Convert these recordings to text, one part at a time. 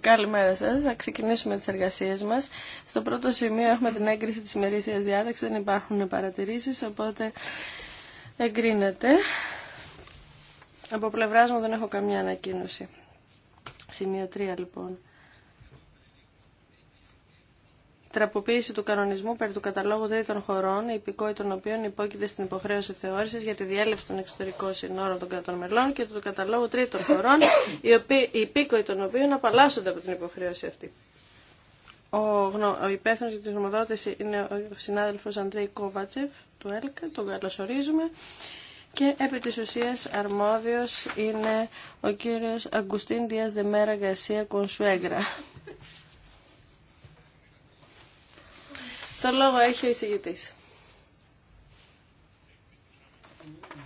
Καλημέρα σα. Θα ξεκινήσουμε τι εργασίε μα. Στο πρώτο σημείο έχουμε την έγκριση τη ημερήσια διάταξη. Δεν υπάρχουν παρατηρήσει, οπότε εγκρίνεται. Από πλευρά μου δεν έχω καμία ανακοίνωση. Σημείο 3 λοιπόν τραποποίηση του κανονισμού περί του καταλόγου τρίτων χωρών, οι υπηκόοι των οποίων υπόκειται στην υποχρέωση θεώρηση για τη διέλευση των εξωτερικών συνόρων των κρατών μελών και του καταλόγου τρίτων χωρών, οι υπήκοοι των οποίων απαλλάσσονται από την υποχρέωση αυτή. Ο, ο υπεύθυνο για τη γνωμοδότηση είναι ο συνάδελφο Αντρέη Κόβατσεφ του ΕΛΚΑ, τον καλωσορίζουμε. Και επί τη ουσία αρμόδιο είναι ο κύριο Αγκουστίν Δία Δεμέρα Γκαρσία Το λόγο έχει ο εισηγητής.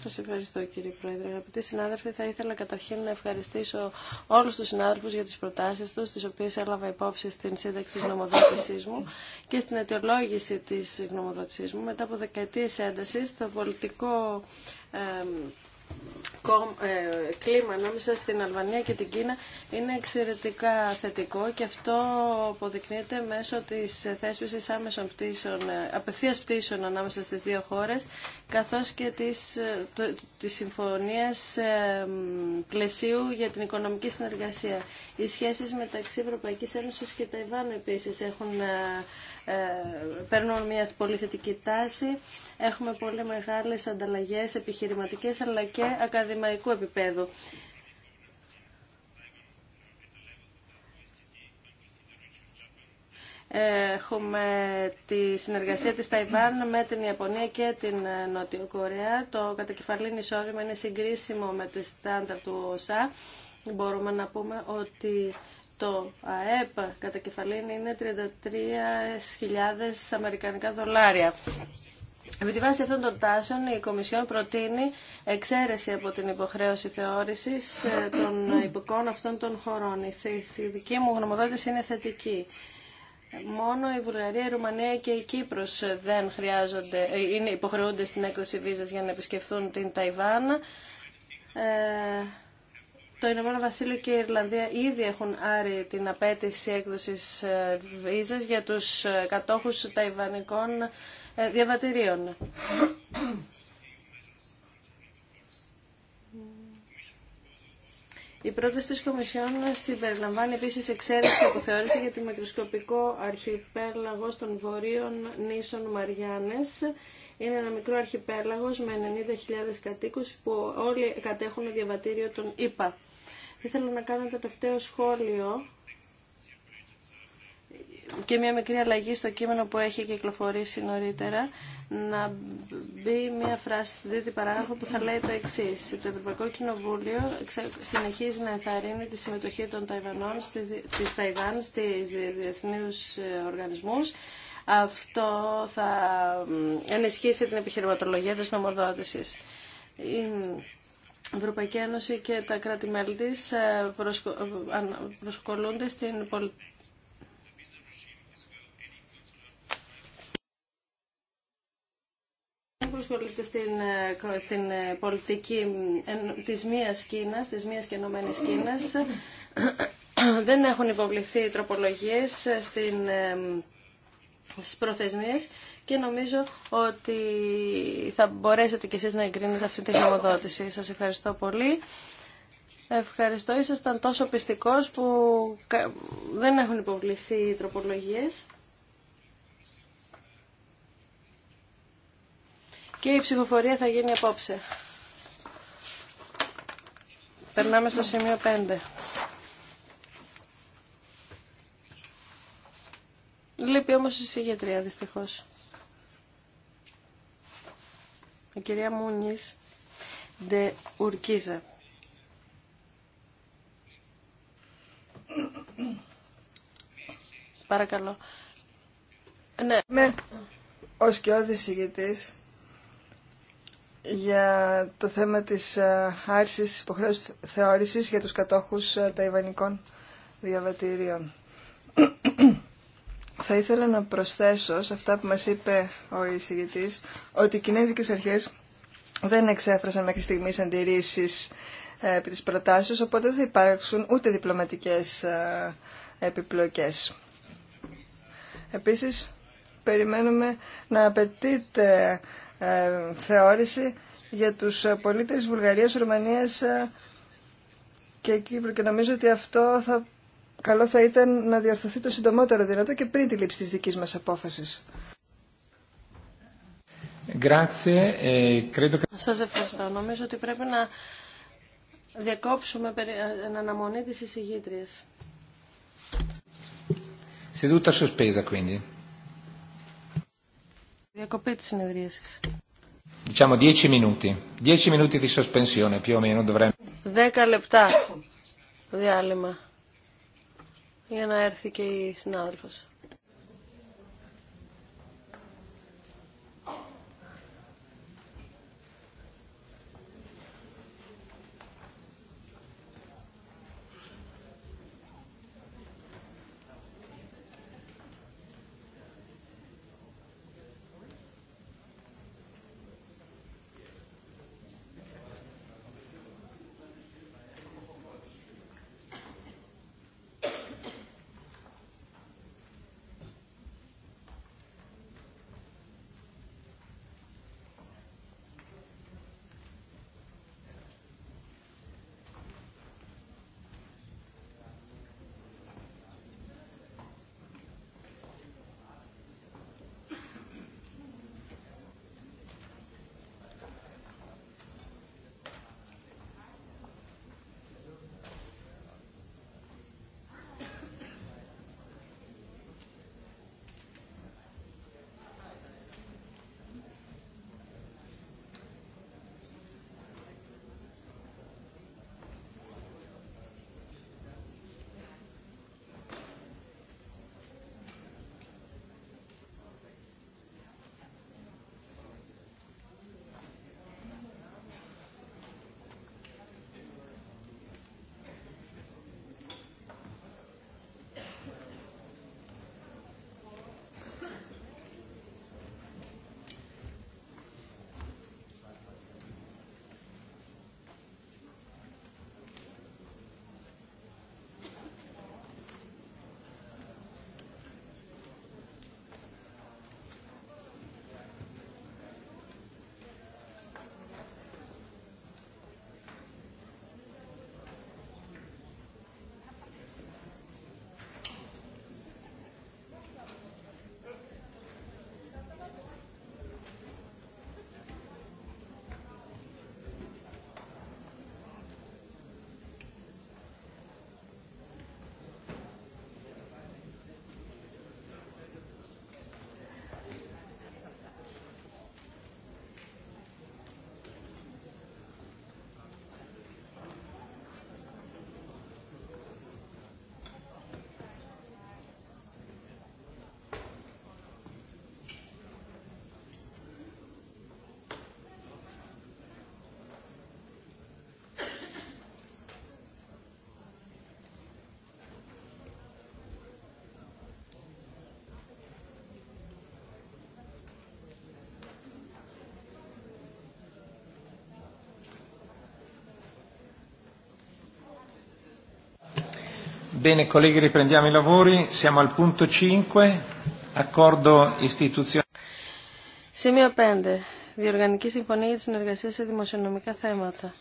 Σα ευχαριστώ κύριε Πρόεδρε. Αγαπητοί συνάδελφοι, θα ήθελα καταρχήν να ευχαριστήσω όλου του συνάδελφου για τι προτάσει του, τι οποίε έλαβα υπόψη στην σύνταξη τη μου και στην αιτιολόγηση τη γνωμοδότησή μου. Μετά από δεκαετίε ένταση, το πολιτικό ε, κλίμα ανάμεσα στην Αλβανία και την Κίνα είναι εξαιρετικά θετικό και αυτό αποδεικνύεται μέσω της θέσπισης άμεσων πτήσεων, ε, απευθείας πτήσεων ανάμεσα στις δύο χώρες καθώς και της, ε, της συμφωνίας πλαισίου για την οικονομική συνεργασία. Οι σχέσεις μεταξύ Ευρωπαϊκής Ένωσης και Ταϊβάνου επίσης έχουν ε, παίρνουν μια πολύ θετική τάση. Έχουμε πολύ μεγάλες ανταλλαγές επιχειρηματικές αλλά και ακαδημαϊκού επίπεδου. Έχουμε τη συνεργασία της Ταϊβάν με την Ιαπωνία και την Νότιο Κορέα. Το κατακεφαλήν εισόδημα είναι συγκρίσιμο με τη στάνταρ του ΩΣΑ. Μπορούμε να πούμε ότι το ΑΕΠ κατά κεφαλήν είναι 33.000 αμερικανικά δολάρια. Με τη βάση αυτών των τάσεων η Κομισιόν προτείνει εξαίρεση από την υποχρέωση θεώρησης ε, των υπηκών αυτών των χωρών. Η δική μου γνωμοδότηση είναι θετική. Μόνο η Βουλγαρία, η Ρουμανία και η Κύπρος δεν χρειάζονται, ε, είναι υποχρεούνται στην έκδοση βίζας για να επισκεφθούν την Ταϊβάν. Ε, το Ηνωμένο Βασίλειο και η Ιρλανδία ήδη έχουν άρει την απέτηση έκδοσης ε, ΒΙΖΑ για τους ε, κατόχους ταϊβανικών ε, διαβατηρίων. Η πρόταση της Κομισιόν συμπεριλαμβάνει επίσης εξαίρεση αποθεώρηση για τη μικροσκοπικό αρχιπέλαγο των βορείων νήσων Μαριάνες. Είναι ένα μικρό αρχιπέλαγος με 90.000 κατοίκους που όλοι κατέχουν διαβατήριο των ΙΠΑ. Ήθελα να κάνω το τελευταίο σχόλιο και μια μικρή αλλαγή στο κείμενο που έχει κυκλοφορήσει νωρίτερα να μπει μια φράση στην τρίτη παράγραφο που θα λέει το εξή. Το Ευρωπαϊκό Κοινοβούλιο συνεχίζει να ενθαρρύνει τη συμμετοχή των Ταϊβανών στις, της Ταϊβάν στις διεθνείς ε, οργανισμούς. Αυτό θα ενισχύσει την επιχειρηματολογία της νομοδότησης. Η Ευρωπαϊκή Ένωση και τα κράτη-μέλη της ε, ε, προσκολούνται στην ε, πολιτική στην, στην πολιτική της μίας Κίνας, της μίας και ενωμένης Κίνας. Δεν έχουν υποβληθεί τροπολογίες στην, στις προθεσμίες και νομίζω ότι θα μπορέσετε κι εσείς να εγκρίνετε αυτή τη γνωμοδότηση. Σας ευχαριστώ πολύ. Ευχαριστώ. Ήσασταν τόσο πιστικός που δεν έχουν υποβληθεί οι τροπολογίες. Και η ψηφοφορία θα γίνει απόψε. Περνάμε στο σημείο 5. Λείπει όμως η συγγετρία δυστυχώς. Η κυρία Μούνης Ντε Ουρκίζα. Παρακαλώ. Ναι. Είμαι ο σκιώδης για το θέμα της ε, άρσης της υποχρέωσης θεώρησης για τους κατόχους ε, ταϊβανικών διαβατηρίων. Θα ήθελα να προσθέσω σε αυτά που μας είπε ο εισηγητής ότι οι κινέζικες αρχές δεν εξέφρασαν μέχρι στιγμής αντιρρήσεις ε, επί της προτάσεως, οπότε δεν θα υπάρξουν ούτε διπλωματικές ε, επιπλοκές. Επίσης, περιμένουμε να απαιτείται ε, θεώρηση για τους πολίτες Βουλγαρίας, Ρουμανίας και Κύπρου και νομίζω ότι αυτό θα καλό θα ήταν να διορθωθεί το συντομότερο δυνατό και πριν τη λήψη της δικής μας απόφασης. Ε, Σας ευχαριστώ. Νομίζω ότι πρέπει να διακόψουμε την αναμονή της εισηγήτριας. Seduta sospesa quindi. Διακοπή τη συνεδρίασης. Diciamo 10 minuti. 10 minuti di sospensione più o meno dovremmo. λεπτά διάλειμμα για να έρθει και η συνάδελφος. Bene, colleghi, riprendiamo i lavori. Siamo al punto 5, accordo istituzionale. Σημείο 5. Διοργανική συμφωνία για τη συνεργασία σε δημοσιονομικά θέματα.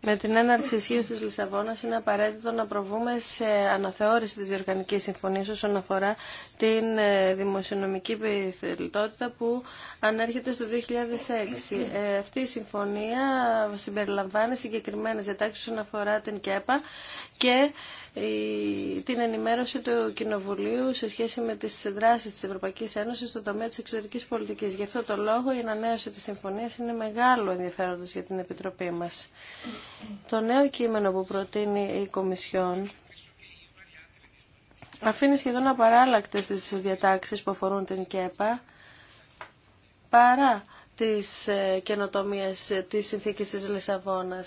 Με την έναρξη ισχύω τη Λισαβόνα είναι απαραίτητο να προβούμε σε αναθεώρηση τη Διοργανική Συμφωνία όσον αφορά την ε, δημοσιονομική επιθελτότητα που ανέρχεται στο 2006. Ε, αυτή η συμφωνία συμπεριλαμβάνει συγκεκριμένες διατάξεις όσον αφορά την ΚΕΠΑ και ε, την ενημέρωση του Κοινοβουλίου σε σχέση με τις δράσεις της Ευρωπαϊκής Ένωσης στον τομέα της εξωτερικής πολιτικής. Γι' αυτό το λόγο η ανανέωση της συμφωνίας είναι μεγάλο ενδιαφέροντος για την Επιτροπή μας. Το νέο κείμενο που προτείνει η Κομισιόν αφήνει σχεδόν απαράλλακτε τι διατάξει που αφορούν την ΚΕΠΑ παρά τις ε, καινοτομίε τη συνθήκη της Λισαβόνα.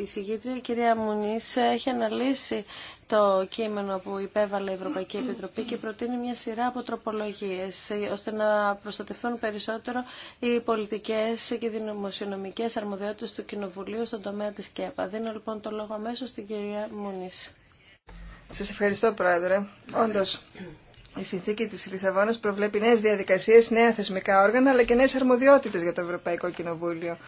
Η συγγήτρια, η κυρία Μουνής, έχει αναλύσει το κείμενο που υπέβαλε η Ευρωπαϊκή Επιτροπή και προτείνει μια σειρά από τροπολογίε, ε, ώστε να προστατευτούν περισσότερο οι πολιτικέ και δημοσιονομικέ αρμοδιότητε του Κοινοβουλίου στον τομέα τη ΚΕΠΑ. Δίνω λοιπόν το λόγο αμέσω στην κυρία Μουνής. Σας ευχαριστώ, Πρόεδρε. Όντω, η συνθήκη τη Λισαβόνα προβλέπει νέε διαδικασίες, νέα θεσμικά όργανα, αλλά και νέες αρμοδιότητες για το Ευρωπαϊκό Κοινοβούλιο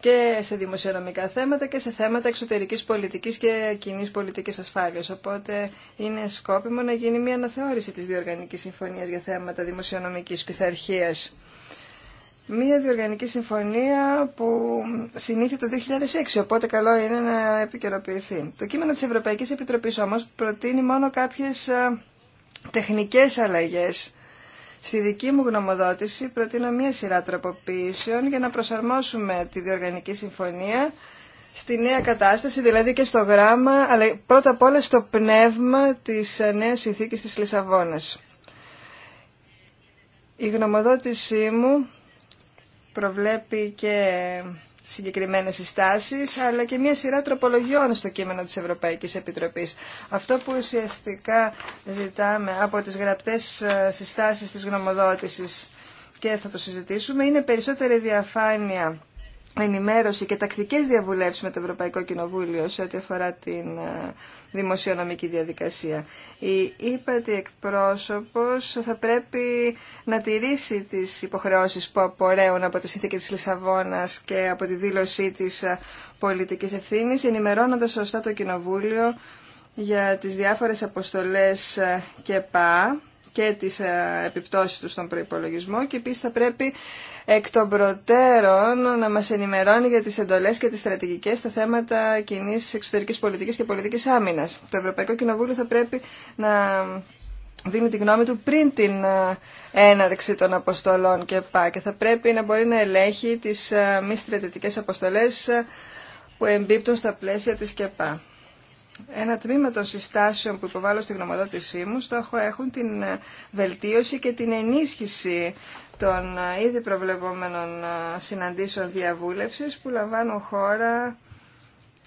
και σε δημοσιονομικά θέματα και σε θέματα εξωτερικής πολιτικής και κοινή πολιτική ασφάλειας. Οπότε είναι σκόπιμο να γίνει μια αναθεώρηση τη διοργανικής Συμφωνία για θέματα δημοσιονομική πειθαρχία μία διοργανική συμφωνία που συνήθι το 2006, οπότε καλό είναι να επικαιροποιηθεί. Το κείμενο της Ευρωπαϊκής Επιτροπής όμως προτείνει μόνο κάποιες ε, τεχνικές αλλαγές. Στη δική μου γνωμοδότηση προτείνω μία σειρά τροποποιήσεων για να προσαρμόσουμε τη διοργανική συμφωνία στη νέα κατάσταση, δηλαδή και στο γράμμα, αλλά πρώτα απ' όλα στο πνεύμα της ε, νέας συνθήκης της Λισαβόνας. Η γνωμοδότησή μου προβλέπει και συγκεκριμένες συστάσεις, αλλά και μια σειρά τροπολογιών στο κείμενο της Ευρωπαϊκής Επιτροπής. Αυτό που ουσιαστικά ζητάμε από τις γραπτές ε, συστάσεις της γνωμοδότησης και θα το συζητήσουμε είναι περισσότερη διαφάνεια ενημέρωση και τακτικές διαβουλεύσεις με το Ευρωπαϊκό Κοινοβούλιο σε ό,τι αφορά την ε, δημοσιονομική διαδικασία. Η ύπατη εκπρόσωπος θα πρέπει να τηρήσει τις υποχρεώσεις που απορρέουν από τη συνθήκη της Λισαβόνας και από τη δήλωσή της ε, πολιτικής ευθύνης, ενημερώνοντας σωστά το Κοινοβούλιο για τις διάφορες αποστολές ε, και ΠΑ και τις ε, επιπτώσεις του στον προϋπολογισμό και επίσης θα πρέπει εκ των προτέρων να μας ενημερώνει για τις εντολές και τις στρατηγικές στα θέματα κοινή εξωτερικής πολιτικής και πολιτικής άμυνας. Το Ευρωπαϊκό Κοινοβούλιο θα πρέπει να δίνει τη γνώμη του πριν την ε, έναρξη των αποστολών και πά και θα πρέπει να μπορεί να ελέγχει τις ε, μη στρατιωτικές αποστολές που εμπίπτουν στα πλαίσια της ΚΕΠΑ ένα τμήμα των συστάσεων που υποβάλλω στη γνωμοδότησή μου στόχο έχουν την ε, βελτίωση και την ενίσχυση των ε, ήδη προβλεπόμενων ε, συναντήσεων διαβούλευσης που λαμβάνουν χώρα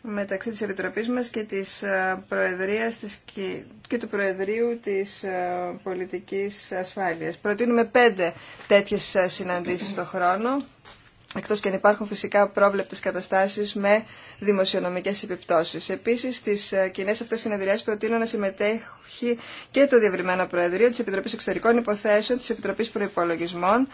μεταξύ της Επιτροπής μας και, της Προεδρίας, της, και του Προεδρίου της Πολιτικής Ασφάλειας. Προτείνουμε πέντε τέτοιες συναντήσεις το χρόνο εκτός και αν υπάρχουν φυσικά πρόβλεπτες καταστάσεις με δημοσιονομικές επιπτώσεις. Επίσης, στις ε, κοινέ αυτές συνεδριάσεις προτείνω να συμμετέχει και το Διευρυμένο Προεδρείο της Επιτροπής Εξωτερικών Υποθέσεων, της Επιτροπής Προϋπολογισμών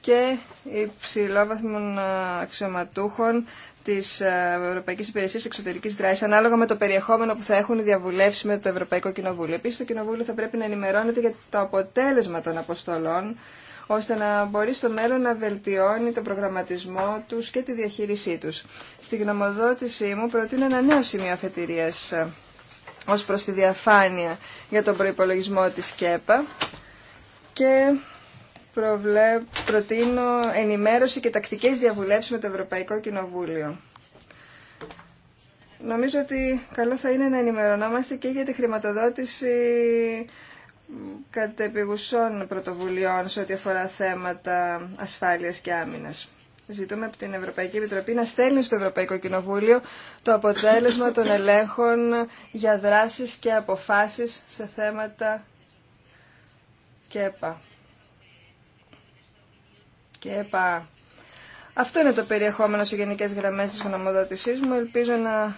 και υψηλόβαθμων ε, αξιωματούχων της ε, Ευρωπαϊκής Υπηρεσίας Εξωτερικής Δράσης ανάλογα με το περιεχόμενο που θα έχουν οι με το Ευρωπαϊκό Κοινοβούλιο. Επίση, το Κοινοβούλιο θα πρέπει να ενημερώνεται για το αποτέλεσμα των αποστολών ώστε να μπορεί στο μέλλον να βελτιώνει τον προγραμματισμό τους και τη διαχείρισή τους. Στη γνωμοδότησή μου προτείνω ένα νέο σημείο αφετηρίας ε, ως προς τη διαφάνεια για τον προϋπολογισμό της ΚΕΠΑ και προβλέ... προτείνω ενημέρωση και τακτικέ διαβουλεύσει με το Ευρωπαϊκό Κοινοβούλιο. Νομίζω ότι καλό θα είναι να ενημερωνόμαστε και για τη χρηματοδότηση επίγουσών πρωτοβουλειών σε ό,τι αφορά θέματα ασφάλειας και άμυνας. Ζητούμε από την Ευρωπαϊκή Επιτροπή να στέλνει στο Ευρωπαϊκό Κοινοβούλιο το αποτέλεσμα των ελέγχων για δράσεις και αποφάσεις σε θέματα ΚΕΠΑ. ΚΕΠΑ. Αυτό είναι το περιεχόμενο σε γενικές γραμμές της γνωμοδότησής μου. Ελπίζω να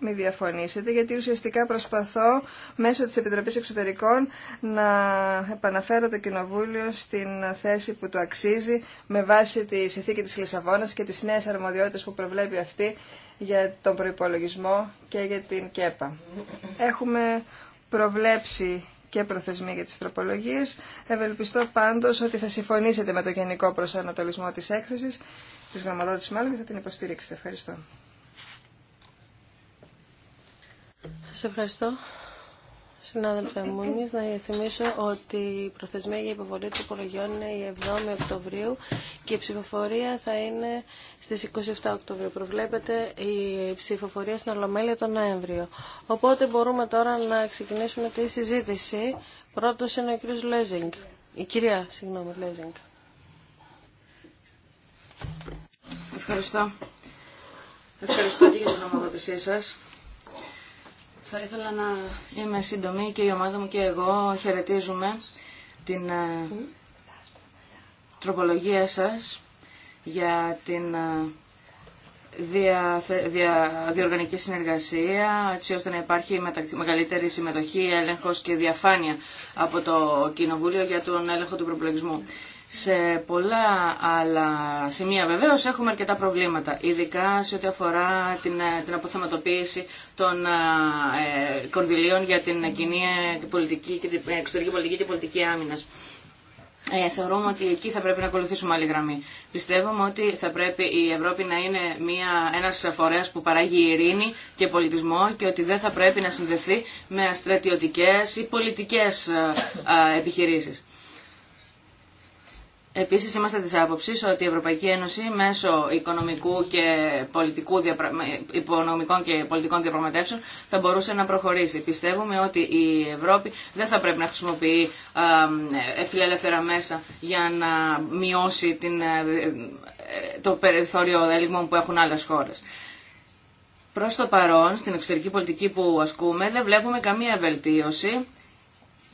μη διαφωνήσετε, γιατί ουσιαστικά προσπαθώ μέσω της Επιτροπής Εξωτερικών να επαναφέρω το Κοινοβούλιο στην θέση που του αξίζει με βάση τη συνθήκη της Λισαβόνας και τις νέες αρμοδιότητες που προβλέπει αυτή για τον προϋπολογισμό και για την ΚΕΠΑ. Έχουμε προβλέψει και προθεσμοί για τις τροπολογίες. Ευελπιστώ πάντως ότι θα συμφωνήσετε με το γενικό προσανατολισμό της έκθεσης, της Γραμματότητας μάλλον, και θα την υποστηρίξετε. Ευχαριστώ. Σας ευχαριστώ. Συνάδελφε μου, να θυμίσω ότι η προθεσμία για υποβολή του υπολογιών είναι η 7η Οκτωβρίου και η ψηφοφορία θα είναι στις 27 Οκτωβρίου. Προβλέπεται η ψηφοφορία στην Ολομέλεια τον Νοέμβριο. Οπότε μπορούμε τώρα να ξεκινήσουμε τη συζήτηση. Πρώτος είναι ο κ. Λέζινγκ. Η κυρία, συγγνώμη, Λέζινγκ. Ευχαριστώ. Ευχαριστώ και για την ομοδότησή σας. Θα ήθελα να είμαι σύντομη και η ομάδα μου και εγώ χαιρετίζουμε την ε, τροπολογία σας για την ε, δια, δια, διοργανική συνεργασία, έτσι ώστε να υπάρχει μεγαλύτερη συμμετοχή, έλεγχος και διαφάνεια από το Κοινοβούλιο για τον έλεγχο του προπολογισμού. Σε πολλά άλλα σημεία βεβαίω έχουμε αρκετά προβλήματα, ειδικά σε ό,τι αφορά την, την αποθεματοποίηση των ε, κονδυλίων για την κοινή ε, πολιτική, και την εξωτερική πολιτική και πολιτική άμυνα. Ε, θεωρούμε ότι εκεί θα πρέπει να ακολουθήσουμε άλλη γραμμή. Πιστεύουμε ότι θα πρέπει η Ευρώπη να είναι μια, ένας φορέας που παράγει ειρήνη και πολιτισμό και ότι δεν θα πρέπει να συνδεθεί με στρατιωτικές ή πολιτικές ε, ε επιχειρήσεις. Επίσης είμαστε της άποψης ότι η Ευρωπαϊκή Ένωση μέσω οικονομικού και πολιτικού οικονομικών και πολιτικών διαπραγματεύσεων θα μπορούσε να προχωρήσει. Πιστεύουμε ότι η Ευρώπη δεν θα πρέπει να χρησιμοποιεί ε, φιλελεύθερα μέσα για να μειώσει την... Ε, ε, το περιθώριο έλλειμμων που έχουν άλλες χώρες. Προς το παρόν, στην εξωτερική πολιτική που ασκούμε, δεν βλέπουμε καμία βελτίωση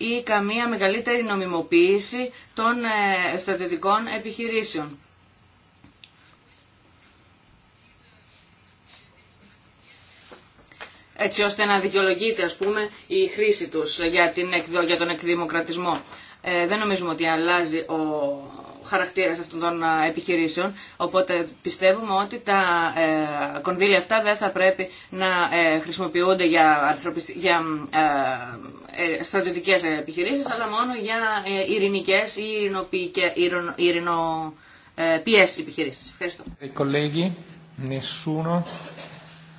ή καμία μεγαλύτερη νομιμοποίηση των ε, στρατιωτικών επιχειρήσεων. έτσι ώστε να δικαιολογείται ας πούμε η χρήση τους για, την, για τον εκδημοκρατισμό. Ε, δεν νομίζουμε ότι αλλάζει ο χαρακτήρας αυτών των ε, επιχειρήσεων, οπότε πιστεύουμε ότι τα ε, κονδύλια αυτά δεν θα πρέπει να χρησιμοποιούνται για, για ε, στρατιωτικές επιχειρήσεις, αλλά μόνο για ε, ειρηνικές ή ειρηνοποιητικές ε, επιχειρήσεις. Ευχαριστώ.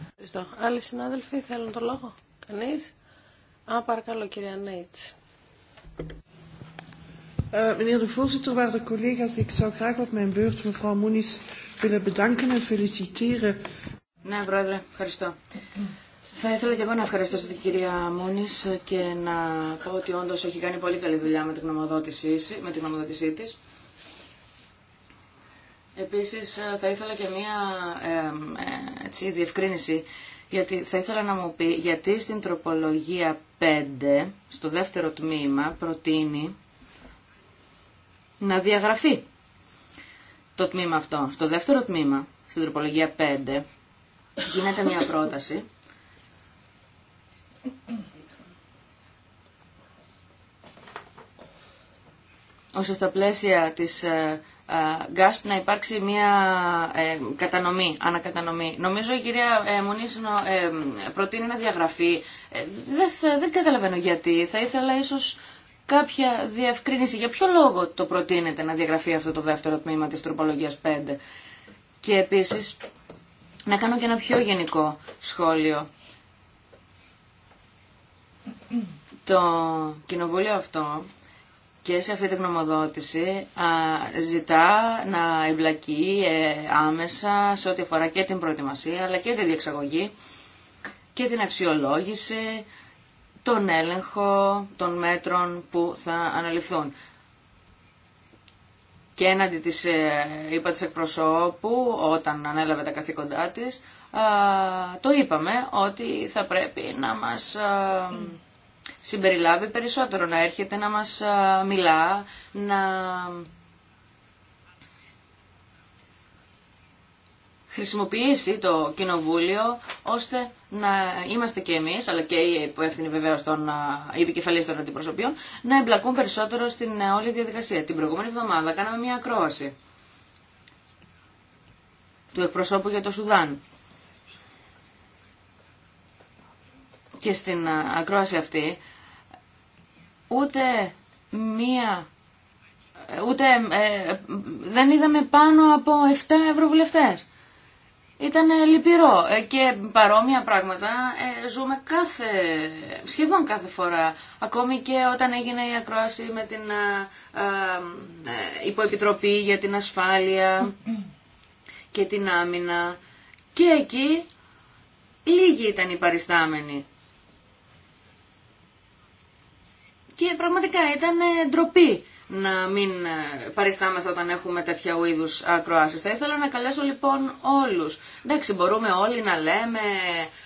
Ευχαριστώ. Άλλοι συνάδελφοι θέλουν το λόγο. Κανείς. Α, παρακαλώ κυρία Νέιτς. Meneer de voorzitter, waarde collega's, ik zou graag op mijn beurt mevrouw Moenis willen bedanken en feliciteren. Nee, ναι, broeder, ευχαριστώ. Θα ήθελα και εγώ να ευχαριστήσω την κυρία Μούνη και να πω ότι όντω έχει κάνει πολύ καλή δουλειά με την γνωμοδότησή, με την γνωμοδότησή της. Επίσης ε, θα ήθελα και μία ε, ε, έτσι, διευκρίνηση, γιατί θα ήθελα να μου πει γιατί στην τροπολογία 5, στο δεύτερο τμήμα, προτείνει να διαγραφεί το τμήμα αυτό. Στο δεύτερο τμήμα, στην τροπολογία 5, γίνεται μία πρόταση ώστε στα πλαίσια της ε, ε, ΓΚΑΣΠ να υπάρξει μια ε, κατανομή, ανακατανομή. Νομίζω η κυρία Μονίσινο προτείνει να διαγραφεί. Δεν, δεν καταλαβαίνω γιατί. Θα ήθελα ίσως κάποια διευκρίνηση. Για ποιο λόγο το προτείνεται να διαγραφεί αυτό το δεύτερο τμήμα της τροπολογίας 5. Και επίσης να κάνω και ένα πιο γενικό σχόλιο. Το κοινοβούλιο αυτό και σε αυτή την γνωμοδότηση ζητά να εμπλακεί ε, άμεσα σε ό,τι αφορά και την προετοιμασία αλλά και τη διεξαγωγή και την αξιολόγηση, τον έλεγχο των μέτρων που θα αναλυθούν. Και έναντι της ε, είπα της εκπροσώπου όταν ανέλαβε τα καθήκοντά της, το είπαμε ότι θα πρέπει να μας συμπεριλάβει περισσότερο, να έρχεται να μας μιλά, να χρησιμοποιήσει το κοινοβούλιο ώστε να είμαστε και εμείς, αλλά και οι υπεύθυνοι βεβαίως των επικεφαλής των αντιπροσωπείων, να εμπλακούν περισσότερο στην όλη διαδικασία. Την προηγούμενη εβδομάδα κάναμε μια ακρόαση του εκπροσώπου για το Σουδάν. και στην ε, ακρόαση αυτή ούτε μία ούτε ε, δεν είδαμε πάνω από 7 ευρωβουλευτές. Ήταν λυπηρό ε, και παρόμοια πράγματα ζούμε κάθε, σχεδόν κάθε φορά. Ακόμη και όταν έγινε η ακρόαση με την υποεπιτροπή για την ασφάλεια και την άμυνα. Και εκεί λίγοι ήταν οι παριστάμενοι. Και πραγματικά ήταν ε, ντροπή να μην ε, παριστάμεθα όταν έχουμε τέτοια είδου ακροάσει. Θα ήθελα να καλέσω λοιπόν όλου. Εντάξει, μπορούμε όλοι να λέμε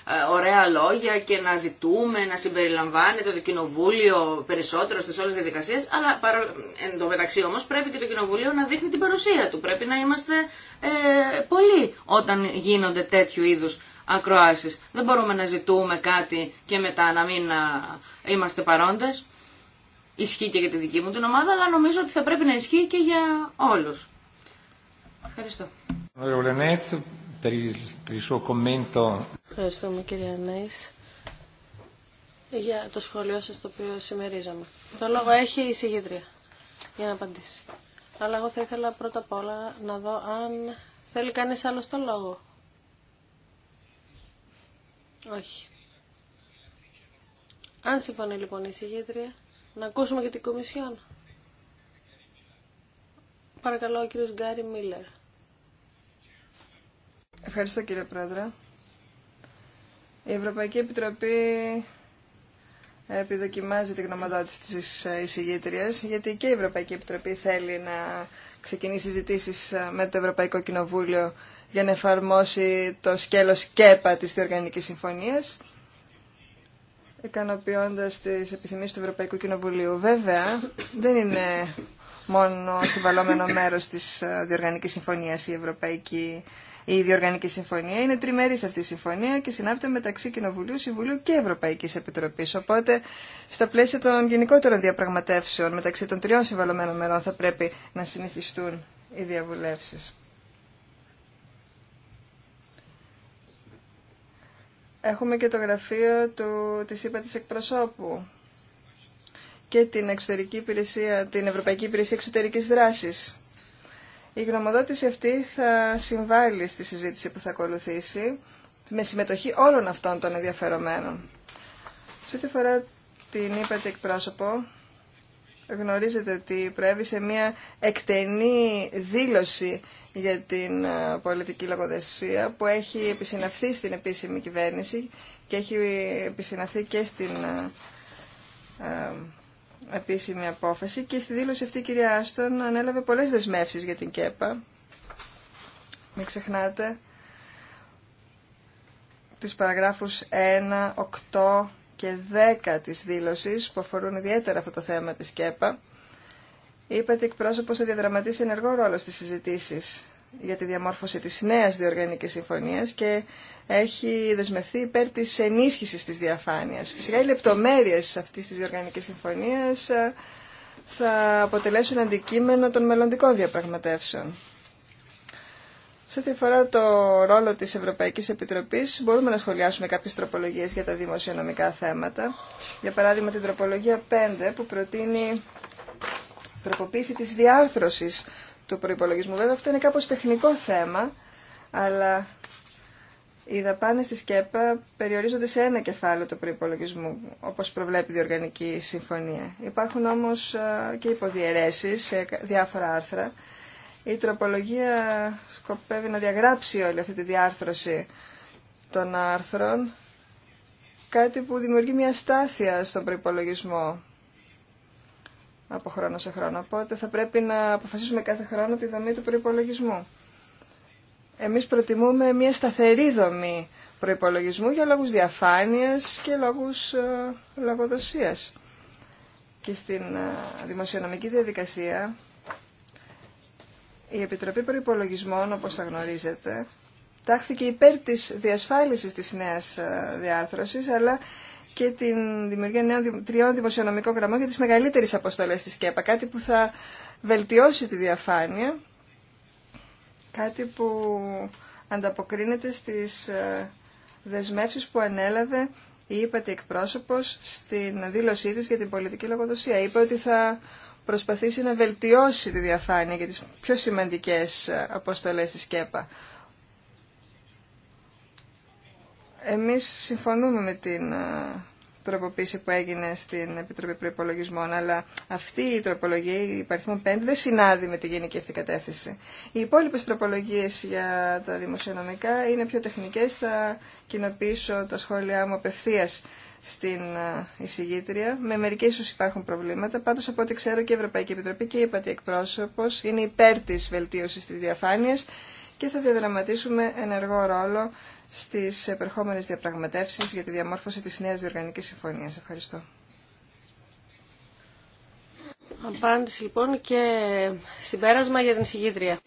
ε, ωραία λόγια και να ζητούμε να συμπεριλαμβάνεται το κοινοβούλιο περισσότερο στι όλε τι διαδικασίε, αλλά εν τω μεταξύ όμω πρέπει και το κοινοβούλιο να δείχνει την παρουσία του. Πρέπει να είμαστε ε, πολλοί όταν γίνονται τέτοιου είδου ακροάσει. Δεν μπορούμε να ζητούμε κάτι και μετά να μην είμαστε παρόντε ισχύει και για τη δική μου την ομάδα, αλλά νομίζω ότι θα πρέπει να ισχύει και για όλου. Ευχαριστώ. Ευχαριστούμε κυρία Νέης για το σχολείο σας το οποίο συμμερίζαμε. Το λόγο έχει η συγγεντρία για να απαντήσει. Αλλά εγώ θα ήθελα πρώτα απ' όλα να δω αν θέλει κανείς άλλο το λόγο. Όχι. Αν συμφωνεί λοιπόν η συγγέντρια, να ακούσουμε και την Κομισιόν. Παρακαλώ, ο κύριος Γκάρι Μίλλερ. Ευχαριστώ κύριε Πρόεδρε. Η Ευρωπαϊκή Επιτροπή επιδοκιμάζει την γνωμοδότηση της εισηγήτριας, γιατί και η Ευρωπαϊκή Επιτροπή θέλει να ξεκινήσει συζητήσει με το Ευρωπαϊκό Κοινοβούλιο για να εφαρμόσει το σκέλος ΚΕΠΑ της Διοργανικής Συμφωνίας ικανοποιώντα τι επιθυμίε του Ευρωπαϊκού Κοινοβουλίου. Βέβαια, δεν είναι μόνο συμβαλόμενο μέρο τη ε, Διοργανική Συμφωνία η Ευρωπαϊκή. Η Διοργανική Συμφωνία είναι τριμερή αυτή η συμφωνία και συνάπτεται μεταξύ Κοινοβουλίου, Συμβουλίου και Ευρωπαϊκή Επιτροπή. Οπότε, στα πλαίσια των γενικότερων διαπραγματεύσεων μεταξύ των τριών συμβαλωμένων μερών θα πρέπει να συνεχιστούν οι διαβουλευσει. Έχουμε και το γραφείο του, της ΥΠΑ της εκπροσώπου και την, εξωτερική την Ευρωπαϊκή Υπηρεσία Εξωτερικής Δράσης. Η γνωμοδότηση αυτή θα συμβάλλει στη συζήτηση που θα ακολουθήσει με συμμετοχή όλων αυτών των ενδιαφερομένων. Σε ό,τι φορά την είπατε εκπρόσωπο, γνωρίζετε ότι προέβη σε μια εκτενή δήλωση για την ε, πολιτική λογοδεσία που έχει επισυναυθεί στην επίσημη κυβέρνηση και έχει επισυναυθεί και στην ε, ε, επίσημη απόφαση και στη δήλωση αυτή η κυρία Άστον ανέλαβε πολλές δεσμεύσεις για την ΚΕΠΑ. Μην ξεχνάτε τις παραγράφους 1, 8, και 10 της δήλωσης που αφορούν ιδιαίτερα αυτό το θέμα της ΚΕΠΑ, ότι εκπρόσωπος θα διαδραματίσει ενεργό ρόλο στις συζητήσεις για τη διαμόρφωση της νέας διοργανικής συμφωνίας και έχει δεσμευθεί υπέρ της ενίσχυσης της διαφάνειας. Φυσικά οι λεπτομέρειες αυτής της διοργανικής συμφωνίας ε, θα αποτελέσουν αντικείμενο των μελλοντικών διαπραγματεύσεων. Σε ό,τι αφορά το ρόλο της Ευρωπαϊκής Επιτροπής, μπορούμε να σχολιάσουμε κάποιες τροπολογίες για τα δημοσιονομικά θέματα. Για παράδειγμα, την τροπολογία 5 που προτείνει τροποποίηση της διάρθρωσης του προϋπολογισμού. Βέβαια, αυτό είναι κάπως τεχνικό θέμα, αλλά οι δαπάνε στη ΚΕΠΑ περιορίζονται σε ένα κεφάλαιο του προπολογισμού, όπω προβλέπει η Διοργανική Συμφωνία. Υπάρχουν όμω ε, και υποδιαιρέσεις σε διάφορα άρθρα η τροπολογία σκοπεύει να διαγράψει όλη αυτή τη διάρθρωση των άρθρων, κάτι που δημιουργεί μια στάθεια στον προϋπολογισμό από χρόνο σε χρόνο. Οπότε θα πρέπει να αποφασίσουμε κάθε χρόνο τη δομή του προϋπολογισμού. Εμείς προτιμούμε μια σταθερή δομή προϋπολογισμού για λόγους διαφάνειας και λόγους ε, λογοδοσίας. Και στην ε, δημοσιονομική διαδικασία η Επιτροπή Προϋπολογισμών, όπως θα γνωρίζετε, τάχθηκε υπέρ της διασφάλισης της νέας ε, διάρθρωσης, αλλά και την δημιουργία νέων τριών δημοσιονομικών γραμμών για τις μεγαλύτερες αποστολές της ΚΕΠΑ, κάτι που θα βελτιώσει τη διαφάνεια, κάτι που ανταποκρίνεται στις ε, δεσμεύσεις που ανέλαβε η ΥΠΑΤΗ εκπρόσωπος στην δήλωσή της για την πολιτική λογοδοσία. Είπε ότι θα προσπαθήσει να βελτιώσει τη διαφάνεια για τις πιο σημαντικές ε, αποστολές της ΚΕΠΑ. Εμείς συμφωνούμε με την ε, τροποποίηση που έγινε στην Επιτροπή Προπολογισμών, αλλά αυτή η τροπολογία, η παριθμό 5, δεν συνάδει με τη γενική αυτή κατεύθυνση. Οι υπόλοιπε τροπολογίε για τα δημοσιονομικά είναι πιο τεχνικέ. Θα κοινοποιήσω τα σχόλιά μου απευθεία στην ε, εισηγήτρια. Με μερικέ ίσω υπάρχουν προβλήματα. Πάντω, από ό,τι ξέρω και η Ευρωπαϊκή Επιτροπή και η Επατή Εκπρόσωπο είναι υπέρ τη βελτίωση τη διαφάνεια και θα διαδραματίσουμε ενεργό ρόλο στις επερχόμενες διαπραγματεύσεις για τη διαμόρφωση της νέας διοργανική συμφωνία. Ευχαριστώ. Απάντηση λοιπόν και συμπέρασμα για την συγκήτρια.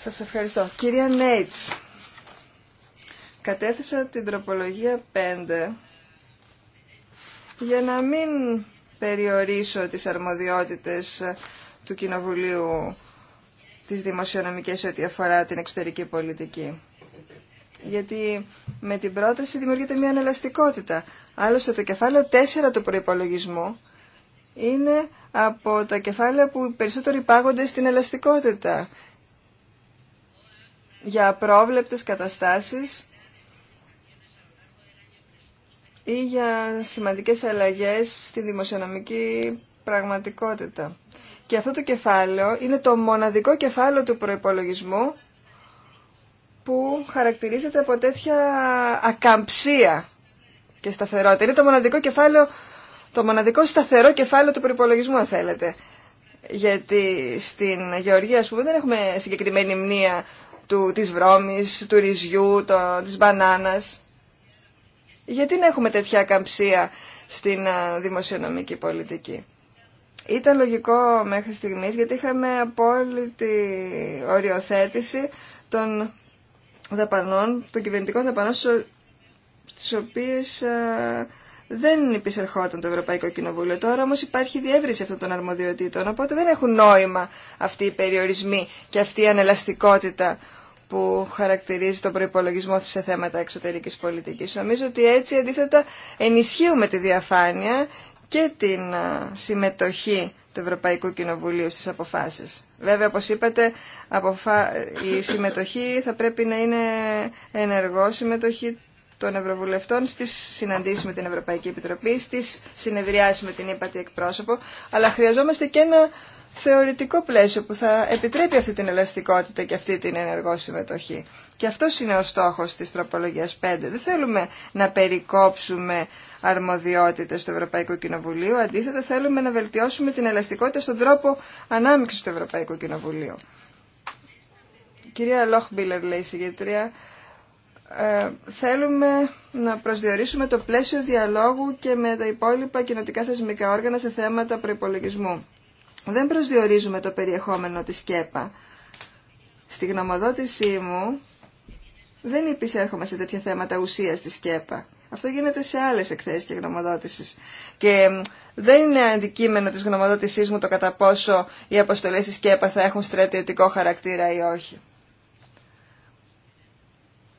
Σας ευχαριστώ. Κυρία Νέιτ, κατέθεσα την τροπολογία 5 για να μην περιορίσω τις αρμοδιότητες του Κοινοβουλίου τις δημοσιονομικές ό,τι αφορά την εξωτερική πολιτική. Γιατί με την πρόταση δημιουργείται μια ανελαστικότητα. Άλλωστε το κεφάλαιο 4 του προϋπολογισμού είναι από τα κεφάλαια που περισσότερο υπάγονται στην ελαστικότητα για πρόβλεπτες καταστάσεις ή για σημαντικές αλλαγές στη δημοσιονομική πραγματικότητα. Και αυτό το κεφάλαιο είναι το μοναδικό κεφάλαιο του προϋπολογισμού που χαρακτηρίζεται από τέτοια ακαμψία και σταθερότητα. Είναι το μοναδικό κεφάλαιο, το μοναδικό σταθερό κεφάλαιο του προϋπολογισμού, αν θέλετε. Γιατί στην Γεωργία, ας πούμε, δεν έχουμε συγκεκριμένη μνήμα του, της βρώμης, του ρυζιού, το, της μπανάνας. Γιατί να έχουμε τέτοια ακαμψία στην ε, δημοσιονομική πολιτική. Ήταν λογικό μέχρι στιγμής γιατί είχαμε απόλυτη οριοθέτηση των δαπανών, των κυβερνητικών δαπανών στις οποίες ε, δεν υπησερχόταν το Ευρωπαϊκό Κοινοβούλιο. Τώρα όμως υπάρχει διεύρυνση αυτών των αρμοδιοτήτων, οπότε δεν έχουν νόημα αυτοί οι περιορισμοί και αυτή η ανελαστικότητα που χαρακτηρίζει τον προπολογισμό σε θέματα εξωτερικής πολιτικής. Νομίζω ότι έτσι αντίθετα ενισχύουμε τη διαφάνεια και την ε, συμμετοχή του Ευρωπαϊκού Κοινοβουλίου στις αποφάσεις. Βέβαια, όπως είπατε, η συμμετοχή θα πρέπει να είναι ενεργό συμμετοχή των Ευρωβουλευτών στις συναντήσεις με την Ευρωπαϊκή Επιτροπή, στις συνεδριάσεις με την ύπατη εκπρόσωπο, αλλά χρειαζόμαστε και ένα θεωρητικό πλαίσιο που θα επιτρέπει αυτή την ελαστικότητα και αυτή την ενεργό συμμετοχή. Και αυτό είναι ο στόχος της τροπολογίας 5. Δεν θέλουμε να περικόψουμε αρμοδιότητες του Ευρωπαϊκού Κοινοβουλίου. Αντίθετα, θέλουμε να βελτιώσουμε την ελαστικότητα στον τρόπο ανάμειξης του Ευρωπαϊκού Κοινοβουλίου. κυρία Λόχμπίλερ, λέει η συγγετρία, ε, θέλουμε να προσδιορίσουμε το πλαίσιο διαλόγου και με τα υπόλοιπα κοινοτικά θεσμικά όργανα σε θέματα προπολογισμού. Δεν προσδιορίζουμε το περιεχόμενο της ΚΕΠΑ. Στη γνωμοδότησή μου δεν υπησέρχομαι σε τέτοια θέματα ουσίας της ΚΕΠΑ. Αυτό γίνεται σε άλλε εκθέσεις και γνωμοδότηση. Και δεν είναι αντικείμενο της γνωμοδότησή μου το κατά πόσο οι αποστολές της ΚΕΠΑ θα έχουν στρατιωτικό χαρακτήρα ή όχι.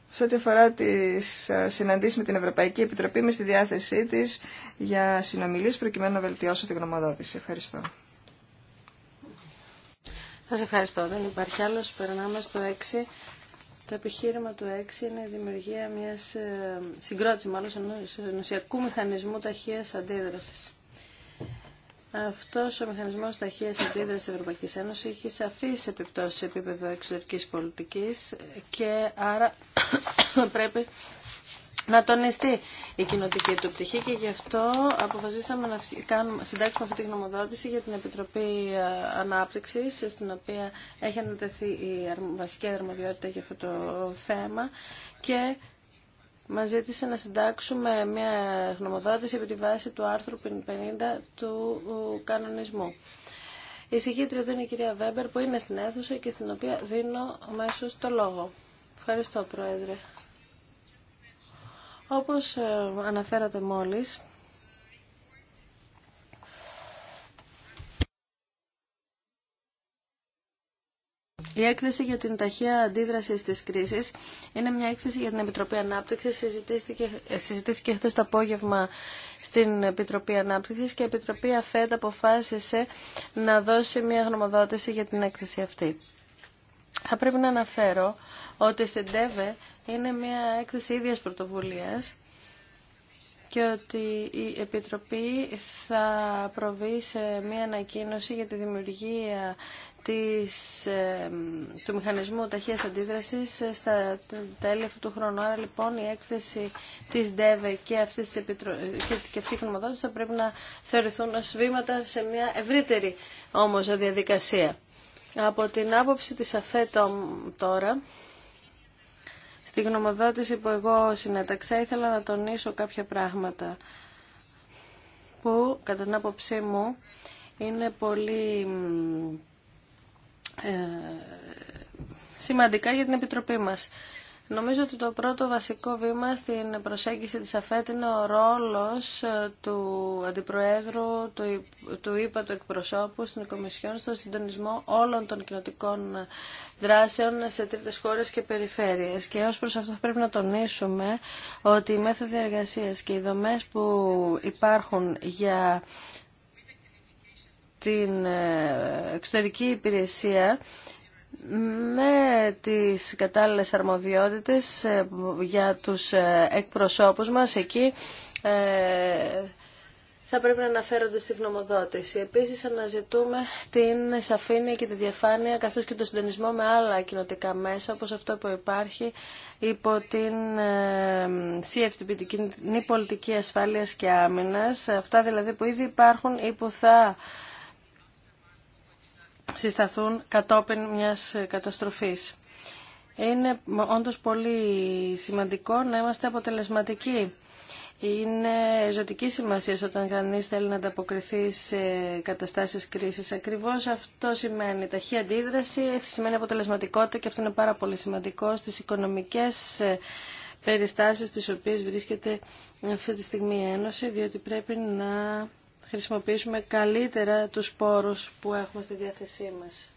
Σε ό,τι αφορά τι συναντήσει με την Ευρωπαϊκή Επιτροπή, είμαι στη διάθεσή της για συνομιλίε προκειμένου να βελτιώσω τη γνωμοδότηση. Ευχαριστώ. Σας ευχαριστώ. Δεν υπάρχει άλλο. Περνάμε στο 6 το επιχείρημα του 6 είναι η δημιουργία μια ε, συγκρότηση μάλλον ενωσιακού μηχανισμού ταχεία αντίδραση. Αυτό ο μηχανισμό ταχεία αντίδραση τη Ευρωπαϊκή Ένωση έχει σαφεί επιπτώσει σε επίπεδο εξωτερική πολιτική και άρα πρέπει να τονιστεί η κοινοτική του πτυχή και γι' αυτό αποφασίσαμε να κάνουμε, συντάξουμε αυτή τη γνωμοδότηση για την Επιτροπή ε, Ανάπτυξης στην οποία έχει ανατεθεί η βασική αρμοδιότητα για αυτό το θέμα και Μα ζήτησε να συντάξουμε μια γνωμοδότηση επί τη βάση του άρθρου 50 του κανονισμού. Η συγκίτρια του είναι η κυρία Βέμπερ που είναι στην αίθουσα και στην οποία δίνω αμέσω το λόγο. Ευχαριστώ, Πρόεδρε. Όπως ε, αναφέρατε μόλις, Η έκθεση για την ταχεία αντίδραση στι κρίσει είναι μια έκθεση για την Επιτροπή Ανάπτυξη. Ε, συζητήθηκε, συζητήθηκε χθε το απόγευμα στην Επιτροπή Ανάπτυξη και η Επιτροπή ΑΦΕΤ αποφάσισε να δώσει μια γνωμοδότηση για την έκθεση αυτή. Θα πρέπει να αναφέρω ότι στην ΤΕΒΕ είναι μια έκθεση ίδιας πρωτοβουλίας και ότι η Επιτροπή θα προβεί σε μια ανακοίνωση για τη δημιουργία της, του μηχανισμού ταχείας αντίδρασης στα τέλη αυτού του χρόνου. Άρα λοιπόν η έκθεση της ΔΕΒΕ και, αυτής της επιτρο... και, αυτή η θα πρέπει να θεωρηθούν ως βήματα σε μια ευρύτερη όμως διαδικασία. Από την άποψη της ΑΦΕΤΟΜ τώρα, Στη γνωμοδότηση που εγώ συνέταξα ήθελα να τονίσω κάποια πράγματα που κατά την άποψή μου είναι πολύ ε, σημαντικά για την Επιτροπή μας. Νομίζω ότι το πρώτο βασικό βήμα στην προσέγγιση της ΑΦΕΤ είναι ο ρόλος ε, του Αντιπροέδρου, του, του του εκπροσώπου στην Κομισιόν στο συντονισμό όλων των κοινοτικών δράσεων σε τρίτες χώρες και περιφέρειες. Και ως προς αυτό πρέπει να τονίσουμε ότι οι μέθοδοι εργασία και οι δομές που υπάρχουν για την ε, εξωτερική υπηρεσία με τις κατάλληλες αρμοδιότητες ε, για τους ε, εκπροσώπους μας εκεί ε, θα πρέπει να αναφέρονται στη γνωμοδότηση. Επίσης αναζητούμε την σαφήνεια και τη διαφάνεια καθώς και το συντονισμό με άλλα κοινοτικά μέσα όπως αυτό που υπάρχει υπό την CFTP, την κοινή πολιτική ασφάλειας και άμυνας, αυτά δηλαδή που ήδη υπάρχουν ή που θα συσταθούν κατόπιν μιας καταστροφής. Είναι όντως πολύ σημαντικό να είμαστε αποτελεσματικοί. Είναι ζωτική σημασία όταν κανείς θέλει να ανταποκριθεί σε καταστάσεις κρίσης. Ακριβώς αυτό σημαίνει ταχύ αντίδραση, σημαίνει αποτελεσματικότητα και αυτό είναι πάρα πολύ σημαντικό στις οικονομικέ ε, περιστάσεις τι οποίες βρίσκεται αυτή τη στιγμή η Ένωση, διότι πρέπει να χρησιμοποιήσουμε καλύτερα τους πόρους που έχουμε στη διάθεσή μας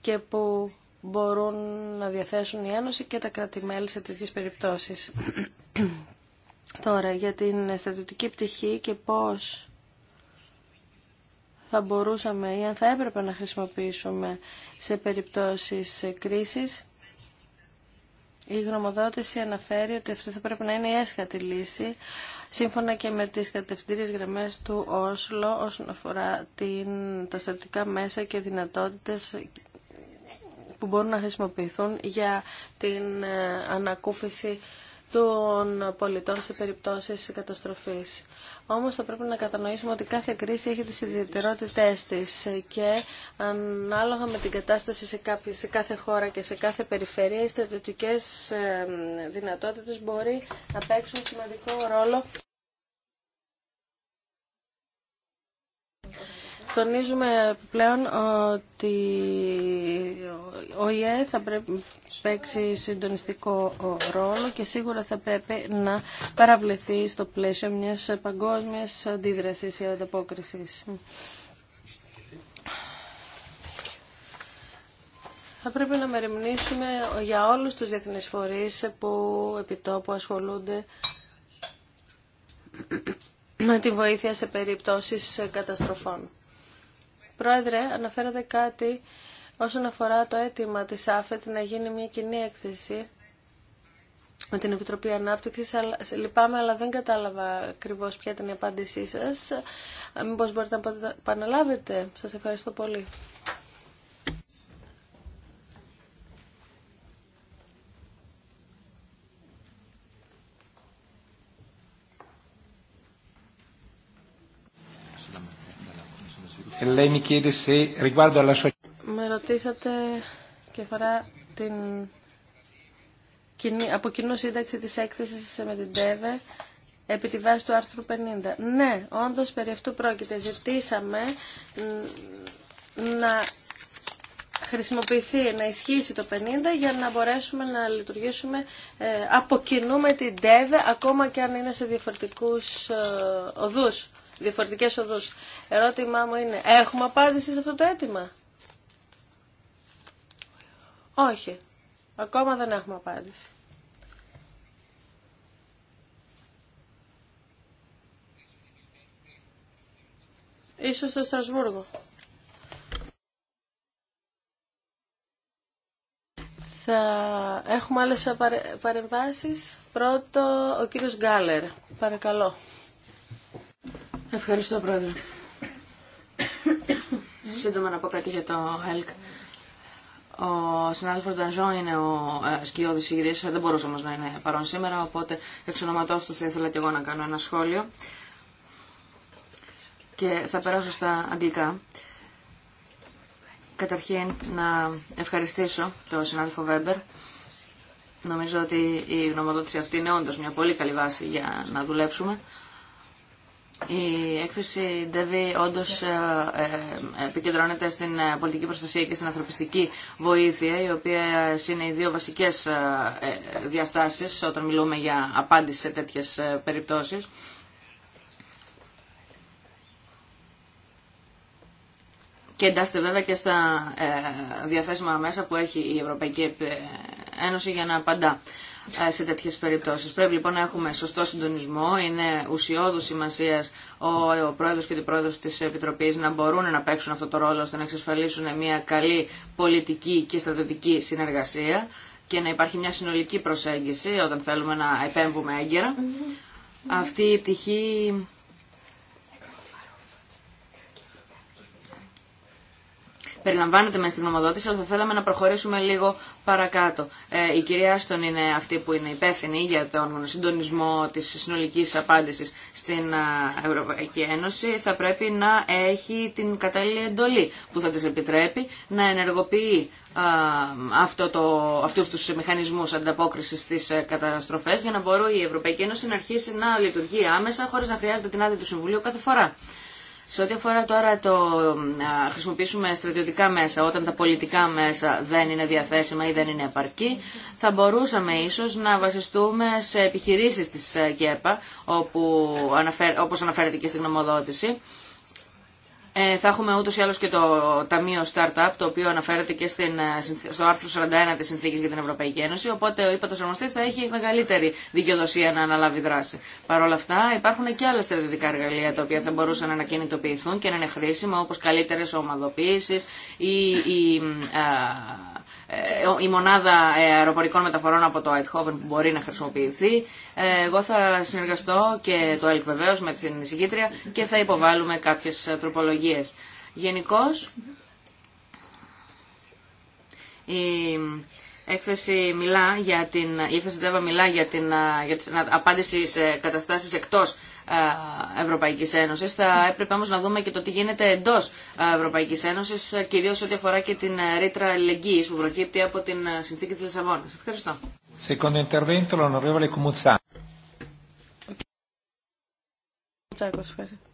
και που μπορούν να διαθέσουν η Ένωση και τα κράτη-μέλη σε τέτοιες περιπτώσεις. Τώρα, για την στρατιωτική πτυχή και πώς θα μπορούσαμε ή αν θα έπρεπε να χρησιμοποιήσουμε σε περιπτώσεις κρίσης. Η γνωμοδότηση αναφέρει ότι αυτή θα πρέπει να είναι η έσχατη λύση, σύμφωνα και με τις κατευθυντήριες γραμμές του Όσλο όσον αφορά την, τα στρατικά μέσα και δυνατότητες που μπορούν να χρησιμοποιηθούν για την ε, ανακούφιση των πολιτών σε περιπτώσεις καταστροφής. Όμως θα πρέπει να κατανοήσουμε ότι κάθε κρίση έχει τις ιδιαιτερότητές της και ανάλογα με την κατάσταση σε, κάποιες, σε κάθε χώρα και σε κάθε περιφέρεια οι στρατιωτικές ε, δυνατότητες μπορεί να παίξουν σημαντικό ρόλο Τονίζουμε πλέον ότι ο ΙΕ θα πρέπει να παίξει συντονιστικό ρόλο και σίγουρα θα πρέπει να παραβληθεί στο πλαίσιο μιας παγκόσμιας αντίδρασης ή ανταπόκρισης. Θα πρέπει να μεριμνήσουμε για όλους τους διεθνείς φορείς που επιτόπου ασχολούνται με τη βοήθεια σε περιπτώσεις καταστροφών. Πρόεδρε, αναφέρατε κάτι όσον αφορά το αίτημα της ΑΦΕΤ να γίνει μια κοινή έκθεση με την Επιτροπή Ανάπτυξης. Λυπάμαι, αλλά δεν κατάλαβα ακριβώ ποια ήταν η απάντησή σας. Μήπως μπορείτε να επαναλάβετε. Σας ευχαριστώ πολύ. Με ρωτήσατε και αφορά την από κοινού σύνταξη της έκθεσης με την ΤΕΒΕ επί τη βάση του άρθρου 50. Ναι, όντως περί αυτού πρόκειται. Ζητήσαμε να χρησιμοποιηθεί, να ισχύσει το 50 για να μπορέσουμε να λειτουργήσουμε ε, από κοινού με την ΤΕΒΕ ακόμα και αν είναι σε διαφορετικούς ε, οδούς. Διαφορετικέ οδού. Ερώτημά μου είναι, έχουμε απάντηση σε αυτό το αίτημα. Όχι. Ακόμα δεν έχουμε απάντηση. Ίσως στο Στρασβούργο. Θα έχουμε άλλες παρεμβάσεις. Πρώτο, ο κύριος Γκάλερ. Παρακαλώ. Ευχαριστώ, Πρόεδρε. Σύντομα να πω κάτι για το ΕΛΚ. Ο συνάδελφο Ντανζό είναι ο ε, σκιώδη ηγητή, δεν μπορούσε όμω να είναι παρόν σήμερα, οπότε εξ ονοματό του θα ήθελα και εγώ να κάνω ένα σχόλιο. Και θα περάσω στα αγγλικά. Καταρχήν να ευχαριστήσω τον συνάδελφο Βέμπερ. Νομίζω ότι η γνωμοδότηση αυτή είναι όντω μια πολύ καλή βάση για να δουλέψουμε. Η έκθεση Ντεβί όντω ε, ε, επικεντρώνεται στην ε, πολιτική προστασία και στην ανθρωπιστική βοήθεια, οι οποίε είναι οι δύο βασικέ διαστάσει όταν μιλούμε για απάντηση σε τέτοιε περιπτώσει. Και εντάσσεται βέβαια και στα διαθέσιμα μέσα που έχει η Ευρωπαϊκή Ένωση για να απαντά. Ε, σε τέτοιε περιπτώσεις. Πρέπει λοιπόν να έχουμε σωστό συντονισμό. Είναι ουσιώδου σημασία ο πρόεδρος και την πρόεδρος της Επιτροπής να μπορούν να παίξουν αυτό το ρόλο ώστε να εξασφαλίσουν μια καλή πολιτική και στρατιωτική συνεργασία και να υπάρχει μια συνολική προσέγγιση όταν θέλουμε να επέμβουμε έγκαιρα. Mm-hmm. Αυτή η πτυχή περιλαμβάνεται μέσα στην νομοδότηση αλλά θα θέλαμε να προχωρήσουμε λίγο παρακάτω. Ε, η κυρία Άστον είναι αυτή που είναι υπεύθυνη για τον συντονισμό τη συνολική απάντηση στην Ευρωπαϊκή Ένωση. Θα πρέπει να έχει την κατάλληλη εντολή που θα της επιτρέπει να ενεργοποιεί αυτό το, αυτούς τους μηχανισμούς ανταπόκρισης στις ε, καταστροφές για να μπορεί η Ευρωπαϊκή Ένωση να αρχίσει να λειτουργεί άμεσα χωρίς να χρειάζεται την άδεια του Συμβουλίου κάθε φορά. Σε ό,τι αφορά τώρα το να χρησιμοποιήσουμε στρατιωτικά μέσα, όταν τα πολιτικά μέσα δεν είναι διαθέσιμα ή δεν είναι επαρκή, θα μπορούσαμε ίσως να βασιστούμε σε επιχειρήσεις της ΚΕΠΑ, όπου όπως αναφέρεται και στην νομοδότηση, ε, θα έχουμε ούτως ή άλλως και το Ταμείο Startup, το οποίο αναφέρεται και στην, ε, στο άρθρο 41 της Συνθήκης για την Ευρωπαϊκή Ένωση, οπότε ο ύπατος θα έχει μεγαλύτερη δικαιοδοσία να αναλάβει δράση. Παρ' όλα αυτά υπάρχουν και άλλα στρατιωτικά εργαλεία τα οποία θα μπορούσαν να κινητοποιηθούν και να είναι χρήσιμα, όπως καλύτερες ομαδοποίησεις ή, ή α, ε, η μονάδα ε, αεροπορικών μεταφορών από το Αιτχόβεν που μπορεί να χρησιμοποιηθεί. Ε, εγώ θα συνεργαστώ και το ΕΛΚ με την συγκήτρια και θα υποβάλουμε κάποιες τροπολογίες. Γενικώ, η έκθεση μιλά για την, η έκθεση μιλά για την, για την απάντηση σε καταστάσεις εκτός ε, Ευρωπαϊκής Ένωσης. Θα έπρεπε όμω να δούμε και το τι γίνεται εντός ε, Ευρωπαϊκής Ένωσης, ε, κυρίως ό,τι αφορά και την ρήτρα αλληλεγγύη που προκύπτει από την συνθήκη της Λισαβόνα. Ευχαριστώ.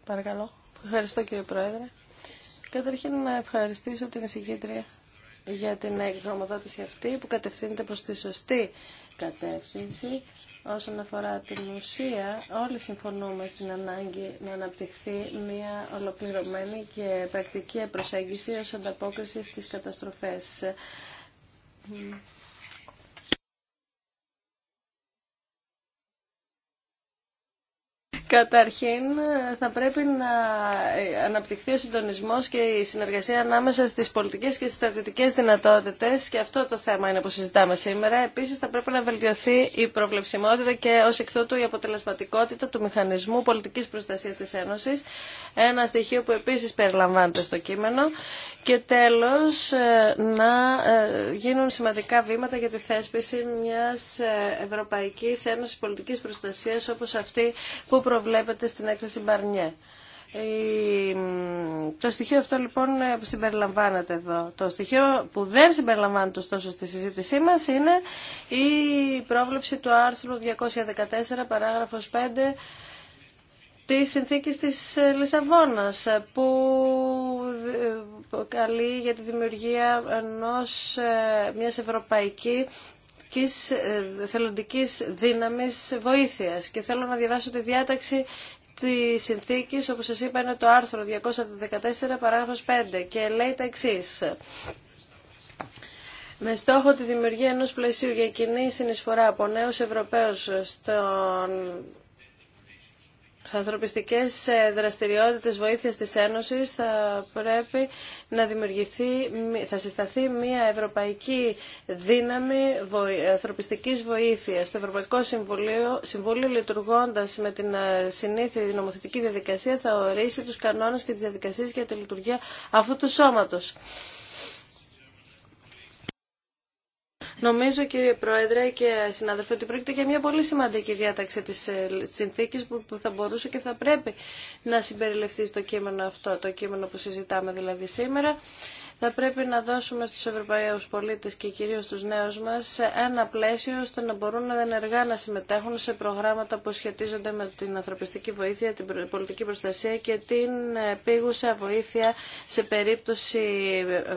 Παρακαλώ. Ευχαριστώ κύριε Πρόεδρε. Καταρχήν να ευχαριστήσω την εισηγήτρια για την εκδρομοδότηση αυτή που κατευθύνεται προς τη σωστή κατεύθυνση Όσον αφορά την ουσία, όλοι συμφωνούμε στην ανάγκη να αναπτυχθεί μια ολοκληρωμένη και πρακτική προσέγγιση ως ανταπόκριση στις καταστροφές. Καταρχήν θα πρέπει να αναπτυχθεί ο συντονισμός και η συνεργασία ανάμεσα στις πολιτικές και στις στρατιωτικές δυνατότητες και αυτό το θέμα είναι που συζητάμε σήμερα. Επίσης θα πρέπει να βελτιωθεί η προβλεψιμότητα και ως εκ τούτου η αποτελεσματικότητα του μηχανισμού πολιτικής προστασίας της Ένωσης, ένα στοιχείο που επίσης περιλαμβάνεται στο κείμενο και τέλος ε, να ε, γίνουν σημαντικά βήματα για τη θέσπιση μιας ε, Ευρωπαϊκής Ένωσης Πολιτικής Προστασίας όπως αυτή που βλέπετε στην έκθεση Μπαρνιέ. Το στοιχείο αυτό λοιπόν συμπεριλαμβάνεται εδώ. Το στοιχείο που δεν συμπεριλαμβάνεται ωστόσο στη συζήτησή μας είναι η πρόβλεψη του άρθρου 214 παράγραφος 5 τη συνθήκη της Λισαβόνας ε, που καλεί για τη δημιουργία ενός, ε, μιας ευρωπαϊκή θελοντικής, εθελοντικής δύναμης βοήθειας. Και θέλω να διαβάσω τη διάταξη τη συνθήκη, όπως σας είπα, είναι το άρθρο 214, παράγραφος 5 και λέει τα εξή. Με στόχο τη δημιουργία ενός πλαισίου για κοινή συνεισφορά από νέους Ευρωπαίους στον ανθρωπιστικέ ε, δραστηριότητες βοήθειας της Ένωσης θα πρέπει να δημιουργηθεί, θα συσταθεί μια ευρωπαϊκή δύναμη ανθρωπιστική βοήθειας. Το Ευρωπαϊκό Συμβούλιο, Συμβούλιο λειτουργώντας με την ε, συνήθεια νομοθετική διαδικασία θα ορίσει τους κανόνες και τις διαδικασίες για τη λειτουργία αυτού του σώματο. Νομίζω κύριε Πρόεδρε και συνάδελφοι ότι πρόκειται για μια πολύ σημαντική διάταξη τη ε, συνθήκη που θα μπορούσε και θα πρέπει να συμπεριληφθεί στο κείμενο αυτό, το κείμενο που συζητάμε δηλαδή σήμερα. Θα πρέπει να δώσουμε στους Ευρωπαίους πολίτες και κυρίως στους νέους μας ένα πλαίσιο ώστε να μπορούν ενεργά να συμμετέχουν σε προγράμματα που σχετίζονται με την ανθρωπιστική βοήθεια, την πολιτική προστασία και την ε, πήγουσα βοήθεια σε περίπτωση ε,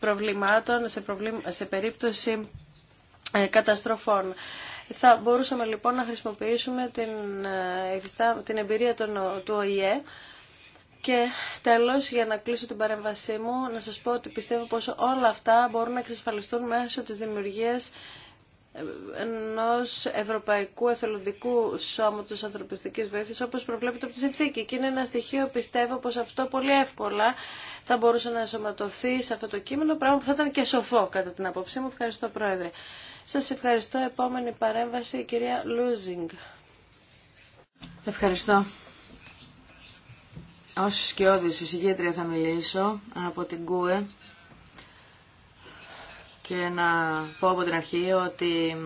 προβλημάτων σε, σε περίπτωση ε, καταστροφών. Θα μπορούσαμε λοιπόν να χρησιμοποιήσουμε την, ε, την εμπειρία του ΟΗΕ και τέλος, για να κλείσω την παρέμβασή μου, να σας πω ότι πιστεύω πως όλα αυτά μπορούν να εξασφαλιστούν μέσω της δημιουργίας ενός Ευρωπαϊκού Εθελοντικού Σώματος Ανθρωπιστικής Βοήθειας όπως προβλέπεται από τη συνθήκη και είναι ένα στοιχείο πιστεύω πως αυτό πολύ εύκολα θα μπορούσε να ενσωματωθεί σε αυτό το κείμενο πράγμα που θα ήταν και σοφό κατά την απόψή μου. Ευχαριστώ Πρόεδρε. Σας ευχαριστώ. Επόμενη παρέμβαση η κυρία Λούζινγκ. Ευχαριστώ. Ως σκιώδης εισηγήτρια θα μιλήσω από την ΚΟΕ και να πω από την αρχή ότι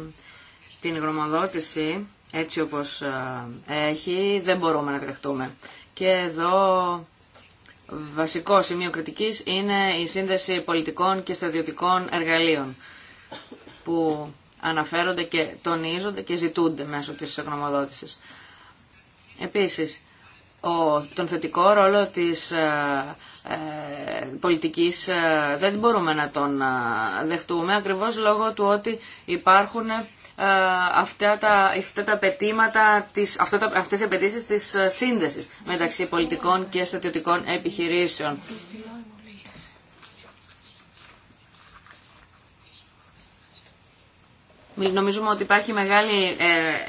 την γνωμοδότηση έτσι όπως ε, έχει δεν μπορούμε να την δεχτούμε. Και εδώ βασικό σημείο κριτικής είναι η σύνδεση πολιτικών και στρατιωτικών εργαλείων που αναφέρονται και τονίζονται και ζητούνται μέσω της γνωμοδότησης. Επίσης, τον θετικό ρόλο της ε, ε, πολιτικής ε, δεν μπορούμε να τον δεχτούμε ακριβώς λόγω του ότι υπάρχουν αυτά τα, αυτά τα πετήματα, τις, αυτά αυτές οι απαιτήσει της σύνδεσης μεταξύ πολιτικών και στρατιωτικών επιχειρήσεων. Νομίζουμε ότι υπάρχει μεγάλη, ε,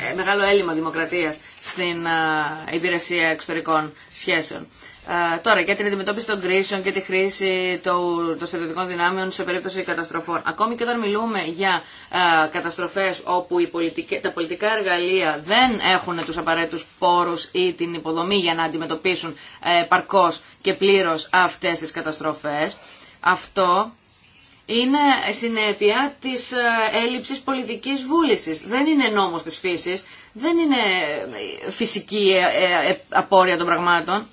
ε, μεγάλο έλλειμμα δημοκρατίας στην ε, υπηρεσία εξωτερικών σχέσεων. Ε, τώρα, για την αντιμετώπιση των κρίσεων και τη χρήση των, στρατιωτικών δυνάμεων σε περίπτωση καταστροφών. Ακόμη και όταν μιλούμε για καταστροφές όπου τα πολιτικά εργαλεία δεν έχουν τους απαραίτητους πόρους ή την υποδομή για να αντιμετωπίσουν παρκώς και πλήρως αυτές τις καταστροφές, αυτό είναι συνέπεια της ε, έλλειψης πολιτικής βούλησης. Δεν είναι νόμος της φύσης, δεν είναι ε, φυσική ε, απόρρια των πραγμάτων.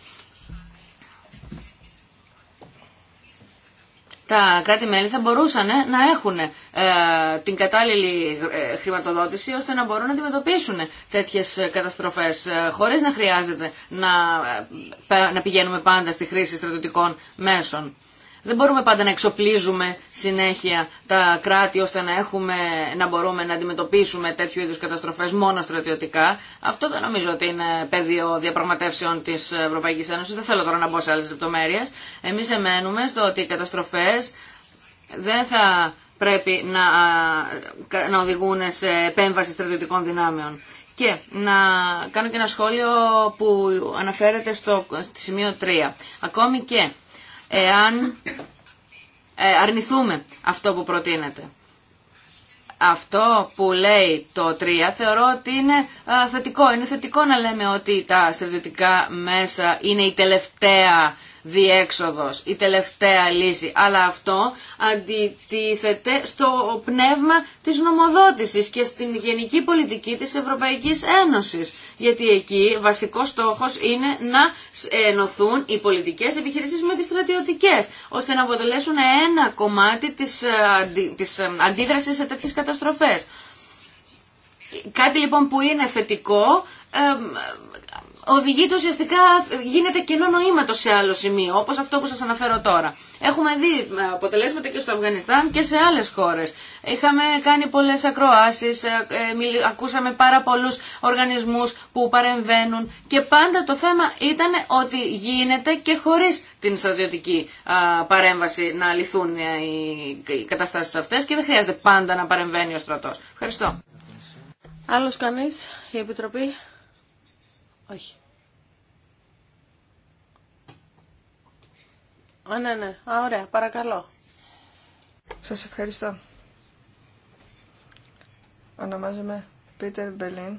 Τα κράτη-μέλη θα μπορούσαν να έχουν την κατάλληλη χρηματοδότηση ώστε να μπορούν να αντιμετωπίσουν τέτοιες καταστροφές χωρίς να χρειάζεται να πηγαίνουμε πάντα στη χρήση στρατιωτικών μέσων. Δεν μπορούμε πάντα να εξοπλίζουμε συνέχεια τα κράτη ώστε να, έχουμε, να μπορούμε να αντιμετωπίσουμε τέτοιου είδους καταστροφές μόνο στρατιωτικά. Αυτό δεν νομίζω ότι είναι πεδίο διαπραγματεύσεων της Ευρωπαϊκής Ένωσης. Δεν θέλω τώρα να μπω σε άλλες λεπτομέρειες. Εμείς εμένουμε στο ότι οι καταστροφές δεν θα πρέπει να, να οδηγούν σε επέμβαση στρατιωτικών δυνάμεων. Και να κάνω και ένα σχόλιο που αναφέρεται στο, στη σημείο 3. Ακόμη και εάν ε, αρνηθούμε αυτό που προτείνεται. Αυτό που λέει το 3 θεωρώ ότι είναι ε, θετικό. Είναι θετικό να λέμε ότι τα στρατιωτικά μέσα είναι η τελευταία διέξοδος, η τελευταία λύση. Αλλά αυτό αντιτίθεται στο πνεύμα της νομοδότησης και στην γενική πολιτική της Ευρωπαϊκής Ένωσης. Γιατί εκεί βασικός στόχος είναι να ενωθούν οι πολιτικές επιχειρήσεις με τις στρατιωτικές, ώστε να αποτελέσουν ένα κομμάτι της, ε, της ε, αντίδρασης σε τέτοιες καταστροφές. Κάτι λοιπόν που είναι θετικό, ε, οδηγείται ουσιαστικά, γίνεται κενό νοήματο σε άλλο σημείο, όπως αυτό που σας αναφέρω τώρα. Έχουμε δει ε, αποτελέσματα και στο Αφγανιστάν και σε άλλες χώρες. Είχαμε κάνει πολλές ακροασει, ε, ε, ακούσαμε πάρα πολλού οργανισμούς που παρεμβαίνουν και πάντα το θέμα ήταν ότι γίνεται και χωρίς την στρατιωτική παρέμβαση να λυθούν οι καταστάσει αυτέ και δεν χρειάζεται πάντα να παρεμβαίνει ο στρατό. Ευχαριστώ. Άλλος κανείς, η Επιτροπή. Όχι. Α, ναι, ναι. ωραία. Παρακαλώ. Σας ευχαριστώ. Ονομάζομαι Πίτερ Μπελίν.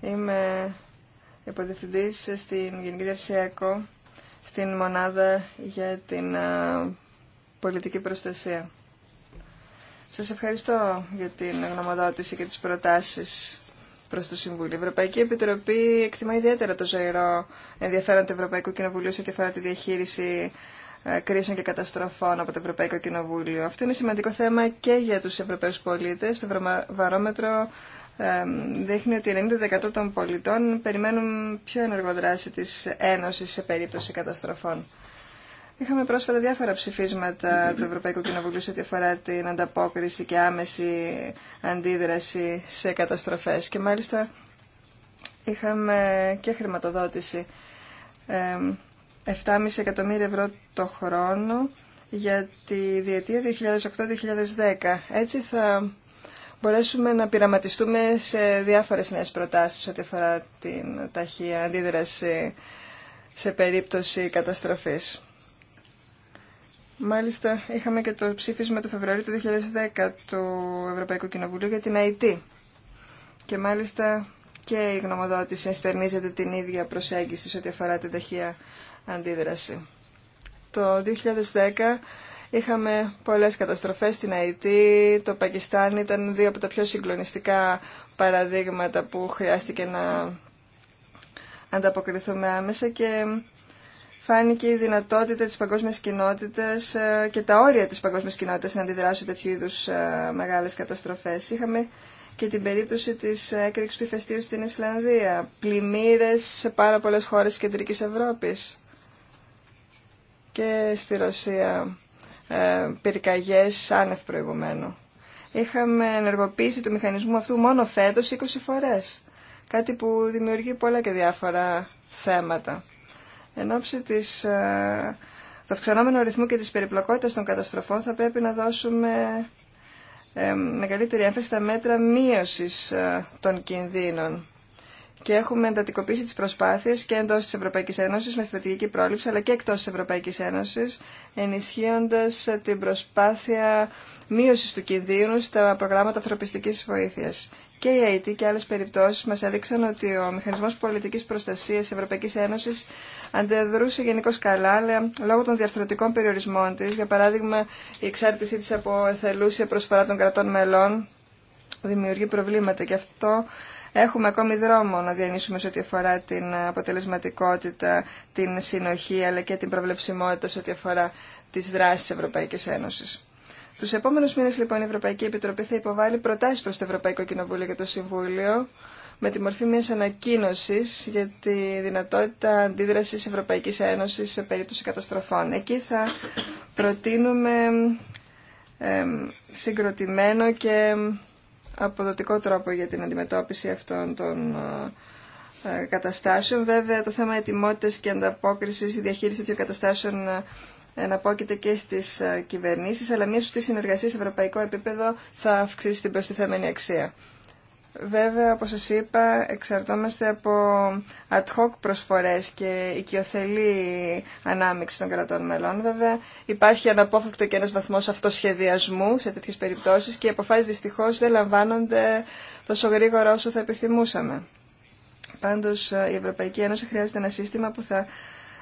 Είμαι υποδιευθυντής στην Γενική έκο στην Μονάδα για την Πολιτική Προστασία. Σας ευχαριστώ για την γνωμοδότηση και τις προτάσεις προ το Συμβούλιο. Η Ευρωπαϊκή Επιτροπή εκτιμά ιδιαίτερα το ζωηρό ενδιαφέρον του Ευρωπαϊκού Κοινοβουλίου σε ό,τι αφορά τη διαχείριση ε, κρίσεων και καταστροφών από το Ευρωπαϊκό Κοινοβούλιο. Αυτό είναι σημαντικό θέμα και για του Ευρωπαίου πολίτε. Το βαρόμετρο δείχνει ότι 90% των πολιτών περιμένουν πιο ενεργοδράση τη Ένωση σε περίπτωση καταστροφών. Είχαμε πρόσφατα διάφορα ψηφίσματα του Ευρωπαϊκού Κοινοβουλίου σε ό,τι αφορά την ανταπόκριση και άμεση αντίδραση σε καταστροφές. Και μάλιστα είχαμε και χρηματοδότηση 7,5 εκατομμύρια ευρώ το χρόνο για τη διετία 2008-2010. Έτσι θα μπορέσουμε να πειραματιστούμε σε διάφορες νέες προτάσεις ό,τι αφορά την ταχεία αντίδραση σε περίπτωση καταστροφής. Μάλιστα, είχαμε και το ψήφισμα του Φεβρουαρίου του 2010 του Ευρωπαϊκού Κοινοβουλίου για την ΑΕΤ. Και μάλιστα και η γνωμοδότηση ενστερνίζεται την ίδια προσέγγιση σε ό,τι αφορά την ταχεία αντίδραση. Το 2010 είχαμε πολλές καταστροφές στην Αιτή. Το Πακιστάν ήταν δύο από τα πιο συγκλονιστικά παραδείγματα που χρειάστηκε να ανταποκριθούμε άμεσα και φάνηκε η δυνατότητα της παγκόσμιας κοινότητας ε, και τα όρια της παγκόσμιας κοινότητας να αντιδράσουν τέτοιου είδους ε, μεγάλες καταστροφές. Είχαμε και την περίπτωση της έκρηξης του ηφαιστείου στην Ισλανδία, πλημμύρες σε πάρα πολλές χώρες της Κεντρικής Ευρώπης και στη Ρωσία ε, πυρκαγιές άνευ προηγουμένου. Είχαμε ενεργοποίηση του μηχανισμού αυτού μόνο φέτος 20 φορές, κάτι που δημιουργεί πολλά και διάφορα θέματα. Εν ώψη της, ε, του αυξανόμενου αριθμού και της περιπλοκότητας των καταστροφών θα πρέπει να δώσουμε ε, μεγαλύτερη έμφαση στα μέτρα μείωσης ε, των κινδύνων. Και έχουμε εντατικοποιήσει τις προσπάθειες και εντός της Ευρωπαϊκής Ένωσης με στρατηγική πρόληψη, αλλά και εκτός της Ευρωπαϊκής Ένωσης, ενισχύοντας την προσπάθεια μείωσης του κινδύνου στα προγράμματα ανθρωπιστικής βοήθειας. Και η ΑΕΤ και άλλες περιπτώσεις μας έδειξαν ότι ο Μηχανισμός Πολιτικής Προστασίας Ευρωπαϊκής Ένωσης αντεδρούσε γενικώ καλά, αλλά λόγω των διαρθρωτικών περιορισμών της, για παράδειγμα η εξάρτησή της από εθελούσια προσφορά των κρατών μελών, δημιουργεί προβλήματα και αυτό έχουμε ακόμη δρόμο να διανύσουμε σε ό,τι αφορά την αποτελεσματικότητα, την συνοχή αλλά και την προβλεψιμότητα σε ό,τι αφορά τις δράσεις της Ευρωπαϊκής Ένωσης. Τους επόμενου μήνε λοιπόν η Ευρωπαϊκή Επιτροπή θα υποβάλει προτάσει προ το Ευρωπαϊκό Κοινοβούλιο και το Συμβούλιο με τη μορφή μιας ανακοίνωση για τη δυνατότητα αντίδραση Ευρωπαϊκής Ένωσης σε περίπτωση καταστροφών. Εκεί θα προτείνουμε συγκροτημένο και αποδοτικό τρόπο για την αντιμετώπιση αυτών των ε, καταστάσεων. Βέβαια το θέμα ετοιμότητα και ανταπόκριση η διαχείριση τέτοιων καταστάσεων ε, εναπόκειται και στι ε, κυβερνήσει, αλλά μια σωστή συνεργασία σε ευρωπαϊκό επίπεδο θα αυξήσει την προστιθέμενη αξία. Βέβαια, όπως σας είπα, εξαρτώμαστε από ad hoc προσφορές και οικειοθελή ανάμειξη των κρατών μελών. Βέβαια, υπάρχει αναπόφευκτο και ένας βαθμός αυτοσχεδιασμού σε τέτοιες περιπτώσεις και οι αποφάσεις δυστυχώς δεν λαμβάνονται τόσο γρήγορα όσο θα επιθυμούσαμε. Πάντως, ε, η Ευρωπαϊκή Ένωση χρειάζεται ένα σύστημα που θα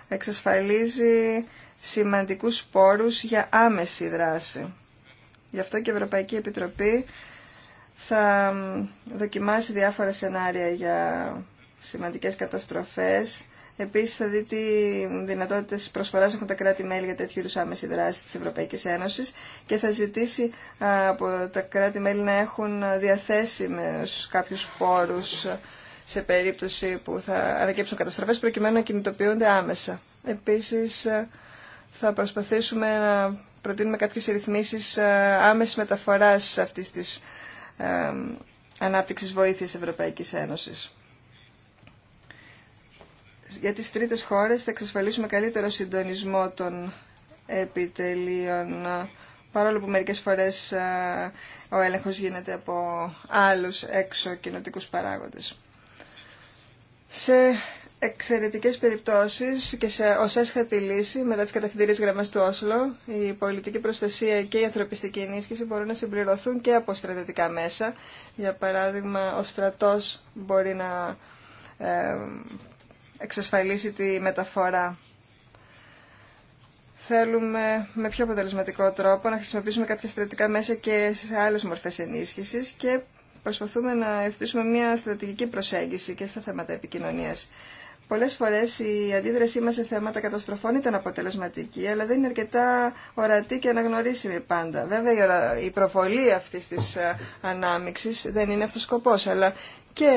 εξασφαλίζει σημαντικούς πόρους για άμεση δράση. Γι' αυτό και η Ευρωπαϊκή Επιτροπή θα δοκιμάσει διάφορα σενάρια για σημαντικές καταστροφές. Επίσης θα δει τι δυνατότητες προσφοράς έχουν τα κράτη-μέλη για τέτοιου είδους άμεση δράση της Ευρωπαϊκής Ένωσης και θα ζητήσει από τα κράτη-μέλη να έχουν διαθέσιμες κάποιους πόρους σε περίπτωση που θα ανακύψουν καταστροφές προκειμένου να κινητοποιούνται άμεσα. Επίσης θα προσπαθήσουμε να προτείνουμε κάποιες ρυθμίσεις ε, άμεσης μεταφοράς αυτής της ε, ανάπτυξης βοήθειας Ευρωπαϊκής Ένωσης. Για τις τρίτες χώρες θα εξασφαλίσουμε καλύτερο συντονισμό των επιτελείων παρόλο που μερικές φορές ε, ο έλεγχος γίνεται από άλλους έξω κοινοτικούς παράγοντες. Σε Εξαιρετικέ περιπτώσει και σε έσχατη λύση μετά τι κατευθυντήριες γραμμές του Όσλο η πολιτική προστασία και η ανθρωπιστική ενίσχυση μπορούν να συμπληρωθούν και από στρατιωτικά μέσα. Για παράδειγμα ο στρατό μπορεί να ε, εξασφαλίσει τη μεταφορά. Θέλουμε με πιο αποτελεσματικό τρόπο να χρησιμοποιήσουμε κάποια στρατιωτικά μέσα και σε άλλες μορφές ενίσχυσης και προσπαθούμε να ευθύσουμε μια στρατηγική προσέγγιση και στα θέματα επικοινωνία. Πολλές φορές η αντίδρασή μας σε θέματα καταστροφών ήταν αποτελεσματική, αλλά δεν είναι αρκετά ορατή και αναγνωρίσιμη πάντα. Βέβαια η προβολή αυτή της ε, ανάμειξης δεν είναι αυτός ο σκοπός, αλλά και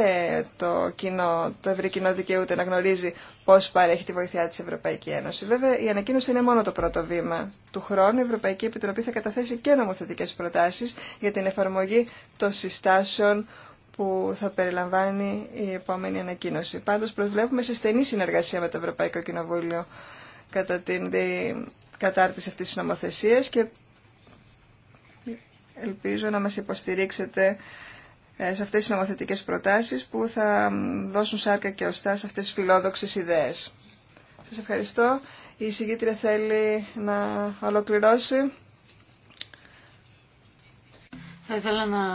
το, κοινό, το ευρύ κοινό δικαιούται να γνωρίζει πώς παρέχει τη βοηθειά της Ευρωπαϊκή Ένωση. Βέβαια η ανακοίνωση είναι μόνο το πρώτο βήμα. Του χρόνου η Ευρωπαϊκή Επιτροπή θα καταθέσει και νομοθετικές προτάσεις για την εφαρμογή των συστάσεων που θα περιλαμβάνει η επόμενη ανακοίνωση. Πάντως προσβλέπουμε σε στενή συνεργασία με το Ευρωπαϊκό Κοινοβούλιο κατά την κατάρτιση αυτής της νομοθεσίας και ελπίζω να μας υποστηρίξετε ε, σε αυτές τις νομοθετικές προτάσεις που θα δώσουν σάρκα και οστά σε αυτές τις φιλόδοξες ιδέες. Σας ευχαριστώ. Η εισηγήτρια θέλει να ολοκληρώσει. Θα ήθελα να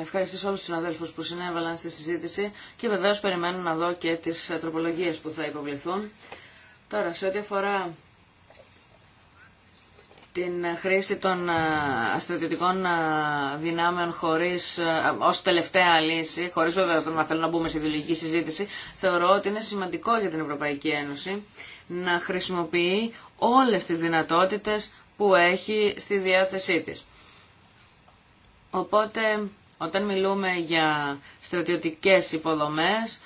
ευχαριστήσω όλους τους συναδέλφους που συνέβαλαν στη συζήτηση και βεβαίως περιμένω να δω και τις τροπολογίες που θα υποβληθούν. Τώρα, σε ό,τι αφορά την χρήση των ε, στρατιωτικών ε, δυνάμεων χωρίς, ε, ως τελευταία λύση, χωρίς βέβαια να θέλω να μπούμε σε ιδεολογική συζήτηση, θεωρώ ότι είναι σημαντικό για την Ευρωπαϊκή Ένωση να χρησιμοποιεί όλες τις δυνατότητες που έχει στη διάθεσή της. Οπότε όταν μιλούμε για στρατιωτικές υποδομές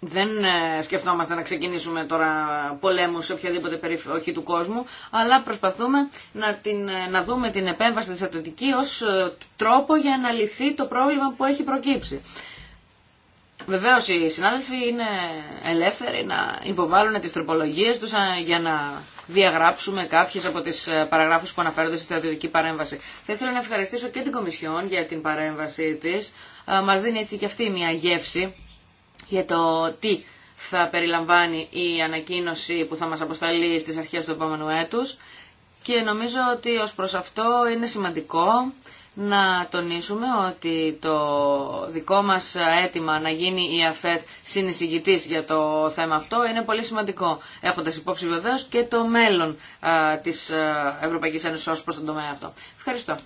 δεν ε, σκεφτόμαστε να ξεκινήσουμε τώρα πολέμους σε οποιαδήποτε περιοχή του κόσμου, αλλά προσπαθούμε να, την, ε, να δούμε την επέμβαση της στρατιωτική ως ε, τρόπο για να λυθεί το πρόβλημα που έχει προκύψει. Βεβαίως οι συνάδελφοι είναι ελεύθεροι να υποβάλουν τις τροπολογίες τους για να διαγράψουμε κάποιες από τις ε, παραγράφους που αναφέρονται στη στρατιωτική παρέμβαση. Θα ήθελα να ευχαριστήσω και την Κομισιόν για την παρέμβασή της. Μας δίνει έτσι και αυτή μια γεύση για το τι θα περιλαμβάνει η ανακοίνωση που θα μας αποσταλεί στις αρχές του επόμενου έτους και νομίζω ότι ως προς αυτό είναι σημαντικό να τονίσουμε ότι το δικό μας αίτημα να γίνει η ΑΦΕΤ συνεισηγητής για το θέμα αυτό είναι πολύ σημαντικό, έχοντας υπόψη βεβαίως και το μέλλον της Ευρωπαϊκής Ένωσης ως προς τον τομέα αυτό. Ευχαριστώ.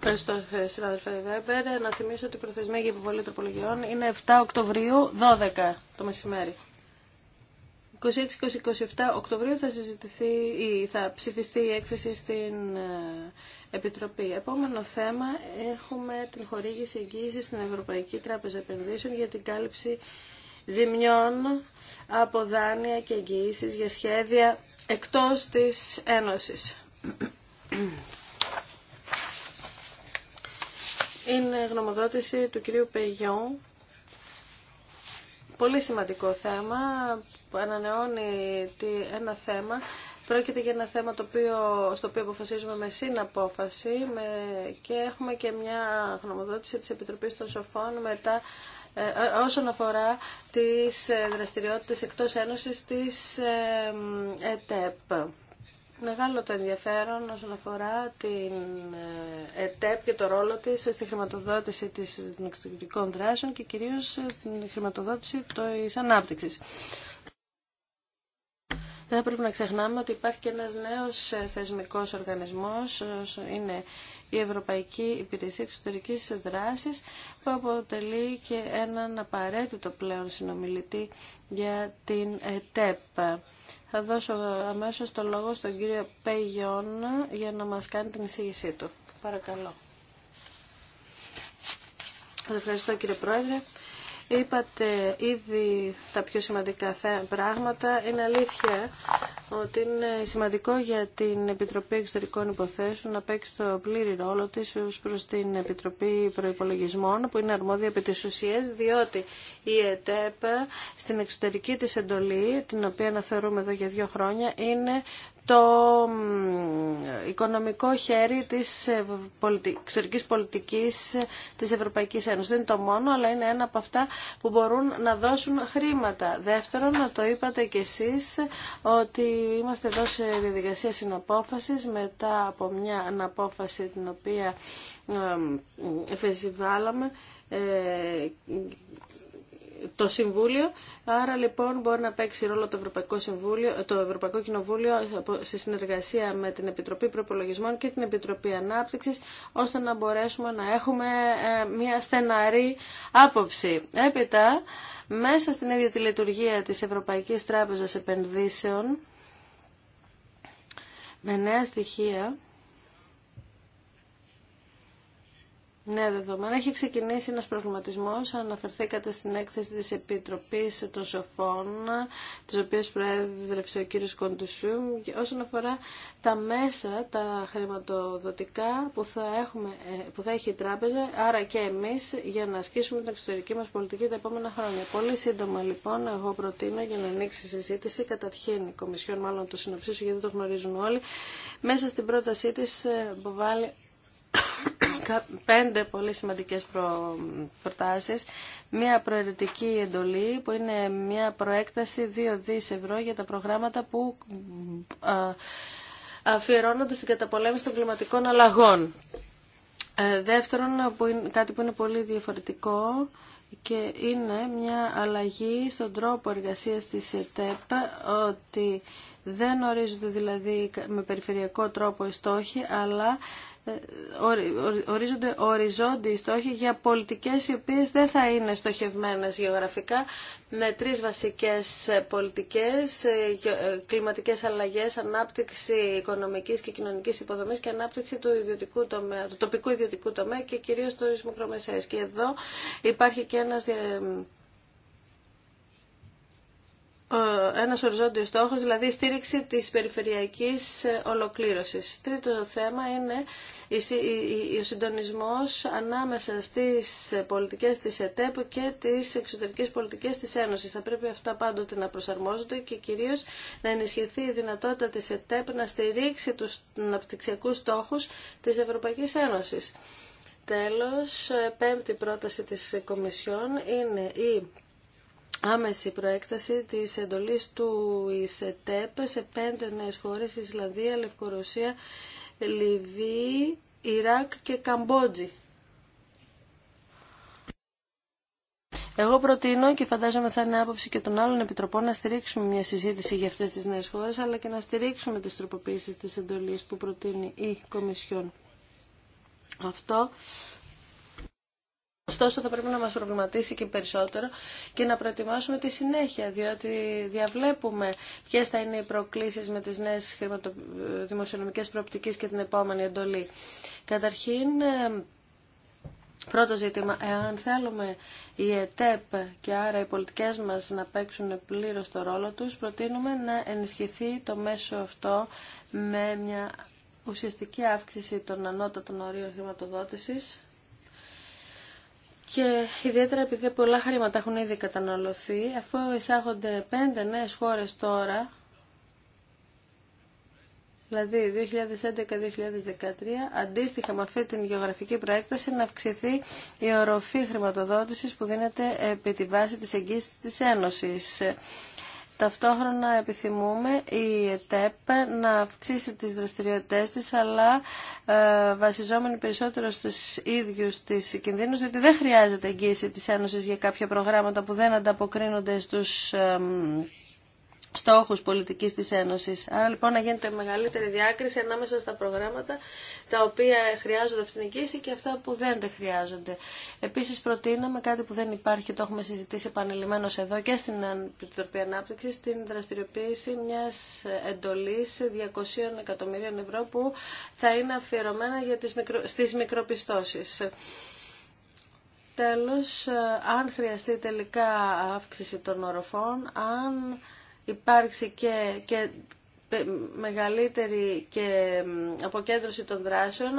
Ευχαριστώ, ε, συνάδελφε Βέμπερ. Να θυμίσω ότι η προθεσμία για υποβολή τροπολογιών είναι 7 Οκτωβρίου, 12 το μεσημέρι. 26-27 Οκτωβρίου θα, συζητηθεί, ή θα ψηφιστεί έκθεση στην ε, Επιτροπή. Επόμενο θέμα έχουμε την χορήγηση εγγύησης στην Ευρωπαϊκή Τράπεζα Επενδύσεων για την κάλυψη ζημιών από δάνεια και εγγυήσεις για σχέδια εκτός της Ένωσης. Είναι γνωμοδότηση του κυρίου Πεγιόν Πολύ σημαντικό θέμα, που ανανεώνει ένα θέμα. Πρόκειται για ένα θέμα το οποίο, στο οποίο αποφασίζουμε με συναπόφαση με, και έχουμε και μια γνωμοδότηση της Επιτροπής των Σοφών μετά ε, ε, όσον αφορά τις ε, δραστηριότητες εκτός Ένωσης της ΕΤΕΠ. Μεγάλο το ενδιαφέρον όσον αφορά την ε, ΕΤΕΠ και το ρόλο της στη χρηματοδότηση της εξωτερικών δράσεων και κυρίως την χρηματοδότηση της ανάπτυξης. Δεν πρέπει να ξεχνάμε ότι υπάρχει και ένας νέος ε, θεσμικός οργανισμός, είναι η Ευρωπαϊκή Υπηρεσία Εξωτερικής Δράσης, που αποτελεί και έναν απαραίτητο πλέον συνομιλητή για την ΕΤΕΠ. Θα δώσω αμέσως το λόγο στον κύριο Πέγιον για να μας κάνει την εισήγησή του. Παρακαλώ. Ευχαριστώ κύριε Πρόεδρε. Είπατε ήδη τα πιο σημαντικά πράγματα. Είναι αλήθεια ότι είναι σημαντικό για την Επιτροπή Εξωτερικών Υποθέσεων να παίξει το πλήρη ρόλο της προς την Επιτροπή προπολογισμών, που είναι αρμόδια επί τη ουσία, διότι η ΕΤΕΠ στην εξωτερική της εντολή, την οποία αναθεωρούμε εδώ για δύο χρόνια, είναι το οικονομικό χέρι της ε, εξωτερικής πολιτικής της Ευρωπαϊκής Ένωσης. Δεν είναι το μόνο, αλλά είναι ένα από αυτά που μπορούν να δώσουν χρήματα. Δεύτερον, να το είπατε κι εσείς, ότι είμαστε εδώ σε διαδικασία συναπόφασης μετά από μια αναπόφαση την οποία ε, εφεσιβάλαμε ε, το Συμβούλιο. Άρα λοιπόν μπορεί να παίξει ρόλο το Ευρωπαϊκό, Συμβούλιο, το Ευρωπαϊκό Κοινοβούλιο σε συνεργασία με την Επιτροπή Προπολογισμών και την Επιτροπή Ανάπτυξης ώστε να μπορέσουμε να έχουμε ε, μια στεναρή άποψη. Έπειτα, μέσα στην ίδια τη λειτουργία της Ευρωπαϊκής Τράπεζας Επενδύσεων με νέα στοιχεία Ναι, δεδομένα. Έχει ξεκινήσει ένας προβληματισμός, αναφερθήκατε στην έκθεση της Επιτροπής των Σοφών, της οποίας προέδρεψε ο κύριος Κοντουσούμ. όσον αφορά τα μέσα, τα χρηματοδοτικά που θα, έχουμε, ε, που θα έχει η τράπεζα, άρα και εμείς, για να ασκήσουμε την εξωτερική μας πολιτική τα επόμενα χρόνια. Πολύ σύντομα λοιπόν, εγώ προτείνω για να ανοίξει η συζήτηση, καταρχήν η Κομισιόν μάλλον το συνοψίσω γιατί το γνωρίζουν όλοι, μέσα στην πρότασή της ε, βάλει πέντε πολύ σημαντικές προ... προτάσεις. Μία προαιρετική εντολή που είναι μία προέκταση 2 δις ευρώ για τα προγράμματα που αφιερώνονται στην καταπολέμηση των κλιματικών αλλαγών. Ε, δεύτερον, που είναι κάτι που είναι πολύ διαφορετικό, και είναι μια αλλαγή στον τρόπο εργασίας της ΕΤΕΠ ότι δεν ορίζονται δηλαδή με περιφερειακό τρόπο οι στόχοι αλλά ε, ορίζονται οριζόντιοι στόχοι για πολιτικές οι οποίες δεν θα είναι στοχευμένες γεωγραφικά με τρεις βασικές πολιτικές, ε, ε, κλιματικές αλλαγές, ανάπτυξη οικονομικής και κοινωνικής υποδομής και ανάπτυξη του, ιδιωτικού τομέα, του τοπικού ιδιωτικού τομέα και κυρίως του μικρομεσαίες. Και εδώ υπάρχει και ένας ε, ένας οριζόντιος στόχος, δηλαδή η στήριξη τη περιφερειακή ε, ολοκλήρωση. Τρίτο θέμα είναι ο συντονισμό ανάμεσα στις πολιτικές τη ΕΤΕΠ και τις εξωτερικές πολιτικές τη Ένωσης. Θα πρέπει αυτά πάντοτε να προσαρμόζονται και κυρίως να ενισχυθεί η δυνατότητα της ΕΤΕΠ να στηρίξει του αναπτυξιακού στόχου τη Ευρωπαϊκή Ένωση. Τέλος, ε, πέμπτη πρόταση της Κομισιόν είναι η άμεση προέκταση της εντολής του ΙΣΕΤΕΠ σε πέντε νέες χώρες, Ισλανδία, Λευκορωσία, Λιβύη, Ιράκ και Καμπότζη. Εγώ προτείνω και φαντάζομαι θα είναι άποψη και των άλλων επιτροπών να στηρίξουμε μια συζήτηση για αυτές τις νέες χώρες αλλά και να στηρίξουμε τις τροποποίησεις της εντολής που προτείνει η Κομισιόν. Αυτό Ωστόσο θα πρέπει να μας προβληματίσει και περισσότερο και να προετοιμάσουμε τη συνέχεια, διότι διαβλέπουμε ποιε θα είναι οι προκλήσεις με τις νέες χρηματο... δημοσιονομικές προοπτικές και την επόμενη εντολή. Καταρχήν, ε, πρώτο ζήτημα, εάν θέλουμε η ΕΤΕΠ και άρα οι πολιτικές μας να παίξουν πλήρως το ρόλο τους, προτείνουμε να ενισχυθεί το μέσο αυτό με μια ουσιαστική αύξηση των ανώτατων ορίων χρηματοδότησης, και ιδιαίτερα επειδή πολλά χρήματα έχουν ήδη καταναλωθεί, αφού εισάγονται πέντε νέες χώρες τώρα, δηλαδή 2011-2013, αντίστοιχα με αυτή την γεωγραφική προέκταση να αυξηθεί η οροφή χρηματοδότησης που δίνεται επί τη βάση της εγγύησης της Ένωσης. Ταυτόχρονα επιθυμούμε η ΕΤΕΠ να αυξήσει τις δραστηριότητές της, αλλά ε, βασιζόμενοι περισσότερο στους ίδιους τις κινδύνους, διότι δεν χρειάζεται εγγύηση της Ένωσης για κάποια προγράμματα που δεν ανταποκρίνονται στους στόχους πολιτικής της Ένωσης. Άρα λοιπόν να γίνεται μεγαλύτερη διάκριση ανάμεσα στα προγράμματα τα οποία χρειάζονται αυτήν την κίνηση και αυτά που δεν τα χρειάζονται. Επίσης προτείναμε κάτι που δεν υπάρχει, και το έχουμε συζητήσει επανειλημμένως εδώ και στην Επιτροπή ανάπτυξη την δραστηριοποίηση μιας εντολής 200 εκατομμυρίων ευρώ που θα είναι αφιερωμένα για τις μικρο... στις μικροπιστώσεις τέλος, αν χρειαστεί τελικά αύξηση των οροφών, αν υπάρξει και, και μεγαλύτερη και αποκέντρωση των δράσεων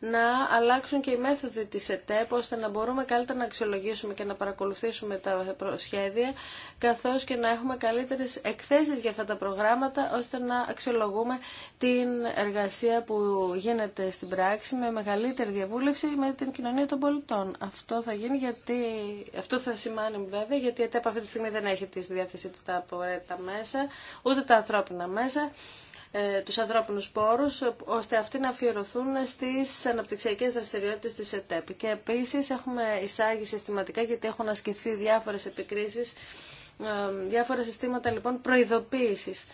να αλλάξουν και οι μέθοδοι της ΕΤΕΠ ώστε να μπορούμε καλύτερα να αξιολογήσουμε και να παρακολουθήσουμε τα σχέδια καθώς και να έχουμε καλύτερες εκθέσεις για αυτά τα προγράμματα ώστε να αξιολογούμε την εργασία που γίνεται στην πράξη με μεγαλύτερη διαβούλευση με την κοινωνία των πολιτών. Αυτό θα γίνει γιατί, αυτό θα σημάνει βέβαια γιατί η ΕΤΕΠ αυτή τη στιγμή δεν έχει τη διάθεση της τα μέσα ούτε τα ανθρώπινα μέσα ε, τους ανθρώπινους πόρους, ώστε αυτοί να αφιερωθούν στις αναπτυξιακές δραστηριότητες της ΕΤΕΠ. Και επίσης έχουμε εισάγει συστηματικά, γιατί έχουν ασκηθεί διάφορες επικρίσεις, ε, διάφορα συστήματα λοιπόν προειδοποίησης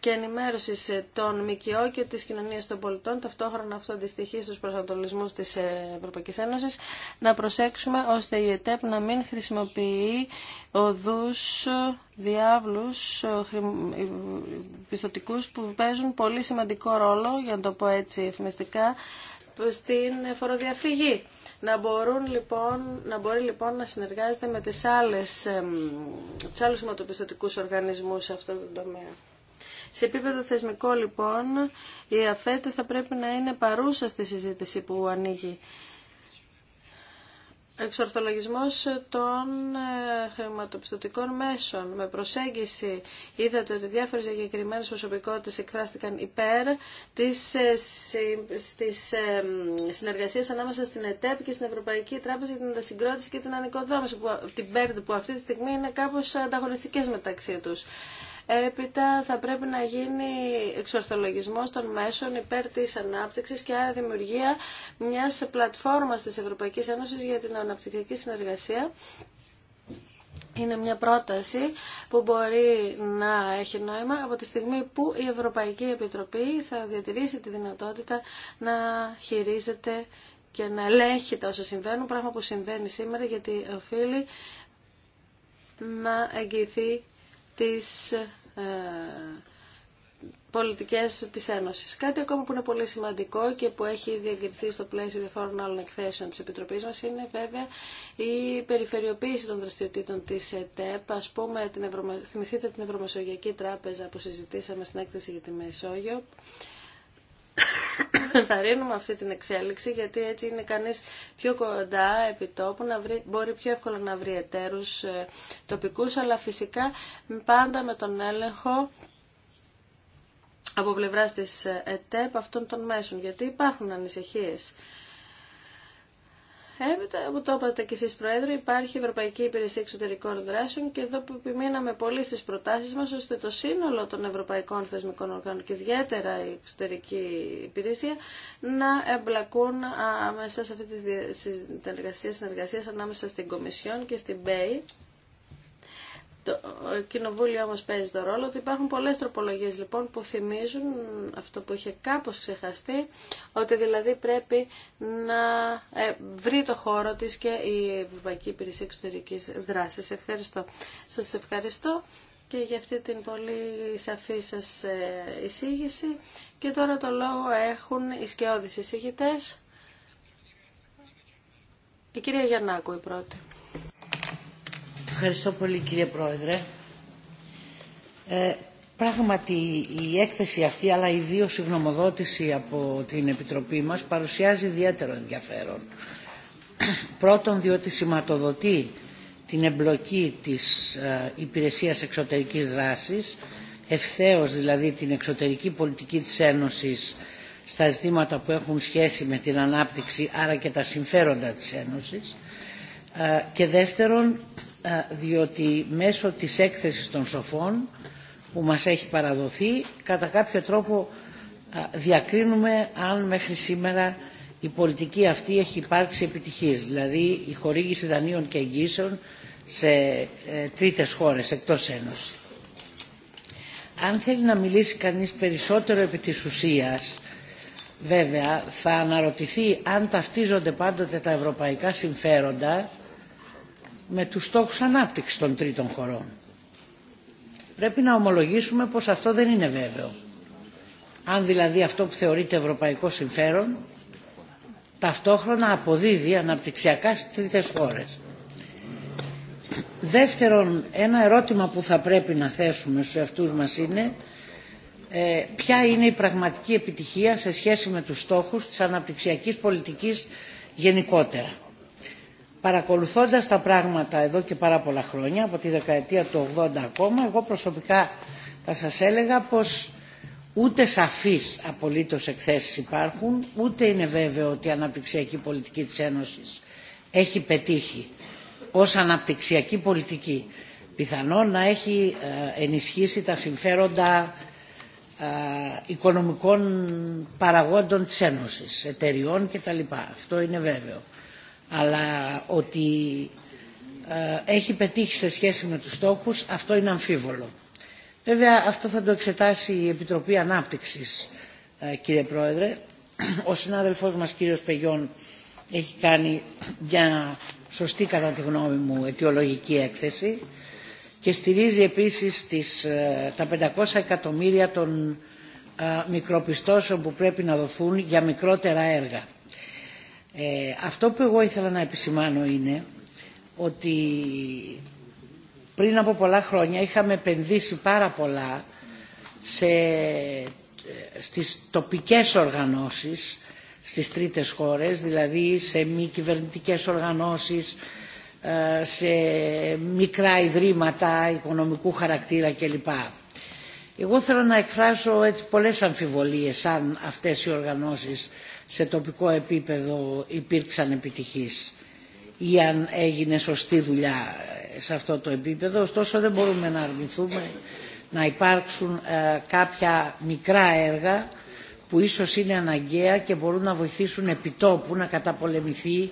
και ενημέρωση ε, των ΜΚΟ και τη κοινωνία των πολιτών. Ταυτόχρονα αυτό αντιστοιχεί στου προσανατολισμού τη ε, Ευρωπαϊκή Ένωση. Να προσέξουμε ώστε η ΕΤΕΠ να μην χρησιμοποιεί οδού, ε, διάβλου πιστοτικού που παίζουν πολύ σημαντικό ρόλο, για να το πω έτσι εφημιστικά, στην φοροδιαφυγή. Να, μπορούν, λοιπόν, να μπορεί λοιπόν να συνεργάζεται με τις άλλες, τους οργανισμού οργανισμούς σε αυτό το τομέα. Σε επίπεδο θεσμικό λοιπόν η ΑΦΕΤ θα πρέπει να είναι παρούσα στη συζήτηση που ανοίγει. Εξορθολογισμός των ε, χρηματοπιστωτικών μέσων με προσέγγιση είδατε ότι διάφορες εγκεκριμένε προσωπικότητες εκφράστηκαν υπέρ της, ε, της ε, συνεργασίας ανάμεσα στην ΕΤΕΠ και στην Ευρωπαϊκή Τράπεζα για την Αντασυγκρότηση και την Ανοικοδόμηση, που, την ΠΕΡΔ που αυτή τη στιγμή είναι κάπως ανταγωνιστικές μεταξύ τους. Έπειτα θα πρέπει να γίνει εξορθολογισμός των μέσων υπέρ της ανάπτυξης και άρα δημιουργία μιας πλατφόρμας της Ευρωπαϊκής Ένωσης για την αναπτυξιακή συνεργασία. Είναι μια πρόταση που μπορεί να έχει νόημα από τη στιγμή που η Ευρωπαϊκή Επιτροπή θα διατηρήσει τη δυνατότητα να χειρίζεται και να ελέγχει τα όσα συμβαίνουν, πράγμα που συμβαίνει σήμερα γιατί οφείλει να εγγυηθεί τις ε, πολιτικές της Ένωσης. Κάτι ακόμα που είναι πολύ σημαντικό και που έχει διαγκριθεί στο πλαίσιο διαφόρων άλλων εκθέσεων της Επιτροπής μας είναι βέβαια η περιφερειοποίηση των δραστηριοτήτων της ΕΤΕΠ. Ας πούμε, την θυμηθείτε την Ευρωμεσογειακή Τράπεζα που συζητήσαμε στην έκθεση για τη Μεσόγειο θα ρίχνουμε αυτή την εξέλιξη γιατί έτσι είναι κανείς πιο κοντά επί τόπου, να μπορεί πιο εύκολα να βρει εταίρους ε, τοπικούς αλλά φυσικά πάντα με τον έλεγχο από πλευράς της ε, ΕΤΕΠ αυτών των μέσων γιατί υπάρχουν ανησυχίες. Έπειτα, που το είπατε και εσείς Πρόεδρε, υπάρχει Ευρωπαϊκή Υπηρεσία Εξωτερικών Δράσεων και εδώ που επιμείναμε πολύ στις προτάσεις μας, ώστε το σύνολο των ευρωπαϊκών θεσμικών οργάνων και ιδιαίτερα η εξωτερική υπηρεσία να εμπλακούν μέσα σε αυτή τη συνεργασία ανάμεσα στην Κομισιόν και στην ΠΕΗ το κοινοβούλιο όμως παίζει το ρόλο ότι υπάρχουν πολλές τροπολογίες λοιπόν που θυμίζουν αυτό που είχε κάπως ξεχαστεί, ότι δηλαδή πρέπει να ε, βρει το χώρο της και η Ευρωπαϊκή Υπηρεσία Εξωτερικής Δράσης. Ευχαριστώ. Σας ευχαριστώ και για αυτή την πολύ σαφή σας ε, εισήγηση. Και τώρα το λόγο έχουν οι σκιώδεις εισηγητές. Η κυρία Γιαννάκου η πρώτη. Ευχαριστώ πολύ κύριε Πρόεδρε. Ε, πράγματι η έκθεση αυτή αλλά ιδίω η γνωμοδότηση από την Επιτροπή μας παρουσιάζει ιδιαίτερο ενδιαφέρον. Πρώτον διότι σηματοδοτεί την εμπλοκή της ε, Υπηρεσίας Εξωτερικής Δράσης ευθέως δηλαδή την εξωτερική πολιτική της Ένωσης στα ζητήματα που έχουν σχέση με την ανάπτυξη άρα και τα συμφέροντα της Ένωσης ε, και δεύτερον διότι μέσω της έκθεσης των σοφών που μας έχει παραδοθεί κατά κάποιο τρόπο διακρίνουμε αν μέχρι σήμερα η πολιτική αυτή έχει υπάρξει επιτυχής, δηλαδή η χορήγηση δανείων και εγγύσεων σε ε, τρίτες χώρες εκτός Ένωσης. Αν θέλει να μιλήσει κανείς περισσότερο επί της ουσίας, βέβαια θα αναρωτηθεί αν ταυτίζονται πάντοτε τα ευρωπαϊκά συμφέροντα με τους στόχους ανάπτυξης των τρίτων χωρών. Πρέπει να ομολογήσουμε πως αυτό δεν είναι βέβαιο. Αν δηλαδή αυτό που θεωρείται ευρωπαϊκό συμφέρον ταυτόχρονα αποδίδει αναπτυξιακά στις τρίτες χώρες. Δεύτερον, ένα ερώτημα που θα πρέπει να θέσουμε στους αυτούς μας είναι ε, ποια είναι η πραγματική επιτυχία σε σχέση με τους στόχους της αναπτυξιακής πολιτικής γενικότερα παρακολουθώντας τα πράγματα εδώ και πάρα πολλά χρόνια, από τη δεκαετία του 80 ακόμα, εγώ προσωπικά θα σας έλεγα πως ούτε σαφείς απολύτως εκθέσεις υπάρχουν, ούτε είναι βέβαιο ότι η αναπτυξιακή πολιτική της Ένωσης έχει πετύχει ως αναπτυξιακή πολιτική. Πιθανόν να έχει ε, ενισχύσει τα συμφέροντα ε, οικονομικών παραγόντων της Ένωσης, εταιριών κτλ. Αυτό είναι βέβαιο αλλά ότι ε, έχει πετύχει σε σχέση με τους στόχους, αυτό είναι αμφίβολο. Βέβαια αυτό θα το εξετάσει η Επιτροπή Ανάπτυξης, ε, κύριε Πρόεδρε. Ο συνάδελφός μας κύριος Πεγιών, έχει κάνει μια σωστή κατά τη γνώμη μου αιτιολογική έκθεση και στηρίζει επίσης τις, ε, τα 500 εκατομμύρια των μικροπιστώσεων που πρέπει να δοθούν για μικρότερα έργα ε, αυτό που εγώ ήθελα να επισημάνω είναι ότι πριν από πολλά χρόνια είχαμε επενδύσει πάρα πολλά σε, στις τοπικές οργανώσεις στις τρίτες χώρες, δηλαδή σε μη κυβερνητικές οργανώσεις, ε, σε μικρά ιδρύματα οικονομικού χαρακτήρα κλπ. Εγώ θέλω να εκφράσω έτσι πολλές αμφιβολίες αν αυτές οι οργανώσεις σε τοπικό επίπεδο υπήρξαν επιτυχείς ή αν έγινε σωστή δουλειά σε αυτό το επίπεδο. Ωστόσο δεν μπορούμε να αρνηθούμε να υπάρξουν ε, κάποια μικρά έργα που ίσως είναι αναγκαία και μπορούν να βοηθήσουν επιτόπου να καταπολεμηθεί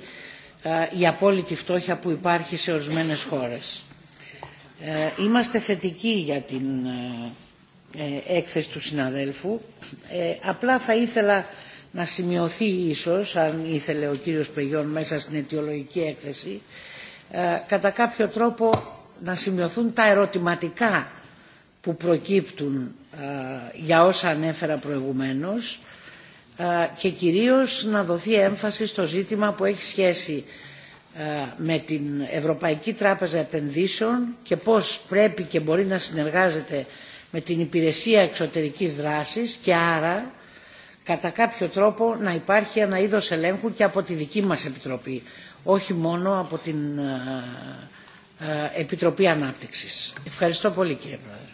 ε, η απόλυτη φτώχεια που υπάρχει σε ορισμένες χώρες. Ε, είμαστε θετικοί για την έκθεση του συναδέλφου. Απλά θα ήθελα να σημειωθεί ίσως, αν ήθελε ο κύριος Πεγιών μέσα στην αιτιολογική έκθεση, ε, κατά κάποιο τρόπο να σημειωθούν τα ερωτηματικά που προκύπτουν ε, για όσα ανέφερα προηγουμένως ε, και κυρίως να δοθεί έμφαση στο ζήτημα που έχει σχέση με την Ευρωπαϊκή Τράπεζα Επενδύσεων και πώς πρέπει και μπορεί να συνεργάζεται με την Υπηρεσία Εξωτερικής Δράσης και άρα κατά κάποιο τρόπο να υπάρχει ένα είδος ελέγχου και από τη δική μας Επιτροπή, όχι μόνο από την ε, ε, Επιτροπή Ανάπτυξης. Ευχαριστώ πολύ κύριε Πρόεδρε.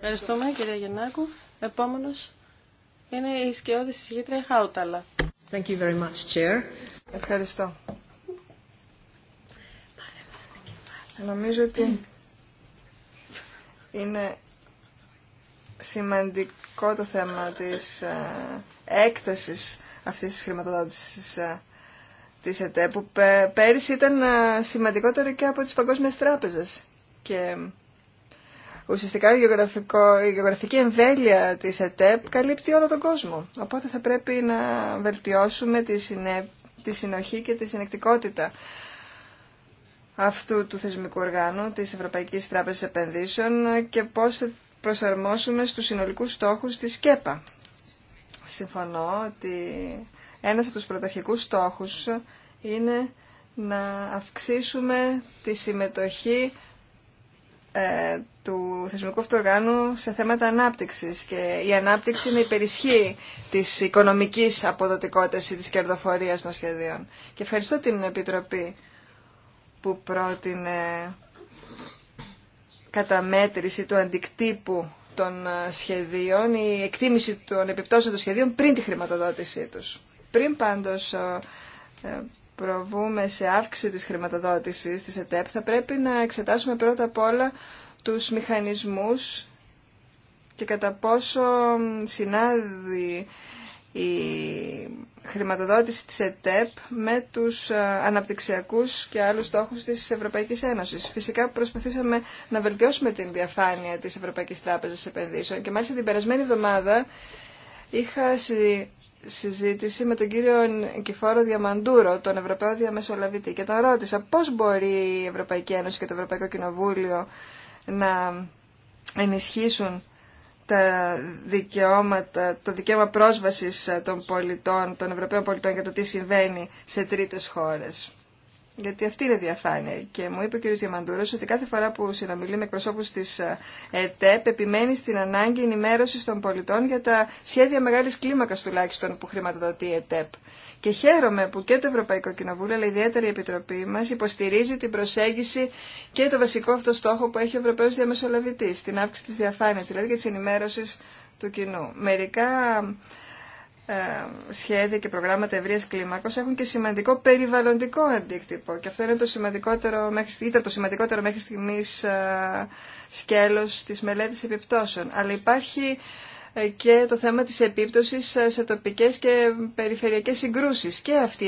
Ευχαριστούμε κύριε Γεννάκου. Επόμενος είναι η σκιώδη συζήτρια Χάουταλα. Thank you very much, Chair. Ευχαριστώ. Νομίζω ότι είναι σημαντικό το θέμα της ε, έκτασης αυτής της χρηματοδότησης ε, της ΕΤΕ που πέρυσι ήταν ε, σημαντικότερο και από τις παγκόσμιες τράπεζες και ουσιαστικά η, η γεωγραφική εμβέλεια της ΕΤΕΠ καλύπτει όλο τον κόσμο οπότε θα πρέπει να βελτιώσουμε τη, τη συνοχή και τη συνεκτικότητα αυτού του θεσμικού οργάνου, της Ευρωπαϊκής Τράπεζας Επενδύσεων και πώς θα προσαρμόσουμε στους συνολικούς στόχους της ΚΕΠΑ. Συμφωνώ ότι ένας από τους πρωταρχικούς στόχους είναι να αυξήσουμε τη συμμετοχή ε, του θεσμικού αυτού οργάνου σε θέματα ανάπτυξης και η ανάπτυξη είναι υπερισχύει της οικονομικής αποδοτικότητας ή της κερδοφορίας των σχεδίων. Και ευχαριστώ την Επιτροπή που πρότεινε καταμέτρηση του αντικτύπου των ε, σχεδίων, η εκτίμηση των επιπτώσεων των σχεδίων πριν τη χρηματοδότησή τους. Πριν πάντως ε, ε, προβούμε σε αύξηση της χρηματοδότησης της ΕΤΕΠ, θα πρέπει να εξετάσουμε πρώτα απ' όλα τους μηχανισμούς και κατά πόσο συνάδει η χρηματοδότηση της ΕΤΕΠ με τους ε, αναπτυξιακούς και άλλους στόχους της Ευρωπαϊκής Ένωσης. Φυσικά προσπαθήσαμε να βελτιώσουμε την διαφάνεια της Ευρωπαϊκής Τράπεζας Επενδύσεων και μάλιστα την περασμένη εβδομάδα είχα συζήτηση με τον κύριο Κιφόρο Διαμαντούρο, τον Ευρωπαίο Διαμεσολαβητή και τον ρώτησα πώς μπορεί η Ευρωπαϊκή Ένωση και το Ευρωπαϊκό Κοινοβούλιο να ενισχύσουν τα δικαιώματα, το δικαίωμα πρόσβασης των πολιτών, των Ευρωπαίων πολιτών για το τι συμβαίνει σε τρίτες χώρες. Γιατί αυτή είναι διαφάνεια. Και μου είπε ο κ. Διαμαντούρος ότι κάθε φορά που συνομιλεί με εκπροσώπους της ε, ΕΤΕΠ επιμένει στην ανάγκη ενημέρωση των πολιτών για τα σχέδια μεγάλης κλίμακας τουλάχιστον που χρηματοδοτεί η ΕΤΕΠ. Και χαίρομαι που και το Ευρωπαϊκό Κοινοβούλιο, αλλά ιδιαίτερα η Επιτροπή μα, υποστηρίζει την προσέγγιση και το βασικό αυτό στόχο που έχει ο Ευρωπαίο Διαμεσολαβητή, την αύξηση τη διαφάνεια, δηλαδή και τη ενημέρωση του κοινού. Μερικά ε, σχέδια και προγράμματα ευρεία κλίμακο έχουν και σημαντικό περιβαλλοντικό αντίκτυπο. Και αυτό είναι το σημαντικότερο μέχρι, ήταν το σημαντικότερο μέχρι στιγμή ε, σκέλο τη μελέτη επιπτώσεων. Αλλά υπάρχει και το θέμα της επίπτωσης σε τοπικές και περιφερειακές συγκρούσεις. Και, αυτή,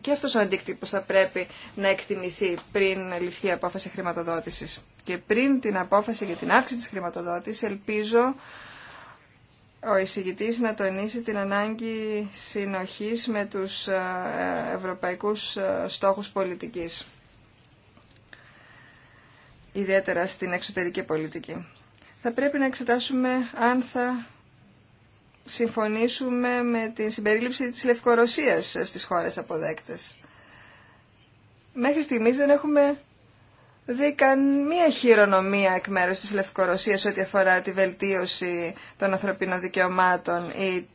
και αυτός ο αντίκτυπος θα πρέπει να εκτιμηθεί πριν ληφθεί η απόφαση χρηματοδότησης. Και πριν την απόφαση για την αύξηση της χρηματοδότησης, ελπίζω ο εισηγητής να τονίσει την ανάγκη συνοχής με τους ε, ευρωπαϊκούς ε, στόχους πολιτικής. Ιδιαίτερα στην εξωτερική πολιτική θα πρέπει να εξετάσουμε αν θα συμφωνήσουμε με την συμπερίληψη της Λευκορωσίας στις χώρες αποδέκτες. Μέχρι στιγμής δεν έχουμε δει καν μία χειρονομία εκ μέρους της Λευκορωσίας ό,τι αφορά τη βελτίωση των ανθρωπίνων δικαιωμάτων ή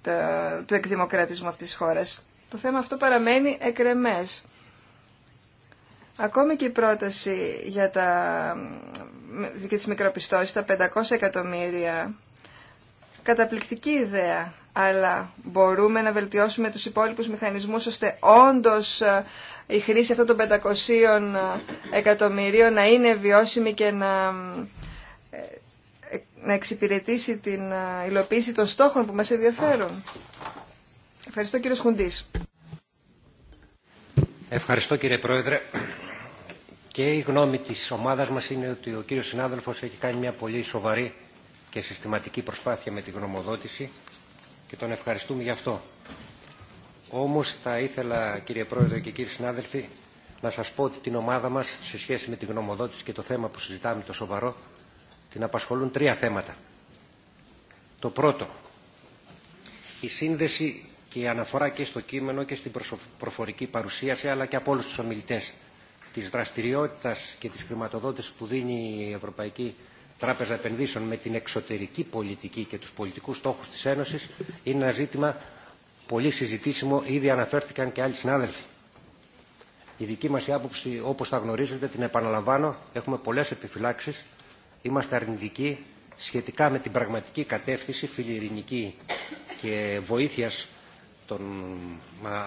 του εκδημοκρατισμού αυτής της χώρας. Το θέμα αυτό παραμένει εκρεμές. Ακόμη και η πρόταση για τα και τις μικροπιστώσεις, τα 500 εκατομμύρια. Καταπληκτική ιδέα, αλλά μπορούμε να βελτιώσουμε τους υπόλοιπους μηχανισμούς ώστε όντως ε, η χρήση αυτών των 500 ε, εκατομμυρίων να είναι βιώσιμη και να, ε, εξυπηρετήσει την υλοποίηση των στόχων που μας ενδιαφέρουν. Ευχαριστώ κύριο Χουντής. Ευχαριστώ κύριε Πρόεδρε. Και η γνώμη της ομάδας μας είναι ότι ο κύριος συνάδελφος έχει κάνει μια πολύ σοβαρή και συστηματική προσπάθεια με τη γνωμοδότηση και τον ευχαριστούμε γι' αυτό. Όμως θα ήθελα κύριε Πρόεδρε και κύριοι συνάδελφοι να σας πω ότι την ομάδα μας σε σχέση με τη γνωμοδότηση και το θέμα που συζητάμε το σοβαρό την απασχολούν τρία θέματα. Το πρώτο, η σύνδεση και η αναφορά και στο κείμενο και στην προφορική παρουσίαση αλλά και από όλους τους ομιλητές της δραστηριότητας και της χρηματοδότησης που δίνει η Ευρωπαϊκή Τράπεζα Επενδύσεων με την εξωτερική πολιτική και τους πολιτικούς στόχους της Ένωσης είναι ένα ζήτημα πολύ συζητήσιμο, ήδη αναφέρθηκαν και άλλοι συνάδελφοι. Η δική μας άποψη, όπως θα γνωρίζετε, την επαναλαμβάνω, έχουμε πολλές επιφυλάξεις, είμαστε αρνητικοί σχετικά με την πραγματική κατεύθυνση φιλιρινική και βοήθειας των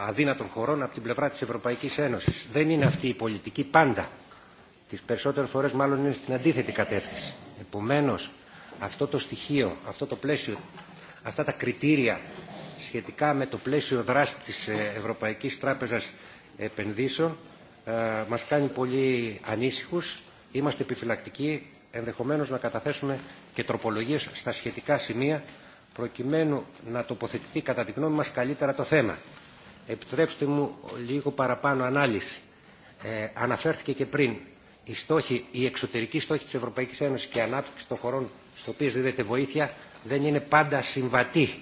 αδύνατων χωρών από την πλευρά της Ευρωπαϊκής Ένωσης. Δεν είναι αυτή η πολιτική πάντα. Τις περισσότερες φορές μάλλον είναι στην αντίθετη κατεύθυνση. Επομένως, αυτό το στοιχείο, αυτό το πλαίσιο, αυτά τα κριτήρια σχετικά με το πλαίσιο δράση της ε, Ευρωπαϊκής Τράπεζας Επενδύσεων ε, μας κάνει πολύ ανήσυχους. Είμαστε επιφυλακτικοί ενδεχομένως να καταθέσουμε και τροπολογίες στα σχετικά σημεία προκειμένου να τοποθετηθεί κατά τη γνώμη μας καλύτερα το θέμα. Επιτρέψτε μου λίγο παραπάνω ανάλυση. Ε, αναφέρθηκε και πριν ...η στόχοι, οι εξωτερικοί στόχοι της Ευρωπαϊκής Ένωσης και η ανάπτυξη των χωρών στο οποίο δίδεται βοήθεια δεν είναι πάντα συμβατή.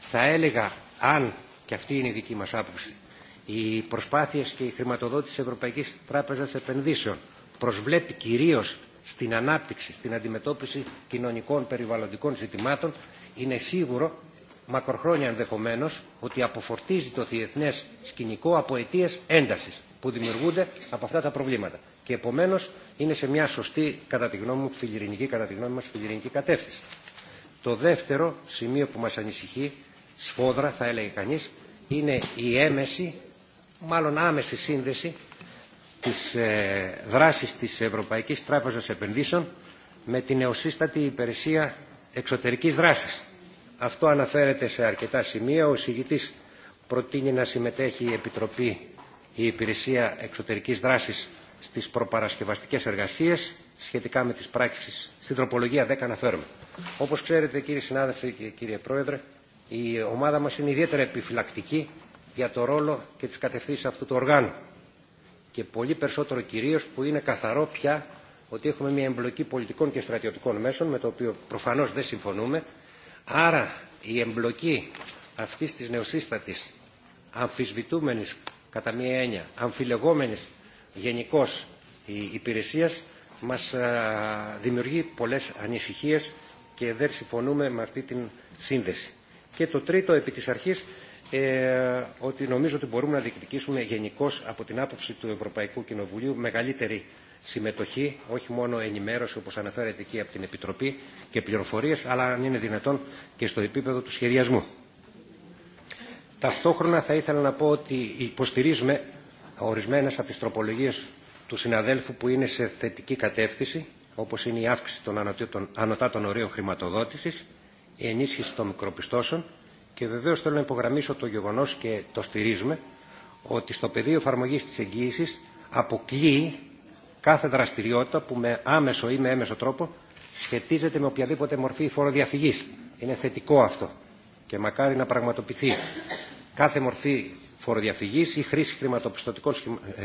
Θα έλεγα αν, και αυτή είναι η δική μας άποψη, οι προσπάθειες και η χρηματοδότηση της Ευρωπαϊκής Τράπεζας Επενδύσεων προσβλέπει κυρίως στην ανάπτυξη, στην αντιμετώπιση κοινωνικών περιβαλλοντικών ζητημάτων είναι σίγουρο, μακροχρόνια ενδεχομένω, ότι αποφορτίζει το διεθνέ σκηνικό από αιτίε ένταση που δημιουργούνται από αυτά τα προβλήματα. Και επομένω είναι σε μια σωστή, κατά τη γνώμη μου, φιλιρινική, κατά τη γνώμη μας, φιλιρινική κατεύθυνση. Το δεύτερο σημείο που μα ανησυχεί, σφόδρα θα έλεγε κανεί, είναι η έμεση, μάλλον άμεση σύνδεση τη ε, δράσης της Ευρωπαϊκής Επενδύσεων με την νεοσύστατη υπηρεσία εξωτερικής δράσης. Αυτό αναφέρεται σε αρκετά σημεία. Ο συγητής προτείνει να συμμετέχει η Επιτροπή, η Υπηρεσία Εξωτερικής Δράσης στις προπαρασκευαστικές εργασίες σχετικά με τις πράξεις. Στην τροπολογία 10 αναφέρομαι. Όπως ξέρετε κύριε συνάδελφοι και κύριε Πρόεδρε, η ομάδα μας είναι ιδιαίτερα επιφυλακτική για το ρόλο και τις κατευθύνσεις αυτού του οργάνου. Και πολύ περισσότερο κυρίως που είναι καθαρό πια ότι έχουμε μια εμπλοκή πολιτικών και στρατιωτικών μέσων, με το οποίο προφανώς δεν συμφωνούμε. Άρα η εμπλοκή αυτής της νεοσύστατης, αμφισβητούμενης κατά μία έννοια, αμφιλεγόμενης γενικώ υπηρεσίας, μας α, δημιουργεί πολλές ανησυχίες και δεν συμφωνούμε με αυτή την σύνδεση. Και το τρίτο, επί της αρχής, ε, ότι νομίζω ότι μπορούμε να διεκδικήσουμε γενικώ από την άποψη του Ευρωπαϊκού Κοινοβουλίου μεγαλύτερη συμμετοχή, όχι μόνο ενημέρωση όπως αναφέρεται εκεί από την Επιτροπή και πληροφορίες, αλλά αν είναι δυνατόν και στο επίπεδο του σχεδιασμού. Ταυτόχρονα θα ήθελα να πω ότι υποστηρίζουμε ορισμένες από τις τροπολογίες του συναδέλφου που είναι σε θετική κατεύθυνση, όπως είναι η αύξηση των ανωτάτων ορίων χρηματοδότησης, η ενίσχυση των μικροπιστώσεων και βεβαίως θέλω να υπογραμμίσω το γεγονός και το στηρίζουμε ότι στο πεδίο εφαρμογή της εγγύησης αποκλείει κάθε δραστηριότητα που με άμεσο ή με έμεσο τρόπο σχετίζεται με οποιαδήποτε μορφή φοροδιαφυγής. Είναι θετικό αυτό και μακάρι να πραγματοποιηθεί. Κάθε μορφή φοροδιαφυγής ή χρήση χρηματοπιστωτικών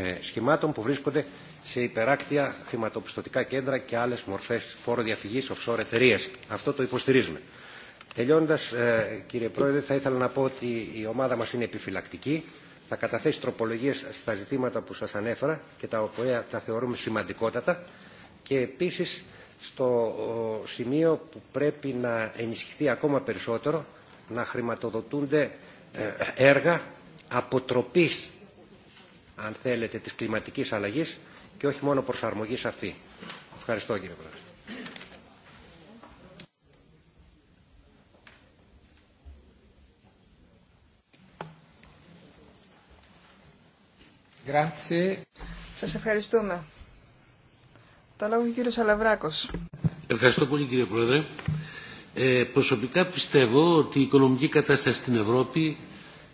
ε, σχημάτων που βρίσκονται σε υπεράκτια χρηματοπιστωτικά κέντρα και άλλες μορφές φοροδιαφυγής offshore εταιρείε. Αυτό το υποστηρίζουμε. Τελειώνοντας, ε, κύριε Πρόεδρε, θα ήθελα να πω ότι η ομάδα μας είναι επιφυλακτική θα καταθέσει τροπολογίες στα ζητήματα που σας ανέφερα και τα οποία τα θεωρούμε σημαντικότατα και επίσης στο σημείο που πρέπει να ενισχυθεί ακόμα περισσότερο να χρηματοδοτούνται ε, έργα αποτροπής αν θέλετε της κλιματικής αλλαγής και όχι μόνο προσαρμογής αυτή. Ευχαριστώ κύριε Πρόεδρε. Σας ευχαριστούμε. Το λόγο ο κύριος Αλαβράκος. Ευχαριστώ πολύ κύριε Πρόεδρε. Ε, προσωπικά πιστεύω ότι η οικονομική κατάσταση στην Ευρώπη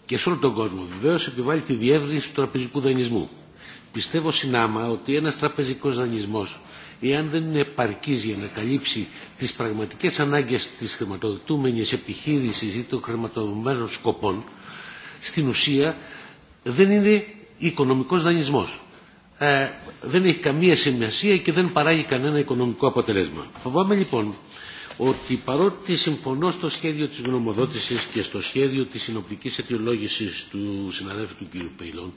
και σε όλο τον κόσμο βεβαίω επιβάλλει τη διεύρυνση του τραπεζικού δανεισμού. Πιστεύω συνάμα ότι ένα τραπεζικό δανεισμό, εάν δεν είναι επαρκή για να καλύψει τις πραγματικές ανάγκες της χρηματοδοτούμενης επιχείρησης ή των χρηματοδομένων σκοπών, στην ουσία δεν είναι οικονομικός δανεισμός. Ε, δεν έχει καμία σημασία και δεν παράγει κανένα οικονομικό αποτελέσμα. Φοβάμαι λοιπόν ότι παρότι συμφωνώ στο σχέδιο της γνωμοδότησης και στο σχέδιο της συνοπτικής αιτιολόγησης του συναδέλφου του κ. Πέιλον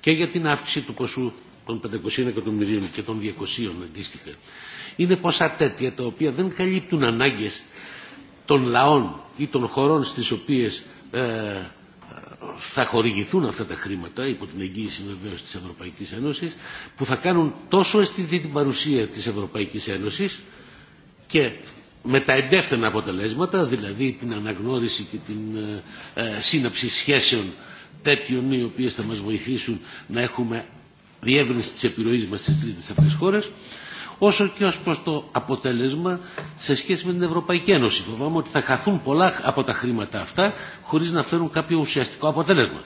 και για την αύξηση του ποσού των 500 εκατομμυρίων και των 200 αντίστοιχα, είναι ποσά τέτοια τα οποία δεν καλύπτουν ανάγκες των λαών ή των χωρών στις οποίες ε, θα χορηγηθούν αυτά τα χρήματα υπό την εγγύηση βεβαίω της Ευρωπαϊκής Ένωση, που θα κάνουν τόσο αισθητή την παρουσία της Ευρωπαϊκής Ένωσης και με τα εντεύθυνα αποτελέσματα, δηλαδή την αναγνώριση και την ε, ε, σύναψη σχέσεων τέτοιων οι οποίες θα μας βοηθήσουν να έχουμε διεύρυνση της επιρροής μας στις τρίτες αυτές χώρες όσο και ως προς το αποτέλεσμα σε σχέση με την Ευρωπαϊκή Ένωση. Φοβάμαι ότι θα χαθούν πολλά από τα χρήματα αυτά χωρίς να φέρουν κάποιο ουσιαστικό αποτέλεσμα.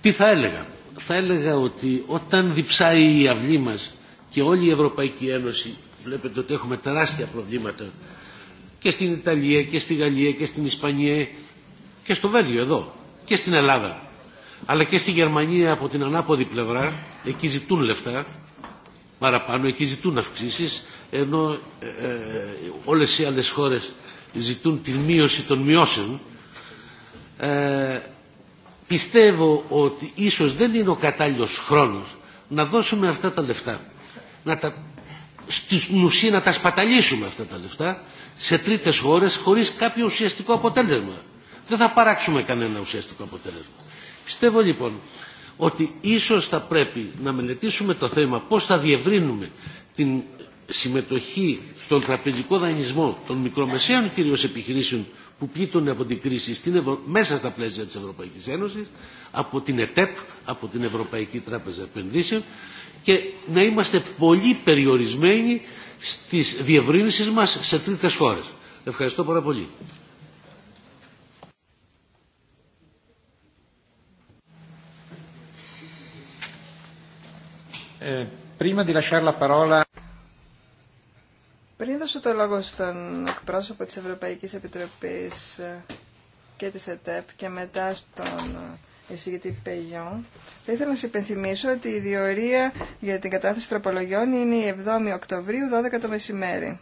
Τι θα έλεγα. Θα έλεγα ότι όταν διψάει η αυλή μας και όλη η Ευρωπαϊκή Ένωση βλέπετε ότι έχουμε τεράστια προβλήματα και στην Ιταλία και στη Γαλλία και στην Ισπανία και στο Βέλγιο εδώ και στην Ελλάδα αλλά και στη Γερμανία από την ανάποδη πλευρά εκεί ζητούν λεφτά παραπάνω, εκεί ζητούν αυξήσεις, ενώ ε, ε όλες οι άλλες χώρες ζητούν τη μείωση των μειώσεων. Ε, πιστεύω ότι ίσως δεν είναι ο κατάλληλος χρόνος να δώσουμε αυτά τα λεφτά. Να τα, στην ουσία να τα σπαταλήσουμε αυτά τα λεφτά σε τρίτες χώρες χωρίς κάποιο ουσιαστικό αποτέλεσμα. Δεν θα παράξουμε κανένα ουσιαστικό αποτέλεσμα. Πιστεύω λοιπόν ότι ίσως θα πρέπει να μελετήσουμε το θέμα πώς θα διευρύνουμε την συμμετοχή στον τραπεζικό δανεισμό των μικρομεσαίων κυρίως επιχειρήσεων που πλήττουν από την κρίση στην μέσα στα πλαίσια της Ευρωπαϊκής Ένωσης, από την ΕΤΕΠ, από την Ευρωπαϊκή Τράπεζα Επενδύσεων και να είμαστε πολύ περιορισμένοι στις διευρύνσεις μας σε τρίτες χώρες. Ευχαριστώ πάρα πολύ. Ε, Πριν δώσω το λόγο στον εκπρόσωπο της Ευρωπαϊκής Επιτροπής ε, και της ΕΤΕΠ και μετά στον ε, εισηγητή Πεγιόν, θα ήθελα να σας υπενθυμίσω ότι η διορία για την κατάθεση τροπολογιών είναι η 7η Οκτωβρίου, 12 το μεσημέρι.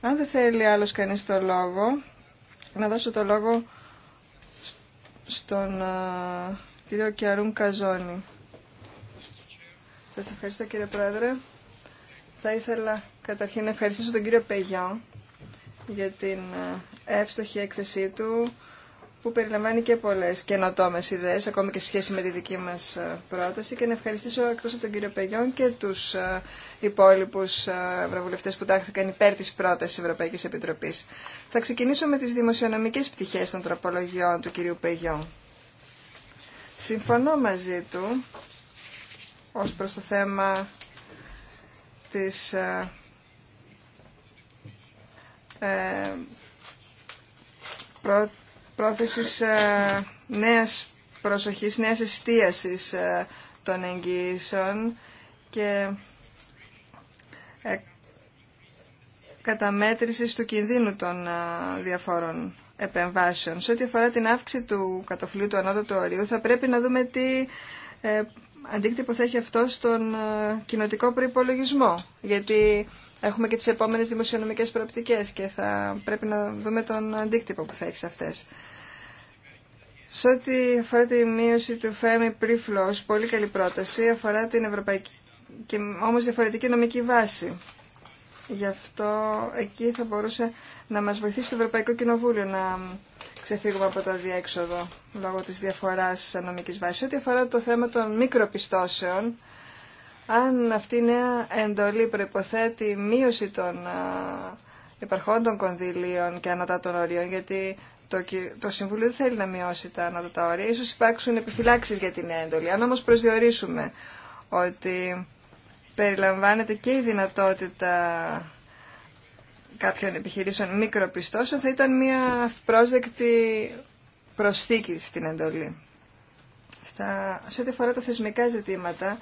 Αν δεν θέλει άλλος κανείς το λόγο, να δώσω το λόγο στον κύριο Κιαρούν Καζόνη. Σας ευχαριστώ κύριε Πρόεδρε. Θα ήθελα καταρχήν να ευχαριστήσω τον κύριο Πεγιόν για την ε, εύστοχη έκθεσή του που περιλαμβάνει και πολλές καινοτόμες ιδέες, ακόμη και σε σχέση με τη δική μας ε, πρόταση και να ευχαριστήσω εκτός από τον κύριο Πεγιόν και τους ε, υπόλοιπους ευρωβουλευτές που τάχθηκαν υπέρ της πρότασης Ευρωπαϊκής Επιτροπής. Θα ξεκινήσω με τις δημοσιονομικές πτυχές των τροπολογιών του κυρίου Πεγιόν. Συμφωνώ μαζί του ως προς το θέμα της ε, ε πρό, πρόθεσης ε, νέας προσοχής, νέας εστίασης ε, των εγγυήσεων και ε, καταμέτρησης του κινδύνου των ε, διαφόρων επεμβάσεων. Σε ό,τι αφορά την αύξηση του κατοφλίου του ανώτατου ορίου θα πρέπει να δούμε τι αντίκτυπο θα έχει αυτό στον ε, κοινοτικό προπολογισμό. γιατί έχουμε και τις επόμενε δημοσιονομικέ προοπτικέ και θα πρέπει να δούμε τον αντίκτυπο που θα έχει σε αυτές. Σε ό,τι αφορά τη μείωση του φέμι πρίφλο πολύ καλή πρόταση, αφορά την ευρωπαϊκή και όμως διαφορετική νομική βάση. Γι' αυτό εκεί θα μπορούσε να μας βοηθήσει το Ευρωπαϊκό Κοινοβούλιο να ξεφύγουμε από το διέξοδο λόγω της διαφοράς νομικής βάσης. Ό,τι αφορά το θέμα των μικροπιστώσεων, αν αυτή η νέα εντολή προϋποθέτει μείωση των υπαρχόντων κονδυλίων και ανώτατων ορίων, γιατί το, το Συμβούλιο δεν θέλει να μειώσει τα ανώτατα όρια, ίσως υπάρξουν επιφυλάξεις για την νέα εντολή. Αν όμως προσδιορίσουμε ότι περιλαμβάνεται και η δυνατότητα κάποιων επιχειρήσεων μικροπιστώσεων θα ήταν μια πρόσδεκτη προσθήκη στην εντολή. Στα, σε ό,τι αφορά τα θεσμικά ζητήματα,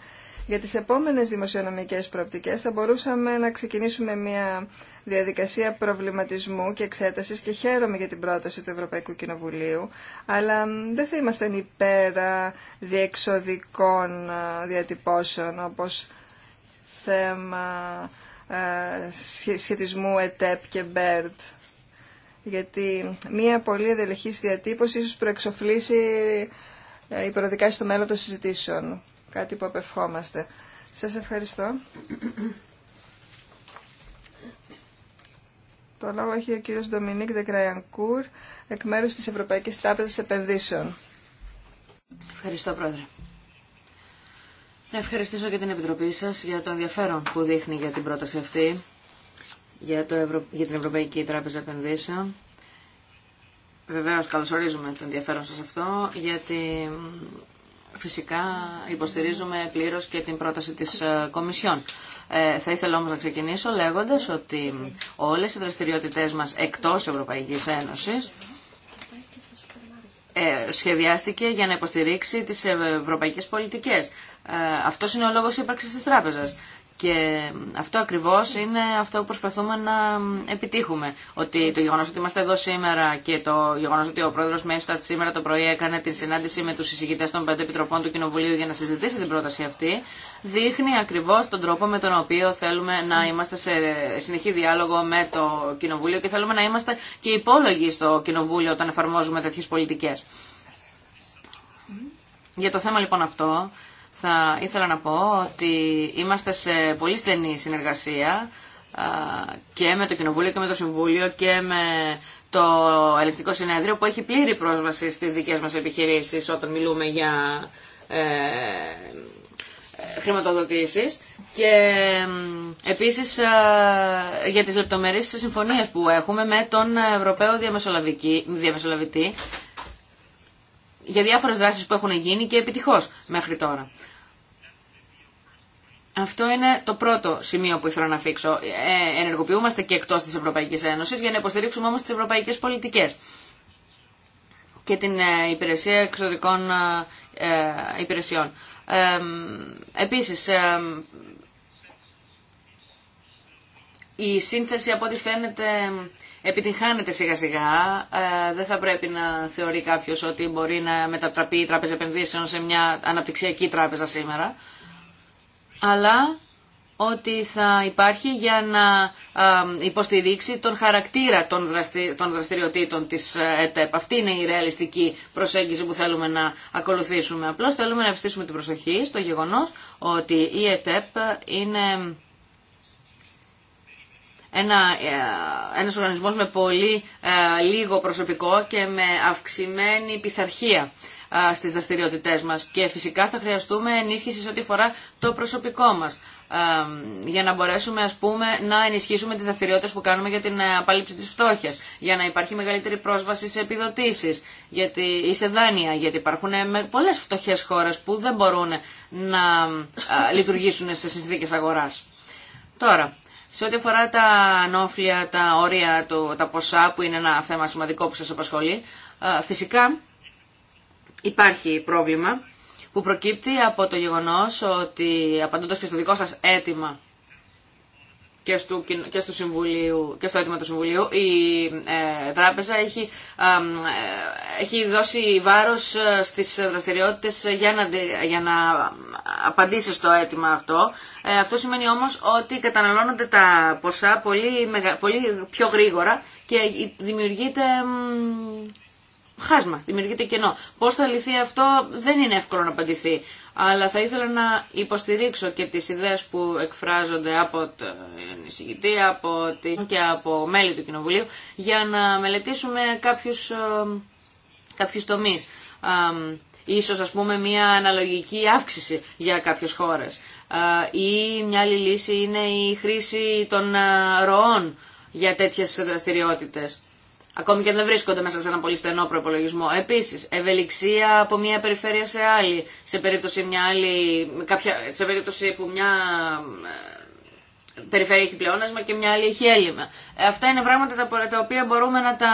για τις επόμενες δημοσιονομικές προοπτικές θα μπορούσαμε να ξεκινήσουμε μια διαδικασία προβληματισμού και εξέτασης και χαίρομαι για την πρόταση του Ευρωπαϊκού Κοινοβουλίου, αλλά δεν θα ήμασταν υπέρα διεξοδικών διατυπώσεων όπως θέμα ε, σχετισμού ΕΤΕΠ και ΜΠΕΡΤ Γιατί μία πολύ εδελεχής διατύπωση ίσως προεξοφλήσει η ε, προδικάσεις στο μέλλον των συζητήσεων. Κάτι που απευχόμαστε. Σας ευχαριστώ. Το λόγο έχει ο κύριος Ντομινίκ Δεκραϊανκούρ εκ μέρους της Ευρωπαϊκής Τράπεζας Επενδύσεων. Ευχαριστώ, Πρόεδρε. Να ευχαριστήσω και την Επιτροπή σας για το ενδιαφέρον που δείχνει για την πρόταση αυτή για, το για την Ευρωπαϊκή Τράπεζα Επενδύσεων. Βεβαίω, καλωσορίζουμε το ενδιαφέρον σα αυτό, γιατί φυσικά υποστηρίζουμε πλήρω και την πρόταση τη ε, Κομισιόν. Ε, θα ήθελα όμω να ξεκινήσω λέγοντα ότι όλε οι δραστηριότητέ μα εκτό Ευρωπαϊκή Ένωση ε, σχεδιάστηκε για να υποστηρίξει τις ευρωπαϊκές πολιτικές. Ε, αυτό είναι ο λόγο ύπαρξη τη τράπεζα. Και αυτό ακριβώ είναι αυτό που προσπαθούμε να επιτύχουμε. Ότι το γεγονό ότι είμαστε εδώ σήμερα και το γεγονό ότι ο πρόεδρο Μέστατ σήμερα το πρωί έκανε την συνάντηση με του συζητητέ των πέντε επιτροπών του Κοινοβουλίου για να συζητήσει την πρόταση αυτή, δείχνει ακριβώ τον τρόπο με τον οποίο θέλουμε να είμαστε σε συνεχή διάλογο με το Κοινοβούλιο και θέλουμε να είμαστε και υπόλογοι στο Κοινοβούλιο όταν εφαρμόζουμε τέτοιε πολιτικέ. Για το θέμα λοιπόν αυτό, θα ήθελα να πω ότι είμαστε σε πολύ στενή συνεργασία και με το Κοινοβούλιο και με το Συμβούλιο και με το Ελεκτικό Συνέδριο που έχει πλήρη πρόσβαση στις δικές μας επιχειρήσεις όταν μιλούμε για ε, χρηματοδοτήσεις και επίσης για τις λεπτομερείς συμφωνίες που έχουμε με τον Ευρωπαίο Διαμεσολαβητή για διάφορες δράσεις που έχουν γίνει και επιτυχώς μέχρι τώρα. Αυτό είναι το πρώτο σημείο που ήθελα να αφήξω. Ε, ενεργοποιούμαστε και εκτός της Ευρωπαϊκής Ένωσης για να υποστηρίξουμε όμως τις ευρωπαϊκές πολιτικές και την ε, υπηρεσία εξωτερικών ε, υπηρεσιών. Ε, επίσης, η σύνθεση από ό,τι φαίνεται επιτυγχάνεται σιγά σιγά. Ε, δεν θα πρέπει να θεωρεί κάποιο ότι μπορεί να μετατραπεί η τράπεζα επενδύσεων σε μια αναπτυξιακή τράπεζα σήμερα. Αλλά ότι θα υπάρχει για να ε, υποστηρίξει τον χαρακτήρα των, δραστηριοτήτων της ε, ΕΤΕΠ. Αυτή είναι η ρεαλιστική προσέγγιση που θέλουμε να ακολουθήσουμε. Απλώς θέλουμε να ευστήσουμε την προσοχή στο γεγονός ότι η ΕΤΕΠ είναι ένα, ε, ένας οργανισμός με πολύ ε, λίγο προσωπικό και με αυξημένη πειθαρχία ε, στις δραστηριότητέ μας και φυσικά θα χρειαστούμε ενίσχυση σε ό,τι αφορά το προσωπικό μας για να μπορέσουμε να ενισχύσουμε τις δραστηριότητε που κάνουμε για την απαλήψη της φτώχειας για να υπάρχει μεγαλύτερη πρόσβαση σε επιδοτήσεις ή σε δάνεια γιατί υπάρχουν πολλές φτωχές χώρες που δεν μπορούν να λειτουργήσουν σε συνθήκες αγοράς. Τώρα, σε ό,τι αφορά τα νόφλια, τα όρια, τα ποσά που είναι ένα θέμα σημαντικό που σας απασχολεί, φυσικά υπάρχει πρόβλημα που προκύπτει από το γεγονός ότι απαντώντας και στο δικό σας αίτημα και, στο, και, στο συμβουλίου, αίτημα του Συμβουλίου, η ε, τράπεζα έχει, ε, έχει δώσει βάρος ε, στις δραστηριότητες για να, για να απαντήσει στο αίτημα αυτό. αυτό σημαίνει όμως ότι καταναλώνονται τα ποσά πολύ, πολύ πιο γρήγορα και δημιουργείται χάσμα, δημιουργείται κενό. Πώς θα λυθεί αυτό δεν είναι εύκολο να απαντηθεί. Αλλά θα ήθελα να υποστηρίξω και τις ιδέες που εκφράζονται από την εισηγητή από τη... και από μέλη του Κοινοβουλίου για να μελετήσουμε κάποιους, ε, κάποιους τομείς. Ε, ίσως ας πούμε μια αναλογική αύξηση για κάποιες χώρες. Ε, ή μια άλλη λύση είναι η χρήση των ροών για τέτοιες δραστηριότητες ακόμη και αν δεν βρίσκονται μέσα σε ένα πολύ στενό προπολογισμό. Επίση, ευελιξία από μια περιφέρεια σε άλλη, σε περίπτωση, μια άλλη, κάποια, σε περίπτωση που μια ε, περιφέρεια έχει πλεόνασμα και μια άλλη έχει έλλειμμα. Ε, αυτά είναι πράγματα τα οποία μπορούμε να τα,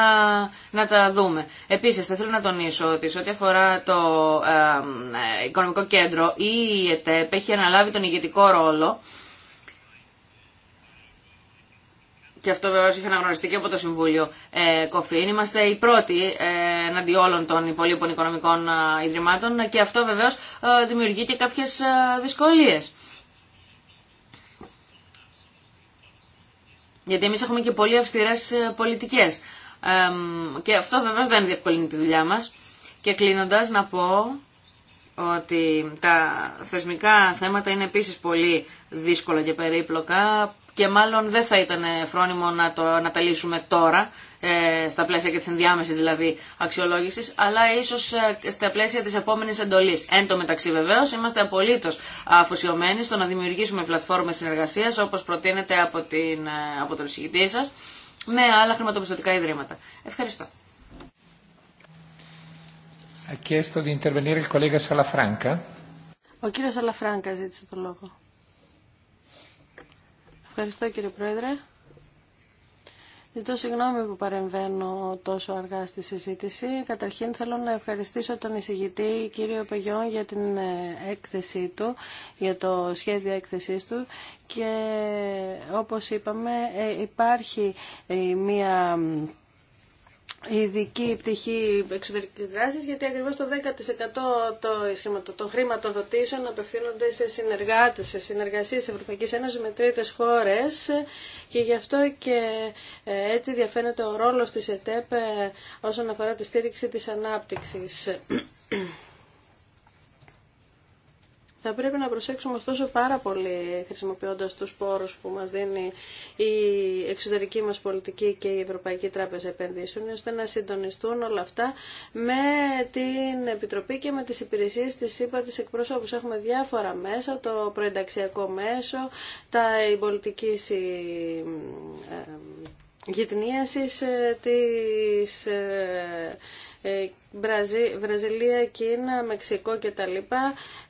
να τα δούμε. Επίσης, θα θέλω να τονίσω ότι σε ό,τι αφορά το ε, οικονομικό κέντρο, η ΕΤΕΠ έχει αναλάβει τον ηγετικό ρόλο και αυτό βεβαίω έχει αναγνωριστεί και από το Συμβούλιο ε, Κοφίν. Είμαστε οι πρώτοι ε, εναντί όλων των υπολείπων οικονομικών ε, ιδρυμάτων και αυτό βεβαίω ε, δημιουργεί και κάποιε δυσκολίε. Γιατί εμεί έχουμε και πολύ αυστηρέ ε, πολιτικέ. και αυτό βεβαίω δεν διευκολύνει τη δουλειά μα. Και κλείνοντα να πω ότι τα θεσμικά θέματα είναι επίση πολύ δύσκολα και περίπλοκα και μάλλον δεν θα ήταν φρόνιμο να, το, να τα λύσουμε τώρα, ε, στα πλαίσια και της ενδιάμεσης δηλαδή αξιολόγησης, αλλά ίσως ε, στα πλαίσια της επόμενης εντολής. Εν τω μεταξύ βεβαίως είμαστε απολύτως αφοσιωμένοι στο να δημιουργήσουμε πλατφόρμες συνεργασίας, όπως προτείνεται από, την, ε, από τον εισηγητή σας, με άλλα χρηματοπιστωτικά ιδρύματα. Ευχαριστώ. Ο κύριο Αλαφράγκα ζήτησε το λόγο. Ευχαριστώ κύριε Πρόεδρε. Ζητώ συγγνώμη που παρεμβαίνω τόσο αργά στη συζήτηση. Καταρχήν θέλω να ευχαριστήσω τον εισηγητή κύριο Πεγιόν για την ε, έκθεσή του, για το σχέδιο έκθεσής του και όπως είπαμε ε, υπάρχει ε, μία ειδική πτυχή εξωτερικής δράσης, γιατί ακριβώς το 10% των το χρηματοδοτήσεων απευθύνονται σε συνεργάτες, σε συνεργασίες Ευρωπαϊκής Ένωσης με τρίτες χώρες και γι' αυτό και ε, έτσι διαφαίνεται ο ρόλος της ΕΤΕΠ ε, όσον αφορά τη στήριξη της ανάπτυξης. Θα πρέπει να προσέξουμε ωστόσο πάρα πολύ χρησιμοποιώντας τους πόρους που μας δίνει η εξωτερική μας πολιτική και η Ευρωπαϊκή Τράπεζα Επενδύσεων, ώστε να συντονιστούν όλα αυτά με την Επιτροπή και με τις υπηρεσίες της ΥΠΑ της εκπροσώπους. Έχουμε διάφορα μέσα, το προενταξιακό μέσο, τα η πολιτική ε, γυτνίασης ε, της ε, Βραζι... Βραζιλία, Κίνα, Μεξικό κτλ.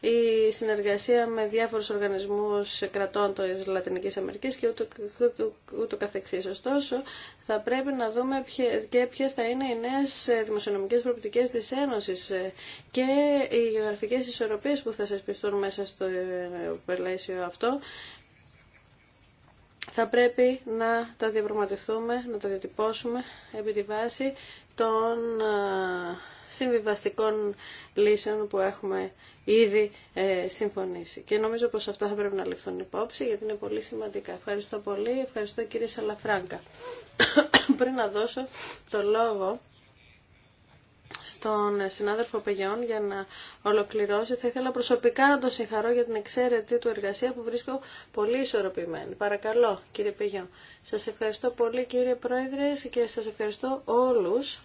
Η συνεργασία με διάφορους οργανισμούς κρατών της Λατινικής Αμερικής και ούτω, ούτω, καθεξής. Ωστόσο, θα πρέπει να δούμε ποιε, και ποιε θα είναι οι νέες δημοσιονομικές προοπτικές της Ένωσης και οι γεωγραφικές ισορροπίες που θα συσπιστούν μέσα στο πελαίσιο αυτό θα πρέπει να τα διαπραγματευτούμε, να τα διατυπώσουμε επί τη βάση των συμβιβαστικών λύσεων που έχουμε ήδη ε, συμφωνήσει. Και νομίζω πως αυτά θα πρέπει να ληφθούν υπόψη γιατί είναι πολύ σημαντικά. Ευχαριστώ πολύ. Ευχαριστώ κύριε Σαλαφράγκα. Πριν να δώσω το λόγο στον συνάδελφο Πεγιών για να ολοκληρώσει. Θα ήθελα προσωπικά να τον συγχαρώ για την εξαίρετη του εργασία που βρίσκω πολύ ισορροπημένη. Παρακαλώ κύριε Πεγιών. Σας ευχαριστώ πολύ κύριε Πρόεδρε και σας ευχαριστώ όλους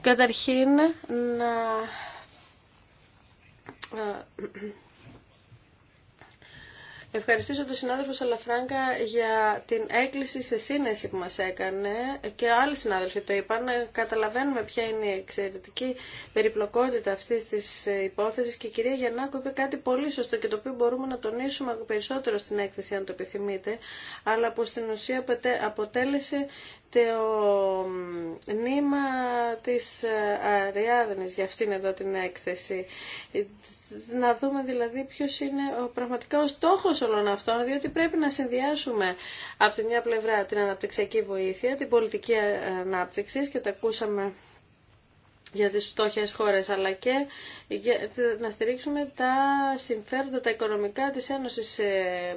Καταρχήν να ε, Ευχαριστήσω τον συνάδελφο Σαλαφράγκα για την έκκληση σε σύνεση που μας έκανε και άλλοι συνάδελφοι το είπαν. Ε, καταλαβαίνουμε ποια είναι η εξαιρετική περιπλοκότητα αυτής της ε, υπόθεσης και η κυρία Γιαννάκου είπε κάτι πολύ σωστό και το οποίο μπορούμε να τονίσουμε περισσότερο στην έκθεση αν το επιθυμείτε, αλλά που στην ουσία αποτέλεσε το νήμα της ε, Αριάδνης για αυτήν εδώ την έκθεση να δούμε δηλαδή ποιος είναι ο πραγματικά ο στόχος όλων αυτών, διότι πρέπει να συνδυάσουμε από τη μια πλευρά την αναπτυξιακή βοήθεια, την πολιτική ε, ανάπτυξη και τα ακούσαμε για τις φτώχειες χώρες, αλλά και να στηρίξουμε τα συμφέροντα, τα οικονομικά της Ένωσης σε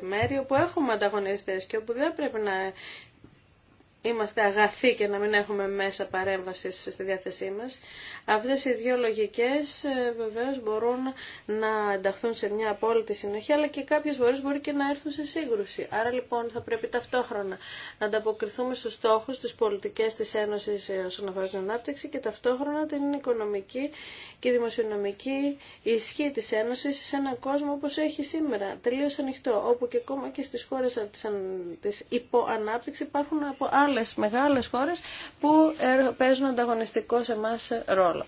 μέρη όπου έχουμε ανταγωνιστές και όπου δεν πρέπει να είμαστε αγαθοί και να μην έχουμε μέσα παρέμβαση στη διάθεσή μας. Αυτές οι δύο λογικές ε, βεβαίως μπορούν να ενταχθούν σε μια απόλυτη συνοχή, αλλά και κάποιες φορές μπορεί και να έρθουν σε σύγκρουση. Άρα λοιπόν θα πρέπει ταυτόχρονα να ανταποκριθούμε στους στόχους, της πολιτικής της Ένωσης ε, όσον αφορά την ανάπτυξη και ταυτόχρονα την οικονομική και δημοσιονομική ισχύ της Ένωσης σε έναν κόσμο όπως έχει σήμερα, τελείως ανοιχτό, όπου και ακόμα και στις χώρες της υποανάπτυξη υπάρχουν από άλλε μεγάλες χώρες που ε, παίζουν ανταγωνιστικό σε εμά ρόλο.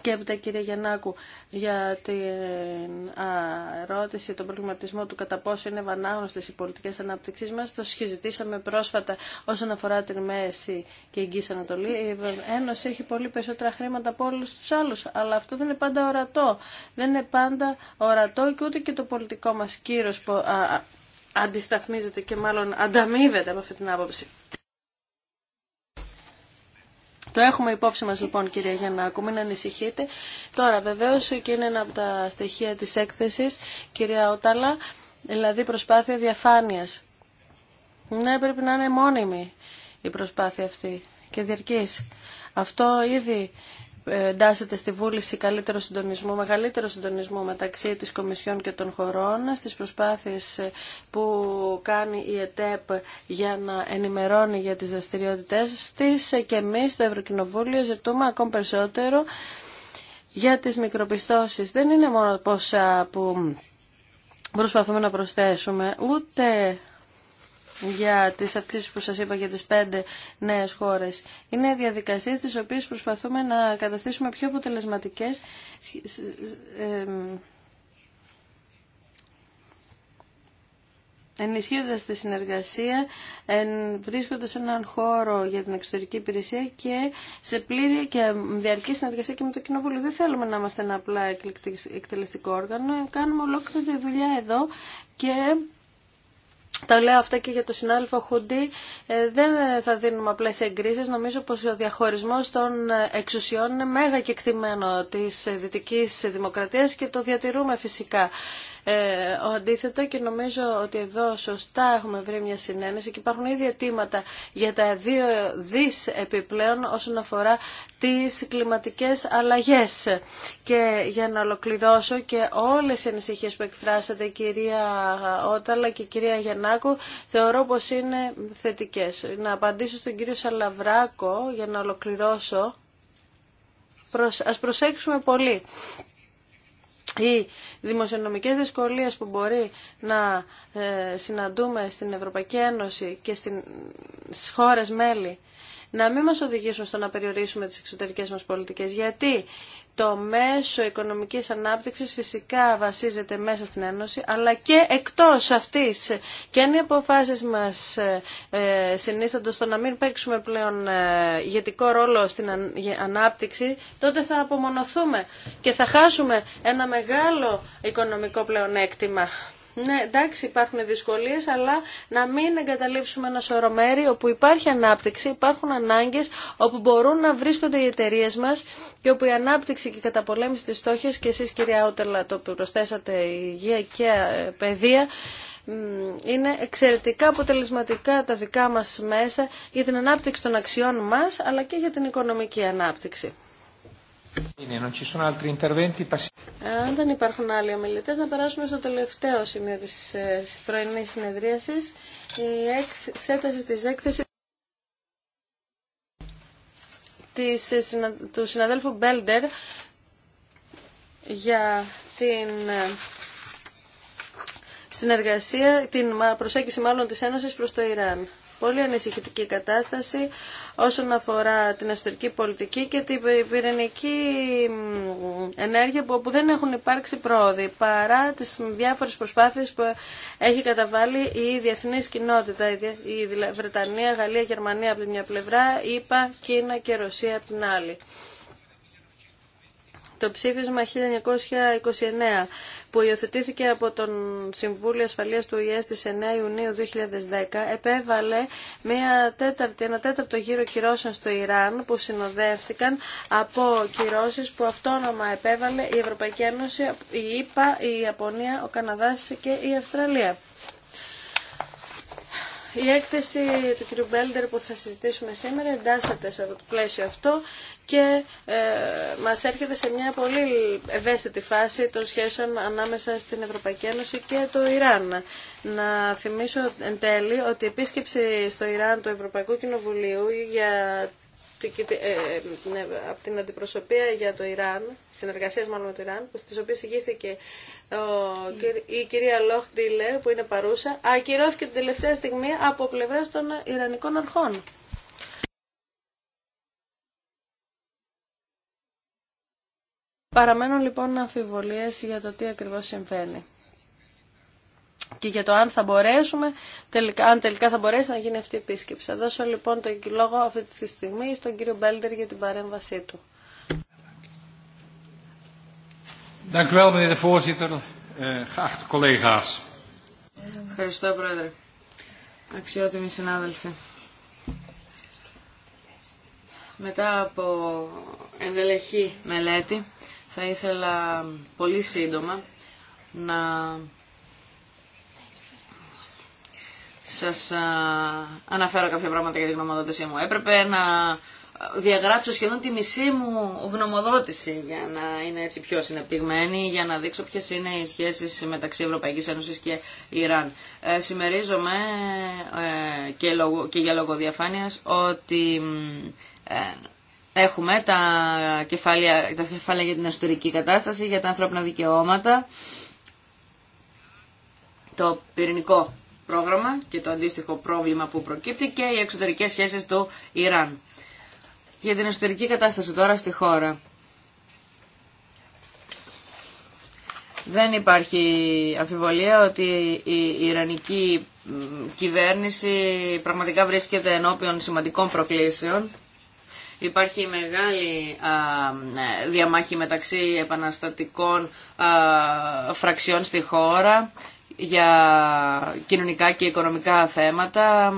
Και έπειτα κύριε Γεννάκου για την ερώτηση, τον προβληματισμό του κατά πόσο είναι βανάγνωστες οι πολιτικές ανάπτυξη μας. Το συζητήσαμε πρόσφατα όσον αφορά την Μέση και η Εγγύης Ανατολή. Η Ένωση έχει πολύ περισσότερα χρήματα από όλους τους άλλους, αλλά αυτό δεν είναι πάντα ορατό. Δεν είναι πάντα ορατό και ούτε και το πολιτικό μας κύρος αντισταθμίζεται και μάλλον ανταμείβεται από αυτή την άποψη. Το έχουμε υπόψη μας λοιπόν κυρία Γιαννάκου, να ανησυχείτε. Τώρα βεβαίως και είναι ένα από τα στοιχεία της έκθεσης κυρία Όταλα, δηλαδή προσπάθεια διαφάνειας. Ναι, πρέπει να είναι μόνιμη η προσπάθεια αυτή και διαρκής. Αυτό ήδη εντάσσεται στη βούληση καλύτερο συντονισμό, μεγαλύτερο συντονισμό μεταξύ της Κομισιόν και των χωρών, στις προσπάθειες που κάνει η ΕΤΕΠ για να ενημερώνει για τις δραστηριότητές της και εμείς στο Ευρωκοινοβούλιο ζητούμε ακόμη περισσότερο για τις μικροπιστώσεις. Δεν είναι μόνο πόσα που προσπαθούμε να προσθέσουμε, ούτε για τι αυξήσει που σα είπα για τι πέντε νέε χώρε. Είναι διαδικασίε τι οποίε προσπαθούμε να καταστήσουμε πιο αποτελεσματικέ. ενισχύοντας τη συνεργασία, εν, βρίσκοντας έναν χώρο για την εξωτερική υπηρεσία και σε πλήρη και διαρκή συνεργασία και με το Κοινοβούλιο. Δεν θέλουμε να είμαστε ένα απλά εκτελεστικό όργανο. Κάνουμε ολόκληρη δουλειά εδώ και τα λέω αυτά και για το συνάδελφο Χουντή. Ε, δεν θα δίνουμε απλέ εγκρίσει. Νομίζω πω ο διαχωρισμό των εξουσιών είναι μέγα κεκτημένο τη δυτική δημοκρατία και το διατηρούμε φυσικά. Ε, αντίθετα και νομίζω ότι εδώ σωστά έχουμε βρει μια συνένεση και υπάρχουν ήδη αιτήματα για τα δύο δις επιπλέον όσον αφορά τις κλιματικές αλλαγές. Και για να ολοκληρώσω και όλες οι ανησυχίες που εκφράσατε κυρία Όταλα και κυρία Γιαννάκου θεωρώ πως είναι θετικές. Να απαντήσω στον κύριο Σαλαβράκο για να ολοκληρώσω. Ας προσέξουμε πολύ οι δημοσιονομικές δυσκολίες που μπορεί να ε, συναντούμε στην Ευρωπαϊκή Ένωση και στις χώρες μέλη να μην μας οδηγήσουν στο να περιορίσουμε τις εξωτερικές μας πολιτικές. Γιατί το μέσο οικονομικής ανάπτυξης φυσικά βασίζεται μέσα στην Ένωση αλλά και εκτός αυτής και αν οι αποφάσεις μας ε, ε συνίστανται στο να μην παίξουμε πλέον ε, ηγετικό ρόλο στην ανάπτυξη τότε θα απομονωθούμε και θα χάσουμε ένα μεγάλο οικονομικό πλεονέκτημα. Ναι, εντάξει, υπάρχουν δυσκολίε, αλλά να μην εγκαταλείψουμε ένα σωρό όπου υπάρχει ανάπτυξη, υπάρχουν ανάγκες, όπου μπορούν να βρίσκονται οι εταιρείε μας και όπου η ανάπτυξη και η καταπολέμηση της στόχης και εσείς κυρία Ότελα το προσθέσατε η υγεία και η ε, παιδεία, είναι εξαιρετικά αποτελεσματικά τα δικά μας μέσα για την ανάπτυξη των αξιών μας, αλλά και για την οικονομική ανάπτυξη. Ε, αν δεν υπάρχουν άλλοι ομιλητέ, να περάσουμε στο τελευταίο σημείο τη ε, πρωινή συνεδρίαση, η εξέταση τη έκθεση ε, του συναδέλφου Μπέλντερ για την συνεργασία, την προσέγγιση μάλλον της Ένωσης προς το Ιράν. Πολύ ανησυχητική κατάσταση όσον αφορά την εσωτερική πολιτική και την πυρηνική ενέργεια που δεν έχουν υπάρξει πρόοδοι παρά τις διάφορες προσπάθειες που έχει καταβάλει η διεθνής κοινότητα, η Βρετανία, Γαλλία, Γερμανία από την μια πλευρά, ΗΠΑ, Κίνα και Ρωσία από την άλλη το ψήφισμα 1929 που υιοθετήθηκε από τον Συμβούλιο Ασφαλείας του ΟΗΕ στις 9 Ιουνίου 2010 επέβαλε μια τέταρτη, ένα τέταρτο γύρο κυρώσεων στο Ιράν που συνοδεύτηκαν από κυρώσεις που αυτόνομα επέβαλε η Ευρωπαϊκή Ένωση, η ΙΠΑ, η Ιαπωνία, ο Καναδάς και η Αυστραλία. Η έκθεση του κ. Μπέλντερ που θα συζητήσουμε σήμερα εντάσσεται σε αυτό το πλαίσιο αυτό και ε, μας έρχεται σε μια πολύ ευαίσθητη φάση των σχέσεων ανάμεσα στην Ευρωπαϊκή Ένωση και το Ιράν. Να θυμίσω εν τέλει ότι η επίσκεψη στο Ιράν του Ευρωπαϊκού Κοινοβουλίου για ε, ναι, από την αντιπροσωπεία για το Ιράν, συνεργασία μάλλον με το Ιράν, στι οποίε ηγήθηκε η κυρία Λόχ Ντίλερ, που είναι παρούσα, ακυρώθηκε την τελευταία στιγμή από πλευρά των Ιρανικών αρχών. Παραμένουν λοιπόν αμφιβολίες για το τι ακριβώς συμβαίνει και για το αν θα μπορέσουμε, τελικά, αν τελικά θα μπορέσει να γίνει αυτή η επίσκεψη. Θα δώσω λοιπόν το λόγο αυτή τη στιγμή στον κύριο Μπέλτερ για την παρέμβασή του. Eh, Ευχαριστώ, Πρόεδρε. Αξιότιμοι συνάδελφοι. Μετά από ενδελεχή μελέτη, θα ήθελα πολύ σύντομα να σας αναφέρω κάποια πράγματα για τη γνωμοδότησή μου. Έπρεπε να διαγράψω σχεδόν τη μισή μου γνωμοδότηση για να είναι έτσι πιο συνεπτυγμένη, για να δείξω ποιε είναι οι σχέσεις μεταξύ Ευρωπαϊκής Ένωσης και Ιράν. Ε, συμμερίζομαι ε, και, και για λόγο διαφάνειας ότι... Ε, έχουμε τα κεφάλαια, τα κεφάλαια για την ιστορική κατάσταση, για τα ανθρώπινα δικαιώματα, το πυρηνικό πρόγραμμα και το αντίστοιχο πρόβλημα που προκύπτει και οι εξωτερικές σχέσεις του Ιράν. Για την εσωτερική κατάσταση τώρα στη χώρα. Δεν υπάρχει αμφιβολία ότι η Ιρανική κυβέρνηση πραγματικά βρίσκεται ενώπιον σημαντικών προκλήσεων. Υπάρχει μεγάλη ναι, διαμάχη μεταξύ επαναστατικών φραξιών στη χώρα για κοινωνικά και οικονομικά θέματα.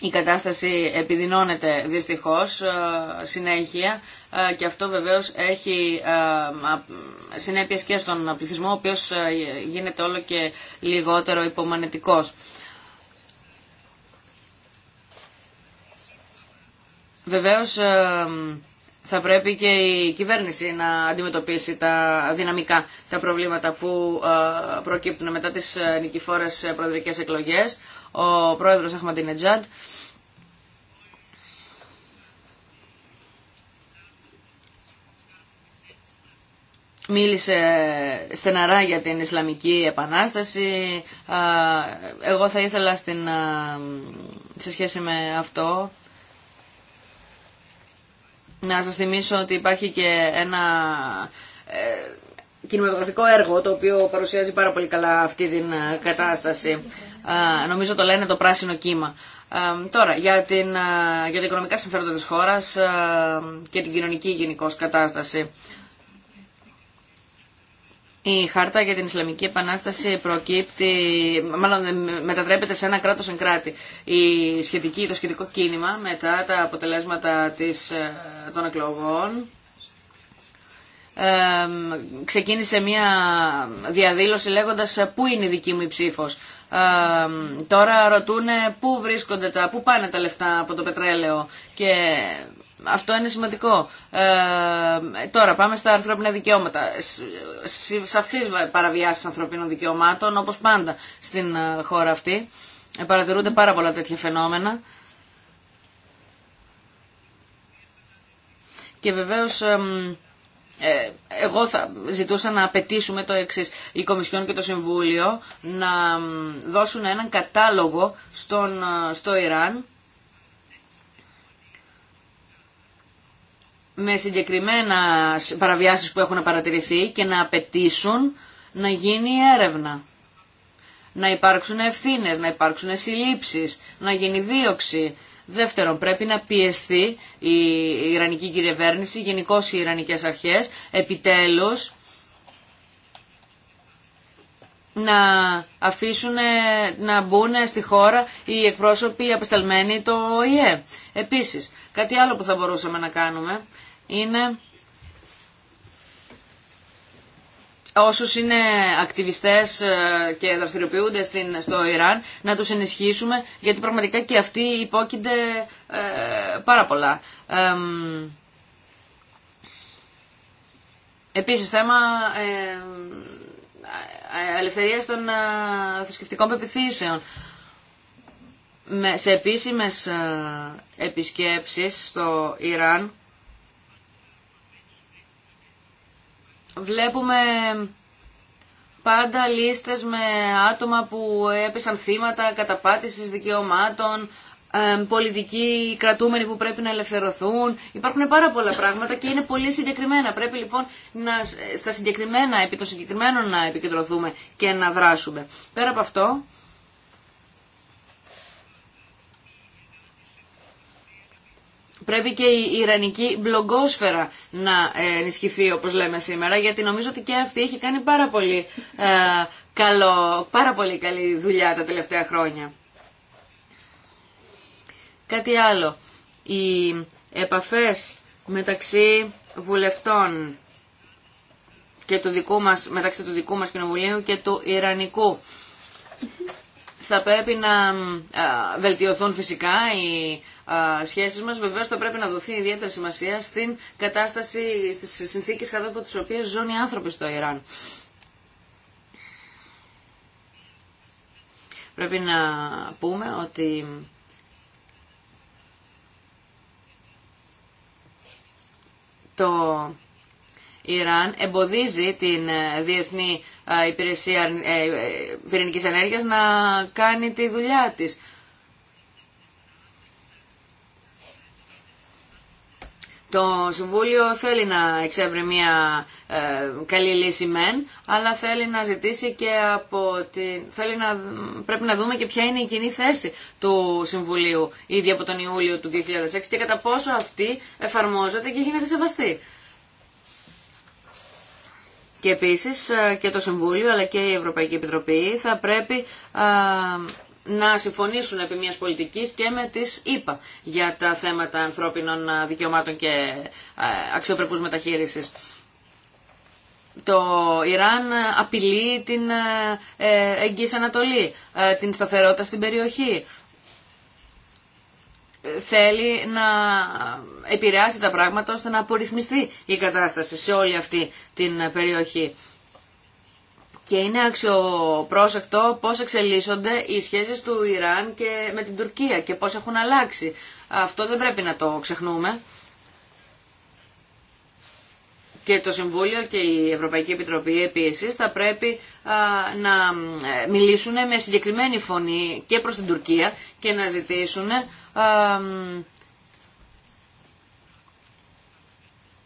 Η κατάσταση επιδεινώνεται δυστυχώς ε, συνέχεια ε, και αυτό βεβαίως έχει ε, συνέπειες και στον πληθυσμό ο οποίος γίνεται όλο και λιγότερο υπομανετικός. Βεβαίως θα πρέπει και η κυβέρνηση να αντιμετωπίσει τα δυναμικά, τα προβλήματα που ε, προκύπτουν μετά τις ε, νικηφόρες ε, προεδρικές εκλογές. Ο πρόεδρος Αχμαντινετζάντ μίλησε στεναρά για την Ισλαμική Επανάσταση. Εγώ θα ήθελα στην, σε σχέση με αυτό να σας θυμίσω ότι υπάρχει και ένα ε, κινηματογραφικό έργο το οποίο παρουσιάζει πάρα πολύ καλά αυτή την ε, κατάσταση. Νομίζω το λένε το πράσινο κύμα. Ε, τώρα, για, την, για τα οικονομικά συμφέροντα της χώρας και την κοινωνική γενικώ κατάσταση η χάρτα για την Ισλαμική Επανάσταση προκύπτει, μάλλον μετατρέπεται σε ένα κράτο εν κράτη. Η σχετική, το σχετικό κίνημα μετά τα αποτελέσματα της, ε, των εκλογών ξεκίνησε μια διαδήλωση λέγοντας ε, πού είναι η δική μου η ψήφος. τώρα ρωτούν πού βρίσκονται τα, πού πάνε τα λεφτά από το πετρέλαιο και αυτό είναι σημαντικό. Ε, τώρα πάμε στα ανθρώπινα δικαιώματα. Σαφή παραβιάσεις ανθρωπίνων δικαιωμάτων όπως πάντα στην ε, χώρα αυτή. Ε, παρατηρούνται πάρα πολλά τέτοια φαινόμενα. Και βεβαίως ε, εγώ θα ζητούσα να απαιτήσουμε το εξή. Η Κομισιόν και το Συμβούλιο να δώσουν έναν κατάλογο στον, ε, στο Ιράν με συγκεκριμένα παραβιάσεις που έχουν παρατηρηθεί και να απαιτήσουν να γίνει έρευνα. Να υπάρξουν ευθύνε, να υπάρξουν συλλήψεις, να γίνει δίωξη. Δεύτερον, πρέπει να πιεστεί η Ιρανική κυβέρνηση, γενικώ οι Ιρανικές αρχές, επιτέλους να αφήσουν να μπουν στη χώρα οι εκπρόσωποι απεσταλμένοι το ΟΗΕ. Επίσης, κάτι άλλο που θα μπορούσαμε να κάνουμε είναι όσους είναι ακτιβιστές ε, και δραστηριοποιούνται στην, στο Ιράν να τους ενισχύσουμε γιατί πραγματικά και αυτοί υπόκεινται ε, πάρα πολλά. Ε, επίσης θέμα ελευθερίας των ε, θρησκευτικών πεπιθήσεων. σε επίσημες επισκέψεις στο Ιράν βλέπουμε πάντα λίστες με άτομα που έπεσαν θύματα καταπάτησης δικαιωμάτων, πολιτικοί κρατούμενοι που πρέπει να ελευθερωθούν. Υπάρχουν πάρα πολλά πράγματα και είναι πολύ συγκεκριμένα. Πρέπει λοιπόν να, στα συγκεκριμένα, επί των συγκεκριμένων να επικεντρωθούμε και να δράσουμε. Πέρα από αυτό, Πρέπει και η ιρανική μπλογκόσφαιρα να ε, ενισχυθεί όπως λέμε σήμερα γιατί νομίζω ότι και αυτή έχει κάνει πάρα πολύ, ε, καλό, πάρα πολύ καλή δουλειά τα τελευταία χρόνια. Κάτι άλλο. Οι επαφές μεταξύ βουλευτών και του δικού μας, μεταξύ του δικού μας κοινοβουλίου και του Ιρανικού θα πρέπει να βελτιωθούν φυσικά οι σχέσεις μας. Βεβαίως θα πρέπει να δοθεί ιδιαίτερη σημασία στην κατάσταση, στις συνθήκες κατά από τις οποίες ζουν οι άνθρωποι στο Ιράν. Πρέπει να πούμε ότι το Ιράν εμποδίζει την ε, διεθνή ε, υπηρεσία ε, πυρηνικής ενέργειας να κάνει τη δουλειά της. Το Συμβούλιο θέλει να εξεύρει μια ε, καλή λύση μεν, αλλά θέλει να ζητήσει και από την... Θέλει να... Πρέπει να δούμε και ποια είναι η κοινή θέση του Συμβουλίου ήδη από τον Ιούλιο του 2006 και κατά πόσο αυτή εφαρμόζεται και γίνεται σεβαστή. Και επίσης ε, και το Συμβούλιο αλλά και η Ευρωπαϊκή Επιτροπή θα πρέπει ε, να συμφωνήσουν επί μιας πολιτικής και με τις ΗΠΑ για τα θέματα ανθρώπινων ε, δικαιωμάτων και αξιοπρεπούς μεταχείρισης. Το Ιράν απειλεί την ε, Ανατολή, την σταθερότητα στην περιοχή θέλει να επηρεάσει τα πράγματα ώστε να απορριθμιστεί η κατάσταση σε όλη αυτή την περιοχή. Και είναι αξιοπρόσεκτο πώς εξελίσσονται οι σχέσεις του Ιράν και με την Τουρκία και πώς έχουν αλλάξει. Αυτό δεν πρέπει να το ξεχνούμε. Και το Συμβούλιο και η Ευρωπαϊκή Επιτροπή επίσης θα πρέπει να ε, μιλήσουν με συγκεκριμένη φωνή και προς την Τουρκία και να ζητήσουν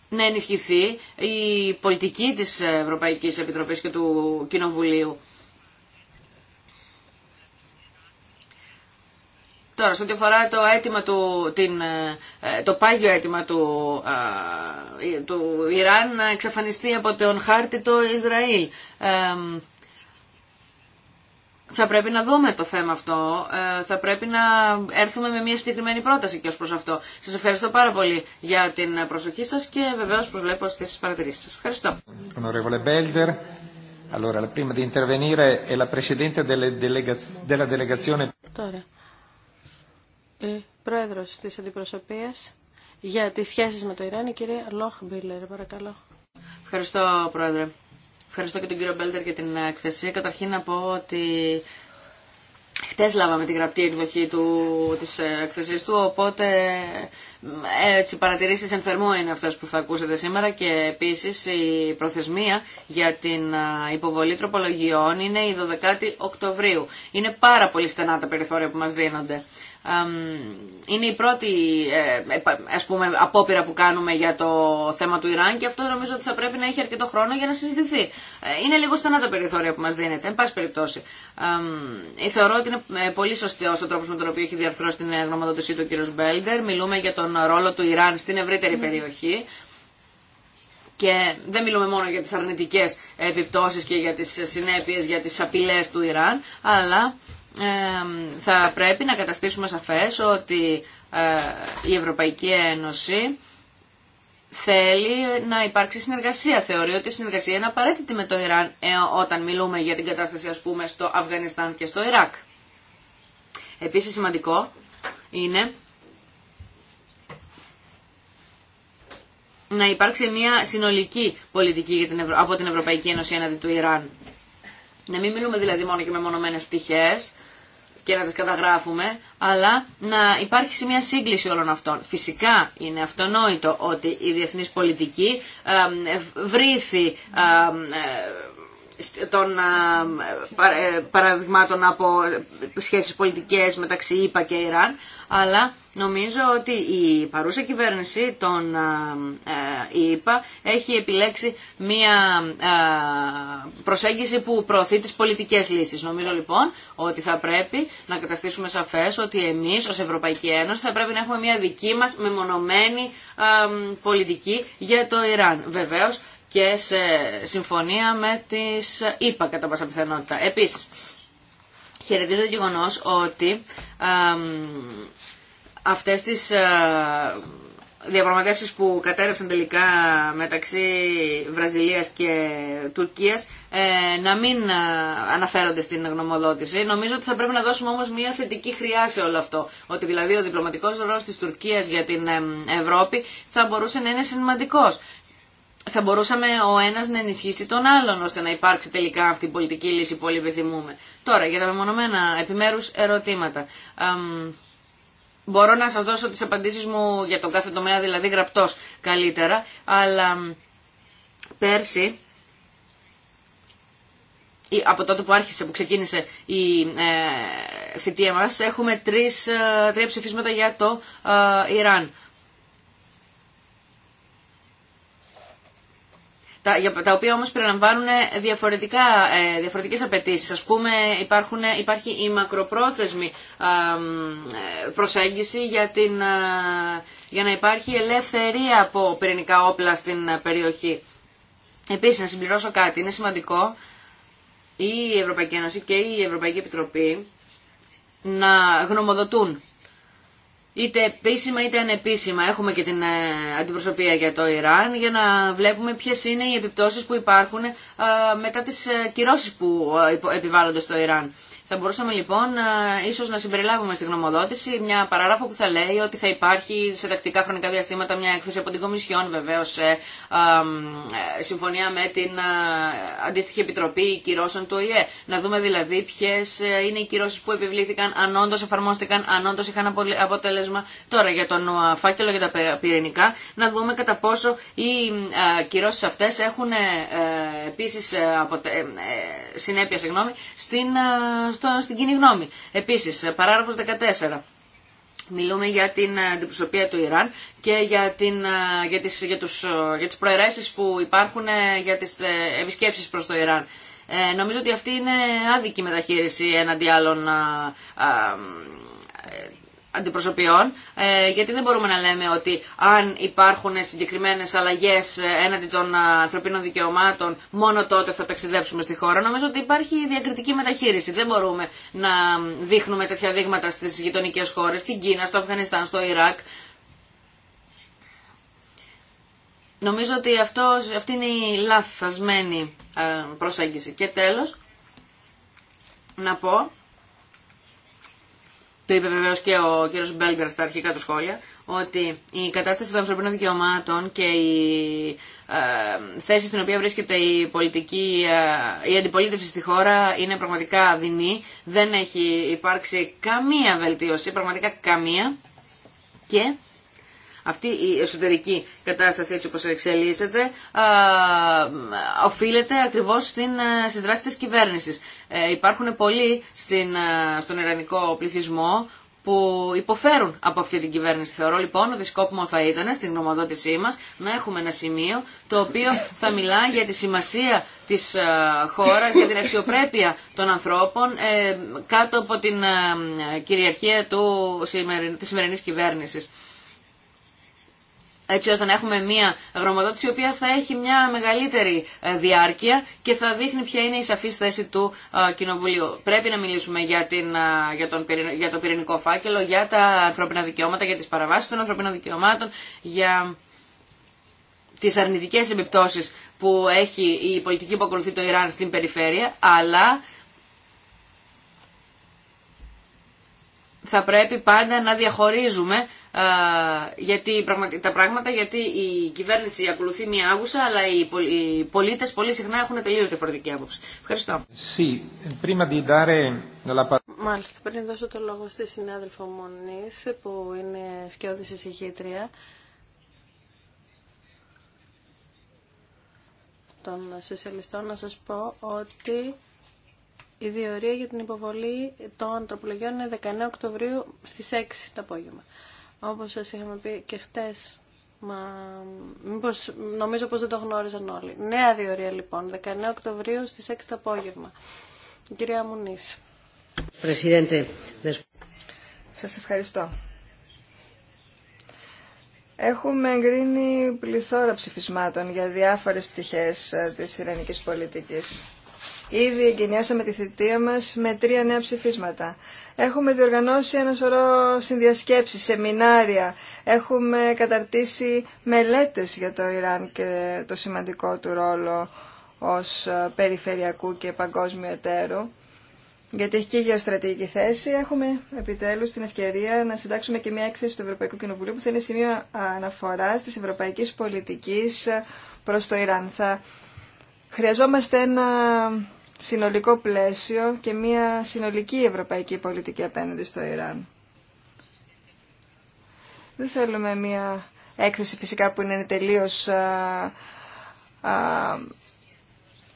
να ενισχυθεί η πολιτική της Ευρωπαϊκής Επιτροπής και του Κοινοβουλίου Τώρα, σε ό,τι αφορά το, του, ε, το πάγιο αίτημα του, ε, του Ιράν να εξαφανιστεί από τον χάρτη το Ισραήλ. θα πρέπει να δούμε το θέμα αυτό. Ε, θα πρέπει να έρθουμε με μια συγκεκριμένη πρόταση και ως προς αυτό. Σας ευχαριστώ πάρα πολύ για την προσοχή σας και βεβαίως προσβλέπω στις παρατηρήσεις σας. Ευχαριστώ. Τώρα. Ε, πρόεδρος της αντιπροσωπείας για τις σχέσεις με το Ιράν, η κυρία Λόχ Παρακαλώ. Ευχαριστώ, πρόεδρε. Ευχαριστώ και τον κύριο Μπέλτερ για την έκθεση. Καταρχήν να πω ότι Χτες λάβαμε την γραπτή εκδοχή του, της εκθεσής του, οπότε ε, έτσι παρατηρήσεις εν είναι αυτές που θα ακούσετε σήμερα και επίσης η προθεσμία για την ε, υποβολή τροπολογιών είναι η 12η Οκτωβρίου. Είναι πάρα πολύ στενά τα περιθώρια που μας δίνονται είναι η πρώτη ε, ας πούμε, απόπειρα που κάνουμε για το θέμα του Ιράν και αυτό νομίζω ότι θα πρέπει να έχει αρκετό χρόνο για να συζητηθεί. Ε, είναι λίγο στενά τα περιθώρια που μας δίνεται, εν πάση περιπτώσει. Ε, θεωρώ ότι είναι πολύ σωστό ο τρόπος με τον οποίο έχει διαρθρώσει την γνωμοδότησή του ο κ. Μπέλντερ. Μιλούμε για τον ρόλο του Ιράν στην ευρύτερη ναι. περιοχή. Και δεν μιλούμε μόνο για τις αρνητικές επιπτώσεις και για τις συνέπειες, για τις απειλές του Ιράν, αλλά θα πρέπει να καταστήσουμε σαφές ότι ε, η Ευρωπαϊκή Ένωση θέλει να υπάρξει συνεργασία. Θεωρεί ότι η συνεργασία είναι απαραίτητη με το Ιράν ε, όταν μιλούμε για την κατάσταση ας πούμε στο Αφγανιστάν και στο Ιράκ. Επίσης σημαντικό είναι να υπάρξει μια συνολική πολιτική από την Ευρωπαϊκή Ένωση έναντι του Ιράν. Να μην μιλούμε δηλαδή μόνο και με μονομένε πτυχέ και να τις καταγράφουμε, αλλά να υπάρχει σε μια σύγκληση όλων αυτών. Φυσικά είναι αυτονόητο ότι η διεθνής πολιτική βρήθη των ε, παραδειγμάτων από σχέσεις πολιτικές μεταξύ ΙΠΑ και Ιράν, αλλά νομίζω ότι η παρούσα κυβέρνηση των ε, ΙΠΑ έχει επιλέξει μία προσέγγιση που προωθεί τις πολιτικές λύσεις. Νομίζω λοιπόν ότι θα πρέπει να καταστήσουμε σαφές ότι εμείς ως Ευρωπαϊκή Ένωση θα πρέπει να έχουμε μία δική μας μεμονωμένη πολιτική για το Ιράν. Βεβαίως και σε συμφωνία με τις ΗΠΑ κατά πάσα πιθανότητα. Επίσης, χαιρετίζω το γεγονό ότι αυτές τις ε, διαπραγματεύσεις που κατέρευσαν τελικά μεταξύ Βραζιλίας και Τουρκίας ε, να μην ε, αναφέρονται στην γνωμοδότηση. Νομίζω ότι θα πρέπει να δώσουμε όμως μια θετική χρειά όλο αυτό. Ότι δηλαδή ο διπλωματικός ρόλος της Τουρκίας για την Ευρώπη θα μπορούσε να είναι σημαντικός θα μπορούσαμε ο ένας να ενισχύσει τον άλλον ώστε να υπάρξει τελικά αυτή η πολιτική λύση που όλοι επιθυμούμε. Τώρα, για τα μεμονωμένα επιμέρους ερωτήματα. μπορώ να σας δώσω τις απαντήσεις μου για τον κάθε τομέα, δηλαδή γραπτός καλύτερα, αλλά πέρσι από τότε που άρχισε, που ξεκίνησε η ε, θητεία μας, έχουμε τρεις, ε, τρία ψηφίσματα για το ε, Ιράν. τα, για, τα οποία όμως περιλαμβάνουν ε, διαφορετικά, ε, διαφορετικές απαιτήσεις. Ας πούμε υπάρχουν, ε, υπάρχει η μακροπρόθεσμη ε, προσέγγιση για, την, για να υπάρχει ελευθερία από πυρηνικά όπλα στην περιοχή. Επίσης να συμπληρώσω κάτι, είναι σημαντικό η Ευρωπαϊκή Ένωση και η Ευρωπαϊκή Επιτροπή να γνωμοδοτούν είτε επίσημα είτε ανεπίσημα. Έχουμε και την ε, αντιπροσωπεία για το Ιράν για να βλέπουμε ποιες είναι οι επιπτώσεις που υπάρχουν ε, μετά τις ε, κυρώσεις που επιβάλλονται στο Ιράν. Θα μπορούσαμε λοιπόν ε, ίσως να συμπεριλάβουμε στη γνωμοδότηση μια παράγραφο που θα λέει ότι θα υπάρχει σε τακτικά χρονικά διαστήματα μια έκθεση από την Κομισιόν βεβαίως σε ε, συμφωνία με την ε, αντίστοιχη Επιτροπή Κυρώσεων του ΟΗΕ. Να δούμε δηλαδή ποιε είναι οι κυρώσει που επιβλήθηκαν, αν όντω εφαρμόστηκαν, αν όντω είχαν αποτέλεσμα. Τώρα για τον φάκελο για τα πυρηνικά, να δούμε κατά πόσο οι κυρώσει αυτέ έχουν επίση συνέπεια συγγνώμη, στην στην κοινή γνώμη. Επίσης, παράγραφος 14. Μιλούμε για την ε, αντιπροσωπεία του Ιράν και για, την, ε, για, τις, για, τους, ε, για τις προαιρέσεις που υπάρχουν για τις επισκέψεις προς το Ιράν. Ε, νομίζω ότι αυτή είναι άδικη μεταχείριση έναντι άλλων αντιπροσωπιών, ε, γιατί δεν μπορούμε να λέμε ότι αν υπάρχουν συγκεκριμένε αλλαγέ ε, έναντι των ε, ανθρωπίνων δικαιωμάτων, μόνο τότε θα ταξιδέψουμε στη χώρα. Νομίζω ότι υπάρχει διακριτική μεταχείριση. Δεν μπορούμε να δείχνουμε τέτοια δείγματα στι γειτονικέ χώρε, στην Κίνα, στο Αφγανιστάν, στο Ιράκ. Νομίζω ότι αυτό, αυτή είναι η λαθασμένη προσέγγιση. Και τέλος, να πω το είπε βεβαίω και ο κ. Μπέλγκαρ στα αρχικά του σχόλια, ότι η κατάσταση των ανθρωπίνων δικαιωμάτων και η ε, θέση στην οποία βρίσκεται η πολιτική, ε, η αντιπολίτευση στη χώρα είναι πραγματικά δεινή. Δεν έχει υπάρξει καμία βελτίωση, πραγματικά καμία. Και αυτή η εσωτερική κατάσταση έτσι όπως εξελίσσεται οφείλεται ακριβώς στην, ε, στις δράσεις της κυβέρνησης. Ε, υπάρχουν πολλοί στην, ε, στον ιρανικό πληθυσμό που υποφέρουν από αυτή την κυβέρνηση. Θεωρώ λοιπόν ότι σκόπιμο θα ήταν στην γνωμοδότησή μας να έχουμε ένα σημείο το οποίο θα μιλά για τη σημασία της χώρας, για την αξιοπρέπεια των ανθρώπων κάτω από την κυριαρχία του, της σημερινής κυβέρνησης έτσι ώστε να έχουμε μια γρομοδότηση η οποία θα έχει μια μεγαλύτερη ε, διάρκεια και θα δείχνει ποια είναι η σαφή θέση του ε, Κοινοβουλίου. Πρέπει να μιλήσουμε για, την, ε, για, τον, για το πυρηνικό φάκελο, για τα ανθρώπινα δικαιώματα, για τις παραβάσεις των ανθρώπινων δικαιωμάτων, για τις αρνητικές επιπτώσεις που έχει η πολιτική που ακολουθεί το Ιράν στην περιφέρεια, αλλά θα πρέπει πάντα να διαχωρίζουμε γιατί, τα πράγματα γιατί η κυβέρνηση ακολουθεί μία άγουσα αλλά οι πολίτες πολύ συχνά έχουν τελείω διαφορετική άποψη. Ευχαριστώ. Μάλιστα, πριν δώσω το λόγο στη συνάδελφο Μονής που είναι σκιώδης εισηγήτρια των σοσιαλιστών να σας πω ότι η διορία για την υποβολή των τροπολογιών είναι 19 Οκτωβρίου στις 6 το απόγευμα. Όπως σας είχαμε πει και χτες, μα μήπως, νομίζω πως δεν το γνώριζαν όλοι. Νέα διορία λοιπόν, 19 Οκτωβρίου στις 6 το απόγευμα. κυρία Μουνής. Σας ευχαριστώ. Έχουμε εγκρίνει πληθώρα ψηφισμάτων για διάφορες πτυχές ε, της ιρανικής πολιτικής. Ήδη εγκαινιάσαμε τη θητεία μας με τρία νέα ψηφίσματα. Έχουμε διοργανώσει ένα σωρό συνδιασκέψεις, σεμινάρια. Έχουμε καταρτήσει μελέτες για το Ιράν και το σημαντικό του ρόλο ως περιφερειακού και παγκόσμιου εταίρου. Γιατί έχει και γεωστρατηγική θέση. Έχουμε επιτέλου την ευκαιρία να συντάξουμε και μια έκθεση του Ευρωπαϊκού Κοινοβουλίου που θα είναι σημείο αναφορά τη ευρωπαϊκή πολιτική προ το Ιράν. Θα χρειαζόμαστε ένα συνολικό πλαίσιο και μια συνολική ευρωπαϊκή πολιτική απέναντι στο Ιράν. Δεν θέλουμε μια έκθεση φυσικά που είναι τελείως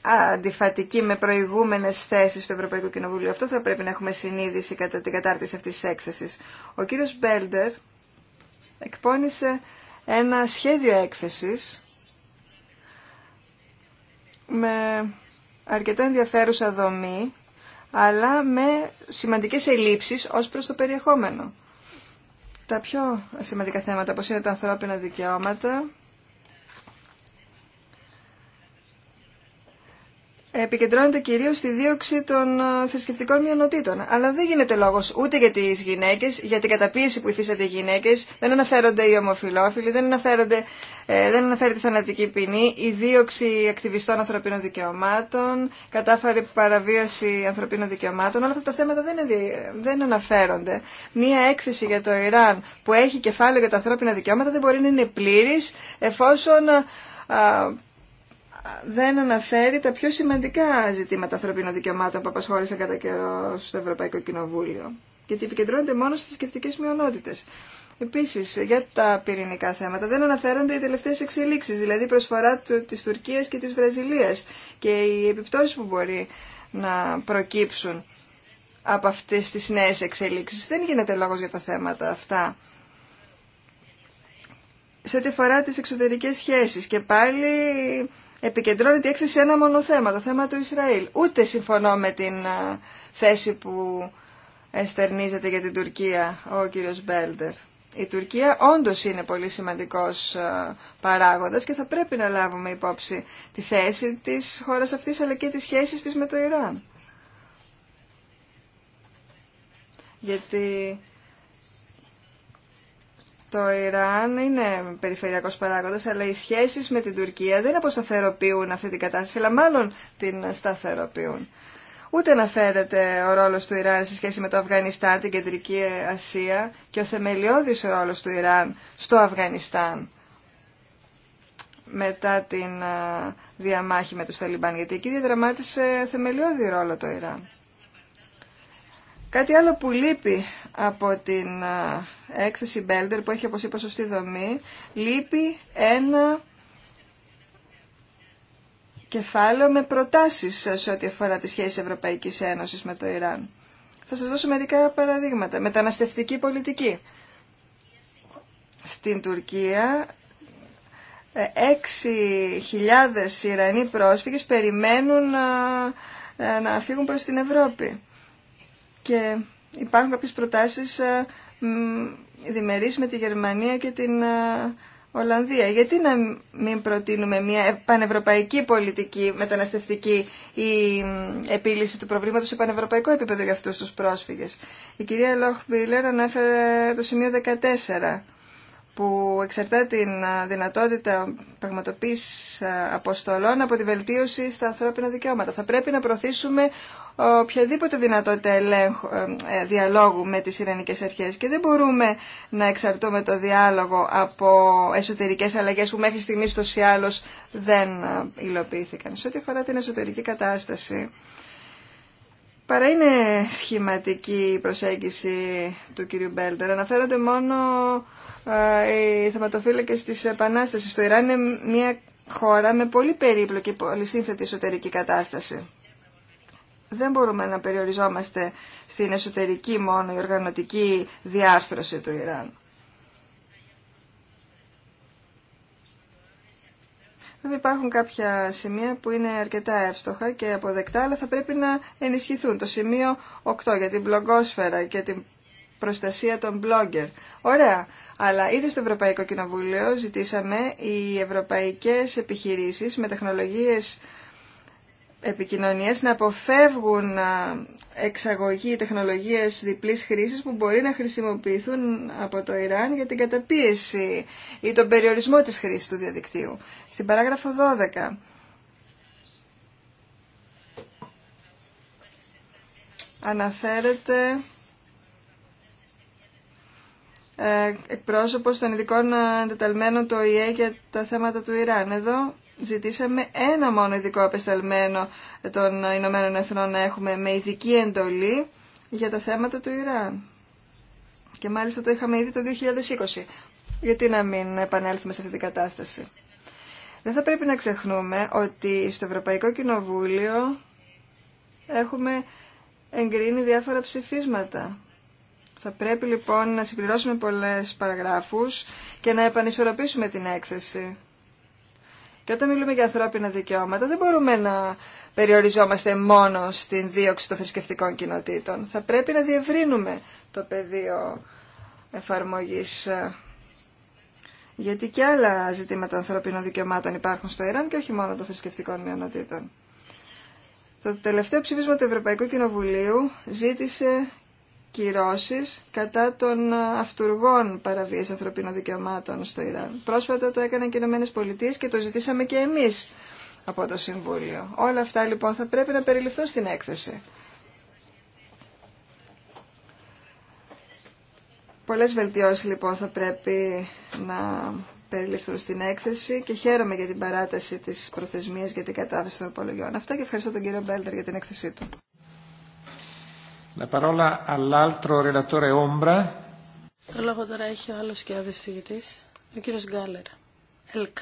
αντιφατική με προηγούμενες θέσεις του Ευρωπαϊκού Κοινοβουλίου. Αυτό θα πρέπει να έχουμε συνείδηση κατά την κατάρτιση αυτής της έκθεσης. Ο κύριος Μπέλντερ εκπώνησε ένα σχέδιο έκθεσης με αρκετά ενδιαφέρουσα δομή, αλλά με σημαντικές ελλείψεις ως προς το περιεχόμενο. Τα πιο σημαντικά θέματα, όπως είναι τα ανθρώπινα δικαιώματα, επικεντρώνεται κυρίως στη δίωξη των ε, θρησκευτικών μειονοτήτων. Αλλά δεν γίνεται λόγος ούτε για τις γυναίκες, για την καταπίεση που υφίσταται οι γυναίκες, δεν αναφέρονται οι ομοφιλόφιλοι, δεν, αναφέρονται, ε, δεν αναφέρεται η θανατική ποινή, η δίωξη ακτιβιστών ανθρωπίνων δικαιωμάτων, κατάφαρη παραβίαση ανθρωπίνων δικαιωμάτων. Όλα αυτά τα θέματα δεν, δεν αναφέρονται. Μία έκθεση για το Ιράν που έχει κεφάλαιο για τα ανθρώπινα δικαιώματα δεν μπορεί να είναι πλήρη εφόσον ε, δεν αναφέρει τα πιο σημαντικά ζητήματα ανθρωπίνων δικαιωμάτων που απασχόλησαν κατά καιρό στο Ευρωπαϊκό Κοινοβούλιο. Γιατί επικεντρώνονται μόνο στι θρησκευτικέ μειονότητε. Επίση, για τα πυρηνικά θέματα δεν αναφέρονται οι τελευταίε εξελίξει, δηλαδή η προσφορά τη Τουρκία και τη Βραζιλία και οι επιπτώσει που μπορεί να προκύψουν από αυτέ τι νέε εξελίξει. Δεν γίνεται λόγο για τα θέματα αυτά. Σε ό,τι αφορά τι εξωτερικέ σχέσει και πάλι επικεντρώνεται τη έκθεση σε ένα μόνο θέμα, το θέμα του Ισραήλ. Ούτε συμφωνώ με την θέση που εστερνίζεται για την Τουρκία ο κύριος Μπέλτερ. Η Τουρκία όντως είναι πολύ σημαντικός παράγοντας και θα πρέπει να λάβουμε υπόψη τη θέση της χώρας αυτής αλλά και τις σχέσεις της με το Ιράν. Γιατί το Ιράν είναι περιφερειακό παράγοντα, αλλά οι σχέσει με την Τουρκία δεν αποσταθεροποιούν αυτή την κατάσταση, αλλά μάλλον την σταθεροποιούν. Ούτε αναφέρεται ο ρόλο του Ιράν σε σχέση με το Αφγανιστάν, την Κεντρική Ασία και ο θεμελιώδη ρόλο του Ιράν στο Αφγανιστάν μετά την διαμάχη με τους Ταλιμπάν, γιατί εκεί διαδραμάτισε θεμελιώδη ρόλο το Ιράν. Κάτι άλλο που λείπει από την έκθεση Belder που έχει όπως είπα σωστή δομή λείπει ένα κεφάλαιο με προτάσεις σε ό,τι αφορά τις σχέσεις Ευρωπαϊκής Ένωσης με το Ιράν. Θα σας δώσω μερικά παραδείγματα. Μεταναστευτική πολιτική. Στην Τουρκία 6.000 ε, Ιρανοί πρόσφυγες περιμένουν να, ε, ε, να φύγουν προς την Ευρώπη. Και υπάρχουν κάποιες προτάσεις διμερείς με τη Γερμανία και την ε, Ολλανδία. Γιατί να μην προτείνουμε μια πανευρωπαϊκή πολιτική μεταναστευτική ή επίλυση του προβλήματος σε πανευρωπαϊκό επίπεδο για αυτούς τους πρόσφυγες. Η κυρία Λόχμπιλερ ανέφερε το σημείο 14 που εξαρτά την ε, δυνατότητα πραγματοποίησης ε, αποστολών από τη βελτίωση στα ανθρώπινα δικαιώματα. Θα πρέπει να προωθήσουμε οποιαδήποτε δυνατότητα ελέγχου, ε, ε, διαλόγου με τις Ιρανικές Αρχές και δεν μπορούμε να εξαρτούμε το διάλογο από εσωτερικές αλλαγές που μέχρι στιγμής το άλλως δεν ε, υλοποιήθηκαν. Σε ό,τι αφορά την εσωτερική κατάσταση, παρά είναι σχηματική η προσέγγιση του κυρίου Μπέλτερ, αναφέρονται μόνο οι θεματοφύλακες της Επανάστασης. Το Ιράν είναι μια χώρα με πολύ περίπλοκη, σύνθετη εσωτερική κατάσταση. Δεν μπορούμε να περιοριζόμαστε στην εσωτερική μόνο η οργανωτική διάρθρωση του Ιράν. Βέβαια υπάρχουν κάποια σημεία που είναι αρκετά εύστοχα και αποδεκτά, αλλά θα πρέπει να ενισχυθούν. Το σημείο 8 για την μπλογκόσφαιρα και την προστασία των blogger. Ωραία, αλλά ήδη στο Ευρωπαϊκό Κοινοβούλιο ζητήσαμε οι ευρωπαϊκές επιχειρήσεις με τεχνολογίες επικοινωνίες να αποφεύγουν εξαγωγή τεχνολογίες διπλής χρήσης που μπορεί να χρησιμοποιηθούν από το Ιράν για την καταπίεση ή τον περιορισμό της χρήσης του διαδικτύου. Στην παράγραφο 12 αναφέρεται ε, εκπρόσωπος των ειδικών ε, εντεταλμένων το ΟΗΕ για τα θέματα του Ιράν. Εδώ ζητήσαμε ένα μόνο ειδικό απεσταλμένο των Ηνωμένων Εθνών να έχουμε με ειδική εντολή για τα θέματα του Ιράν. Και μάλιστα το είχαμε ήδη το 2020. Γιατί να μην επανέλθουμε σε αυτή την κατάσταση. Δεν θα πρέπει να ξεχνούμε ότι στο Ευρωπαϊκό Κοινοβούλιο έχουμε εγκρίνει διάφορα ψηφίσματα. Θα πρέπει λοιπόν να συμπληρώσουμε πολλές παραγράφους και να επανισορροπήσουμε την έκθεση. Και όταν μιλούμε για ανθρώπινα δικαιώματα δεν μπορούμε να περιοριζόμαστε μόνο στην δίωξη των θρησκευτικών κοινοτήτων. Θα πρέπει να διευρύνουμε το πεδίο εφαρμογής γιατί και άλλα ζητήματα ανθρώπινων δικαιωμάτων υπάρχουν στο Ιράν και όχι μόνο των θρησκευτικών μειονοτήτων. Το τελευταίο ψήφισμα του Ευρωπαϊκού Κοινοβουλίου ζήτησε κυρώσεις κατά των ε, αυτούργων παραβίας ανθρωπίνων δικαιωμάτων στο Ιράν. Πρόσφατα το έκαναν και οι Ηνωμένες και το ζητήσαμε και εμείς από το Συμβούλιο. Όλα αυτά λοιπόν θα πρέπει να περιληφθούν στην έκθεση. Πολλές βελτιώσεις λοιπόν θα πρέπει να περιληφθούν στην έκθεση και χαίρομαι για την παράταση της προθεσμίας για την κατάθεση των απολογιών. Αυτά και ευχαριστώ τον κύριο Μπέλτερ για την έκθεσή του. Το λόγο τώρα έχει ο άλλος και ηγητής, ο κύριος Γκάλερ. Ελκ.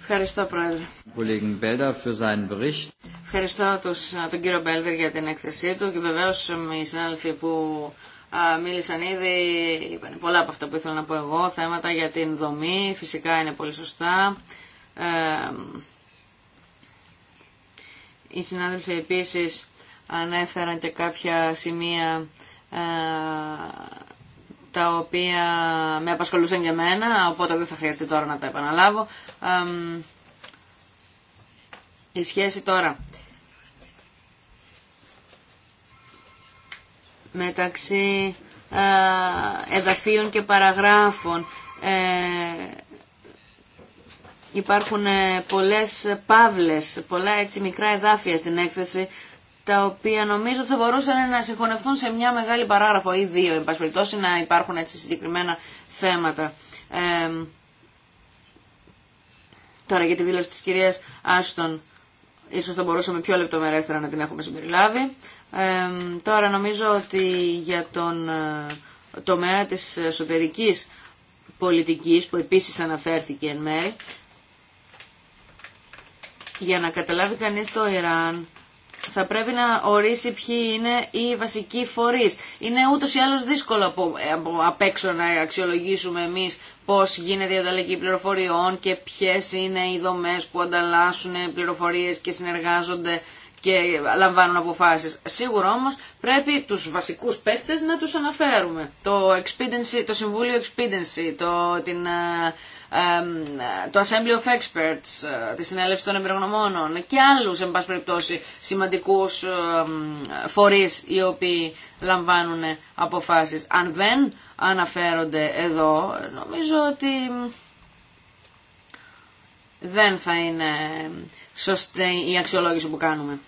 Ευχαριστώ, Πρόεδρε. Ευχαριστώ τους, τον κύριο Μπέλτερ για την έκθεσή του και βεβαίως οι συνάδελφοι που μίλησαν ήδη, είπαν πολλά από αυτά που ήθελα να πω εγώ, θέματα για την δομή, φυσικά είναι πολύ σωστά. Ε, οι συνάδελφοι επίσης ανέφεραν και κάποια σημεία ε, τα οποία με απασχολούσαν για μένα, οπότε δεν θα χρειαστεί τώρα να τα επαναλάβω. Η σχέση τώρα μεταξύ ε, εδαφίων και παραγράφων. Ε, υπάρχουν πολλές παύλες, πολλά έτσι μικρά εδάφια στην έκθεση τα οποία νομίζω θα μπορούσαν να συγχωνευτούν σε μια μεγάλη παράγραφο ή δύο, εν πάση περιπτώσει να υπάρχουν έτσι συγκεκριμένα θέματα. τώρα για τη δήλωση της κυρίας Άστον, ίσως θα μπορούσαμε πιο λεπτομερέστερα να την έχουμε συμπεριλάβει. τώρα νομίζω ότι για τον ε, τομέα της εσωτερικής πολιτικής, που επίσης αναφέρθηκε εν μέρη, για να καταλάβει κανείς το Ιράν, θα πρέπει να ορίσει ποιοι είναι οι βασικοί φορείς. Είναι ούτω ή άλλω από, απ' έξω να αξιολογήσουμε εμεί πώ γίνεται η αλλω δυσκολο απο απ εξω να αξιολογησουμε πληροφοριών και ποιε είναι οι δομές που ανταλλάσσουν πληροφορίες και συνεργάζονται και λαμβάνουν αποφάσεις. Σίγουρα όμως πρέπει τους βασικούς παίκτε να του αναφέρουμε. Το, το Συμβούλιο Expedency, το, την, ε, το Assembly of Experts, ε, τη Συνέλευση των Εμπειρογνωμόνων και άλλους, εν πάση περιπτώσει, σημαντικούς φορείς οι οποίοι λαμβάνουν αποφάσεις. Αν δεν αναφέρονται εδώ, νομίζω ότι δεν θα είναι σωστή η αξιολόγηση που κάνουμε.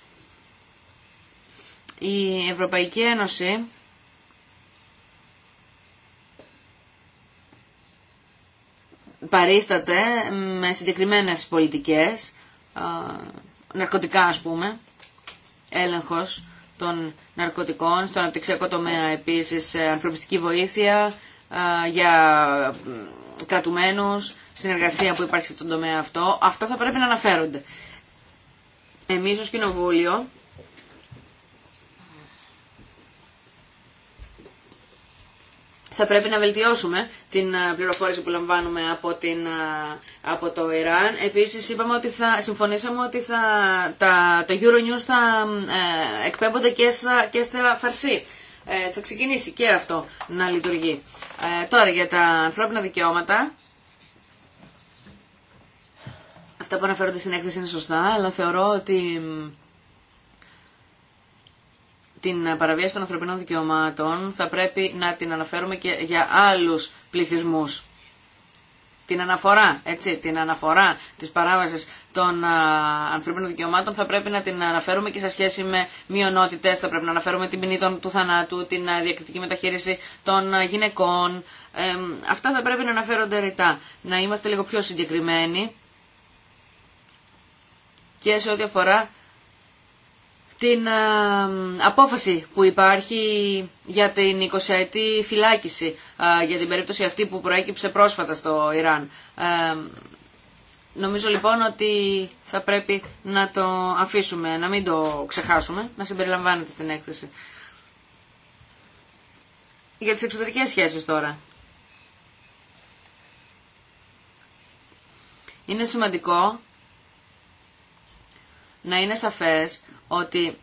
Η Ευρωπαϊκή Ένωση παρίσταται με συγκεκριμένες πολιτικές, ναρκωτικά ας πούμε, έλεγχος των ναρκωτικών, στον αναπτυξιακό τομέα επίσης ε, ανθρωπιστική βοήθεια για κρατουμένους, συνεργασία που υπάρχει στον τομέα αυτό. Αυτά θα πρέπει να αναφέρονται. Εμείς ως Κοινοβούλιο θα πρέπει να βελτιώσουμε την ε, πληροφόρηση που λαμβάνουμε από, την, ε, από το Ιράν. Επίσης είπαμε ότι θα, συμφωνήσαμε ότι θα, τα, τα Euronews θα ε, εκπέμπονται και, στα, και στα φαρσί. Ε, θα ξεκινήσει και αυτό να λειτουργεί. Ε, τώρα για τα ανθρώπινα δικαιώματα. Αυτά που αναφέρονται στην έκθεση είναι σωστά, αλλά θεωρώ ότι την παραβίαση των ανθρωπινών δικαιωμάτων θα πρέπει να την αναφέρουμε και για άλλους πληθυσμούς. Την αναφορά, έτσι, την αναφορά της παράβασης των ανθρωπίνων δικαιωμάτων θα πρέπει να την αναφέρουμε και σε σχέση με μειονότητες, θα πρέπει να αναφέρουμε την ποινή του θανάτου, την διακριτική μεταχείριση των γυναικών. αυτά θα πρέπει να αναφέρονται ρητά. Να είμαστε λίγο πιο συγκεκριμένοι και σε ό,τι αφορά την ε, απόφαση που υπάρχει για την 20ετή φυλάκιση ε, για την περίπτωση αυτή που προέκυψε πρόσφατα στο Ιράν. Ε, νομίζω λοιπόν ότι θα πρέπει να το αφήσουμε, να μην το ξεχάσουμε, να συμπεριλαμβάνεται στην έκθεση. Για τις εξωτερικές σχέσεις τώρα. Είναι σημαντικό να είναι σαφές ότι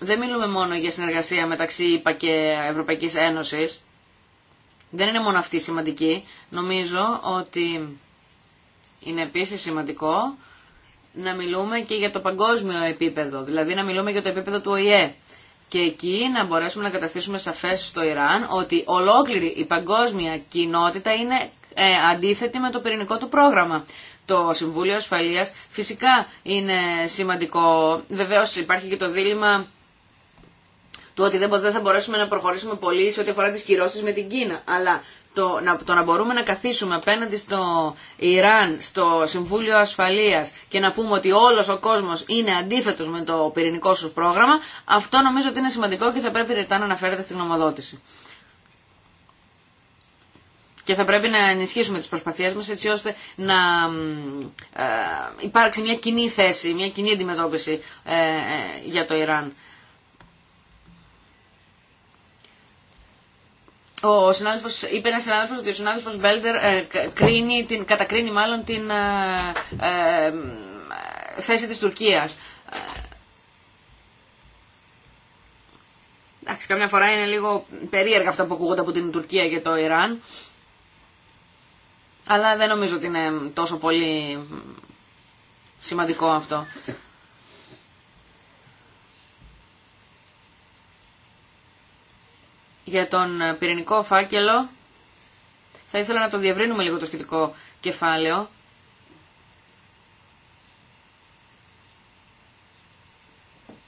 δεν μιλούμε μόνο για συνεργασία μεταξύ ΙΠΑ και Ευρωπαϊκής Ένωσης. Δεν είναι μόνο αυτή σημαντική. Νομίζω ότι είναι επίσης σημαντικό να μιλούμε και για το παγκόσμιο επίπεδο, δηλαδή να μιλούμε για το επίπεδο του ΟΗΕ. Και εκεί να μπορέσουμε να καταστήσουμε σαφές στο Ιράν ότι ολόκληρη η παγκόσμια κοινότητα είναι ε, αντίθετη με το πυρηνικό του πρόγραμμα το Συμβούλιο Ασφαλείας φυσικά είναι σημαντικό. Βεβαίως υπάρχει και το δίλημα του ότι δεν θα μπορέσουμε να προχωρήσουμε πολύ σε ό,τι αφορά τις κυρώσεις με την Κίνα. Αλλά το να, το να μπορούμε να καθίσουμε απέναντι στο Ιράν, στο Συμβούλιο Ασφαλείας και να πούμε ότι όλος ο κόσμος είναι αντίθετος με το πυρηνικό σου πρόγραμμα, αυτό νομίζω ότι είναι σημαντικό και θα πρέπει ρητά να αναφέρεται στην ομοδότηση και θα πρέπει να ενισχύσουμε τις προσπαθίες μας έτσι ώστε να ε, υπάρξει μια κοινή θέση, μια κοινή αντιμετώπιση ε, ε, για το Ιράν. Ο συνάδελφος, είπε ένα συνάδελφος ότι ο συνάδελφος Μπέλτερ κρίνει, την, κατακρίνει μάλλον την θέση της Τουρκίας. Εντάξει, καμιά φορά είναι λίγο περίεργα αυτά που ακούγονται από την Τουρκία για το Ιράν. Αλλά δεν νομίζω ότι είναι τόσο πολύ σημαντικό αυτό. Για τον πυρηνικό φάκελο θα ήθελα να το διευρύνουμε λίγο το σχετικό κεφάλαιο.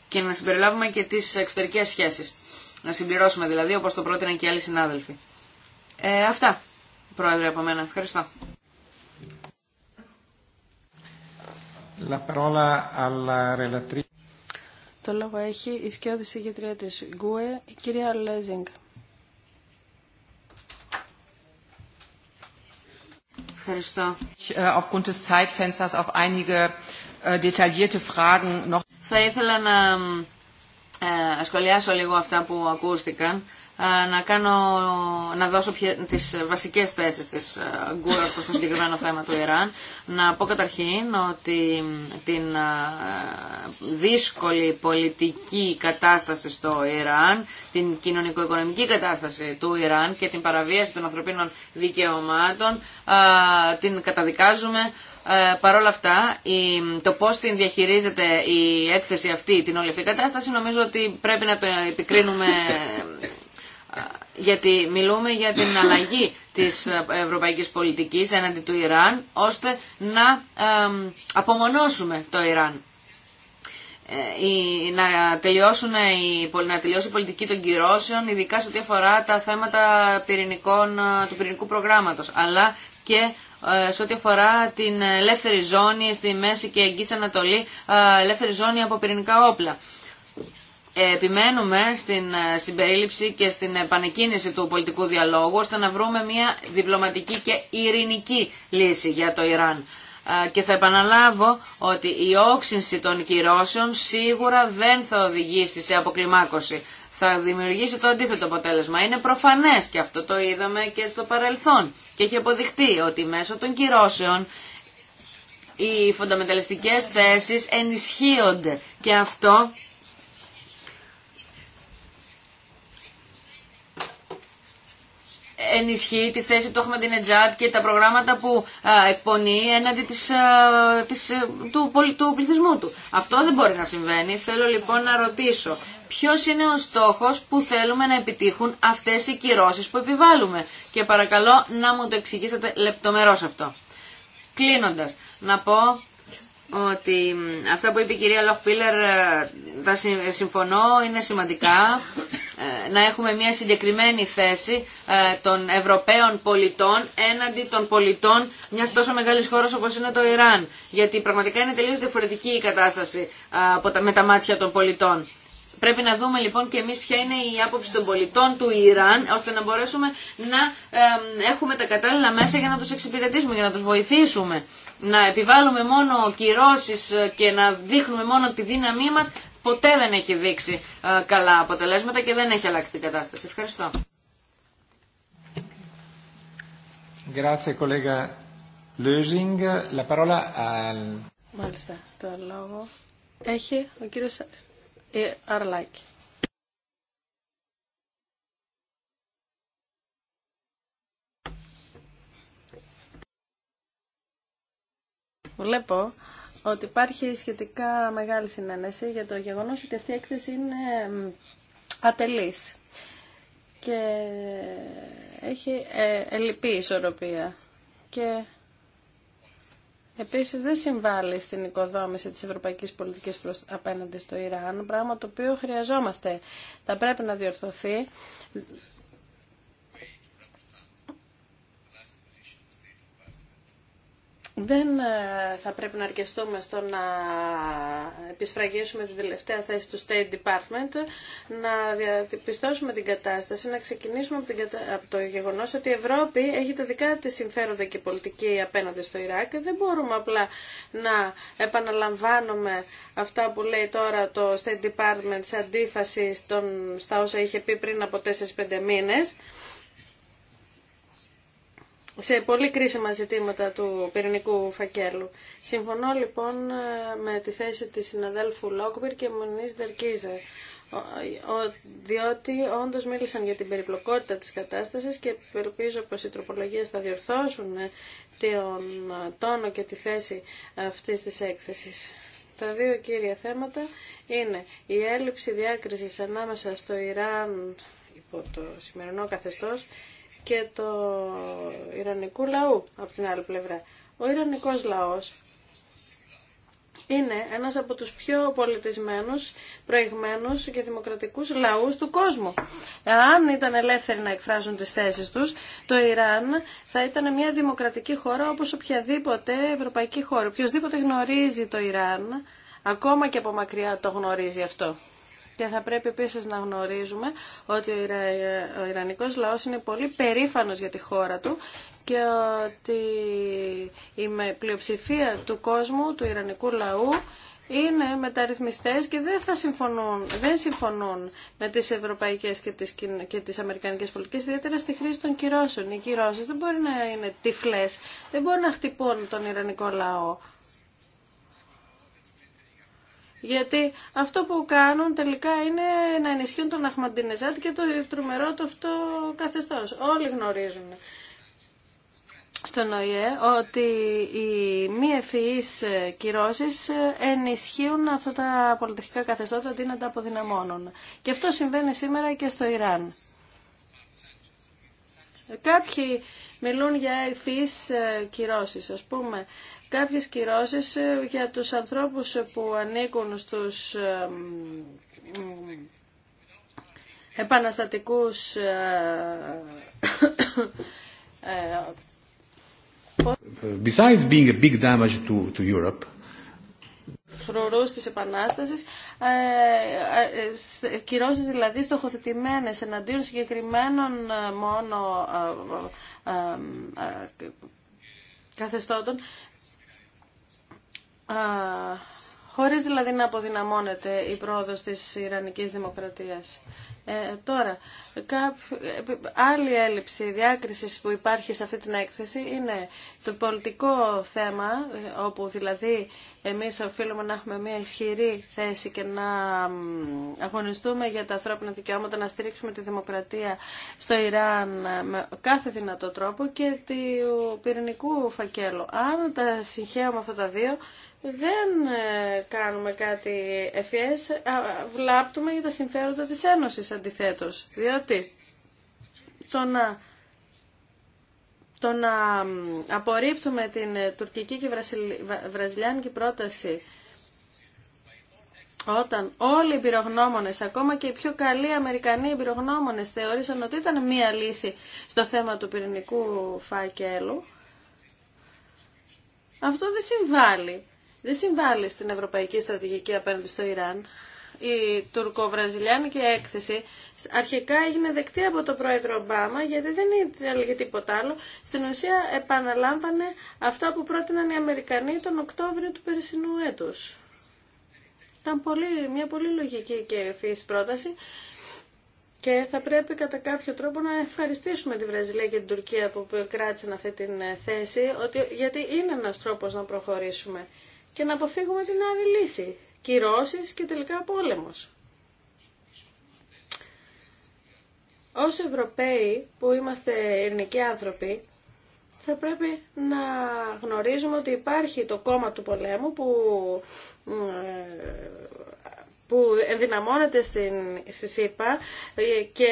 και να συμπεριλάβουμε και τις εξωτερικές σχέσεις. Να συμπληρώσουμε δηλαδή όπως το πρότειναν και άλλοι συνάδελφοι. Ε, αυτά. Πρόεδρε, από μένα. Ευχαριστώ. Το λόγο έχει η σκιώδη συγκεντρία της Γκουε, η κυρία Λέζινγκ. Ευχαριστώ. Äh, aufgrund des Zeitfensters äh, Θα ήθελα να ε, σχολιάσω λίγο αυτά που ακούστηκαν, ε, να, κάνω, να δώσω πια, τις βασικές θέσεις της ε, Γκούρας προς το συγκεκριμένο θέμα του Ιράν. Να πω καταρχήν ότι την ε, δύσκολη πολιτική κατάσταση στο Ιράν, την κοινωνικο-οικονομική κατάσταση του Ιράν και την παραβίαση των ανθρωπίνων δικαιωμάτων την καταδικάζουμε ε, παρόλα αυτά, το πώ την διαχειρίζεται η έκθεση αυτή, την όλη αυτή κατάσταση, νομίζω ότι πρέπει να το επικρίνουμε ε, γιατί μιλούμε για την αλλαγή της ευρωπαϊκής πολιτικής έναντι του Ιράν, ώστε να ε, απομονώσουμε το Ιράν. Ε, να, τελειώσουν, να τελειώσει η πολιτική των κυρώσεων, ειδικά σε ό,τι αφορά τα θέματα του πυρηνικού προγράμματος, αλλά και ε, σε ό,τι αφορά την ελεύθερη ζώνη στη Μέση και Αγγής Ανατολή, ε, ελεύθερη ζώνη από πυρηνικά όπλα. Ε, επιμένουμε στην συμπερίληψη και στην επανεκκίνηση του πολιτικού διαλόγου ώστε να βρούμε μια διπλωματική και ειρηνική λύση για το Ιράν και θα επαναλάβω ότι η όξυνση των κυρώσεων σίγουρα δεν θα οδηγήσει σε αποκλιμάκωση θα δημιουργήσει το αντίθετο αποτέλεσμα. Είναι προφανές και αυτό το είδαμε και στο παρελθόν και έχει αποδειχτεί ότι μέσω των κυρώσεων οι φονταμεταλλιστικές θέσεις ενισχύονται και αυτό ενισχύει τη θέση του Αχμαντινετζάτ και τα προγράμματα που εκπονεί έναντι της, της, ε, του, του πληθυσμού του. Αυτό δεν μπορεί να συμβαίνει. Θέλω λοιπόν να ρωτήσω ποιος είναι ο στόχος που θέλουμε να επιτύχουν αυτές οι κυρώσεις που επιβάλλουμε. Και παρακαλώ να μου το εξηγήσετε λεπτομερώς αυτό. Κλείνοντας, να πω ότι αυτά που είπε η κυρία Λοχπίλερ ε, τα ε, συμφωνώ, είναι σημαντικά. Ε, να έχουμε μια συγκεκριμένη θέση ε, των Ευρωπαίων πολιτών έναντι των πολιτών μια τόσο μεγάλη χώρα όπω είναι το Ιράν. Γιατί πραγματικά είναι τελείω διαφορετική η κατάσταση ε, με τα μάτια των πολιτών. Πρέπει να δούμε λοιπόν και εμείς ποια είναι η άποψη των πολιτών του Ιράν, ώστε να μπορέσουμε να έχουμε τα κατάλληλα μέσα για να τους εξυπηρετήσουμε, για να τους βοηθήσουμε. Να επιβάλλουμε μόνο κυρώσεις και να δείχνουμε μόνο τη δύναμή μας ποτέ δεν έχει δείξει ε, καλά αποτελέσματα και δεν έχει αλλάξει την κατάσταση. Ευχαριστώ. Grazie, collega Lösing. La parola al... Μάλιστα, το λόγο έχει ο κύριος ε, Αρλάκη. Βλέπω ότι υπάρχει σχετικά μεγάλη συνένεση για το γεγονός ότι αυτή η έκθεση είναι ατελής και έχει ε, ελλειπή ισορροπία και επίσης δεν συμβάλλει στην οικοδόμηση της ευρωπαϊκής πολιτικής απέναντι στο Ιράν, πράγμα το οποίο χρειαζόμαστε. Θα πρέπει να διορθωθεί Δεν ε, θα πρέπει να αρκεστούμε στο να επισφραγίσουμε την τελευταία θέση του State Department, να διαπιστώσουμε την κατάσταση, να ξεκινήσουμε από, την από το γεγονός ότι η Ευρώπη έχει τα δικά της συμφέροντα και πολιτική απέναντι στο Ιράκ. Δεν μπορούμε απλά να επαναλαμβάνουμε αυτά που λέει τώρα το State Department σε αντίφαση στον... στα όσα είχε πει πριν από 4-5 μήνες σε πολύ κρίσιμα ζητήματα του πυρηνικού φακέλου. Συμφωνώ λοιπόν με τη θέση της συναδέλφου Λόκμπερ και Μονής Δερκίζα, διότι όντως μίλησαν για την περιπλοκότητα της κατάστασης και ελπίζω πως οι τροπολογίες θα διορθώσουν τον τόνο και τη θέση αυτής της έκθεσης. Τα δύο κύρια θέματα είναι η έλλειψη διάκρισης ανάμεσα στο Ιράν υπό το σημερινό καθεστώς και το Ιρανικού λαού από την άλλη πλευρά. Ο Ιρανικός λαός είναι ένας από τους πιο πολιτισμένους, προηγμένους και δημοκρατικούς λαούς του κόσμου. Αν ήταν ελεύθεροι να εκφράζουν τις θέσεις τους, το Ιράν θα ήταν μια δημοκρατική χώρα όπως οποιαδήποτε ευρωπαϊκή χώρα. Οποιοςδήποτε γνωρίζει το Ιράν, ακόμα και από μακριά το γνωρίζει αυτό. Και θα πρέπει επίσης να γνωρίζουμε ότι ο Ιρανικός λαός είναι πολύ περήφανος για τη χώρα του και ότι η πλειοψηφία του κόσμου, του Ιρανικού λαού, είναι μεταρρυθμιστές και δεν θα συμφωνούν, δεν συμφωνούν με τις ευρωπαϊκές και τις, και τις αμερικανικές πολιτικές, ιδιαίτερα στη χρήση των κυρώσεων. Οι κυρώσεις δεν μπορεί να είναι τυφλές, δεν μπορεί να χτυπούν τον Ιρανικό λαό. Γιατί αυτό που κάνουν τελικά είναι να ενισχύουν τον Αχμαντινεζάτ και το τρομερό το αυτό καθεστώς. Όλοι γνωρίζουν στον ΟΗΕ ότι οι μη ευφυείς κυρώσεις ενισχύουν αυτά τα πολιτικά καθεστώτα αντί να τα αποδυναμώνουν. Και αυτό συμβαίνει σήμερα και στο Ιράν. Κάποιοι μιλούν για ευφυείς κυρώσεις, ας πούμε κάποιες κυρώσεις ε, για τους ανθρώπους ε, που ανήκουν στους ε, επαναστατικούς Besides being a big damage to, to Europe, φρουρούς της Επανάστασης, κυρώσεις δηλαδή στοχοθετημένες εναντίον συγκεκριμένων μόνο καθεστώτων χωρίς δηλαδή να αποδυναμώνεται η πρόοδος της Ιρανικής Δημοκρατίας. Ε, τώρα, άλλη έλλειψη διάκρισης που υπάρχει σε αυτή την έκθεση είναι το πολιτικό θέμα, όπου δηλαδή εμείς οφείλουμε να έχουμε μια ισχυρή θέση και να αγωνιστούμε για τα ανθρώπινα δικαιώματα, να στηρίξουμε τη δημοκρατία στο Ιράν με κάθε δυνατό τρόπο και του πυρηνικού φακέλου. Αν τα συγχαίουμε αυτά τα δύο, δεν ε, κάνουμε κάτι ευφιές, βλάπτουμε για τα συμφέροντα της Ένωσης αντιθέτως. Διότι το να, απορρίπτουμε την ε, τουρκική και βραζιλιάνικη πρόταση όταν όλοι οι πυρογνώμονες, ακόμα και οι πιο καλοί Αμερικανοί πυρογνώμονες θεωρήσαν ότι ήταν μία λύση στο θέμα του πυρηνικού φάκελου, αυτό δεν συμβάλλει δεν συμβάλλει στην ευρωπαϊκή στρατηγική απέναντι στο Ιράν. Η τουρκο-βραζιλιάνικη έκθεση αρχικά έγινε δεκτή από τον πρόεδρο Ομπάμα γιατί δεν έλεγε τίποτα άλλο. Στην ουσία επαναλάμβανε αυτά που πρότειναν οι Αμερικανοί τον Οκτώβριο του περσινού έτους. Ήταν πολύ, μια πολύ λογική και ευφύης πρόταση και θα πρέπει κατά κάποιο τρόπο να ευχαριστήσουμε τη Βραζιλία και την Τουρκία που κράτησαν αυτή την θέση, ότι, γιατί είναι ένας τρόπος να προχωρήσουμε και να αποφύγουμε την άλλη λύση. Κυρώσεις και τελικά πόλεμος. Ως Ευρωπαίοι που είμαστε ελληνικοί άνθρωποι, θα πρέπει να γνωρίζουμε ότι υπάρχει το κόμμα του πολέμου που, ε, που ενδυναμώνεται στην, στη ΣΥΠΑ ε, και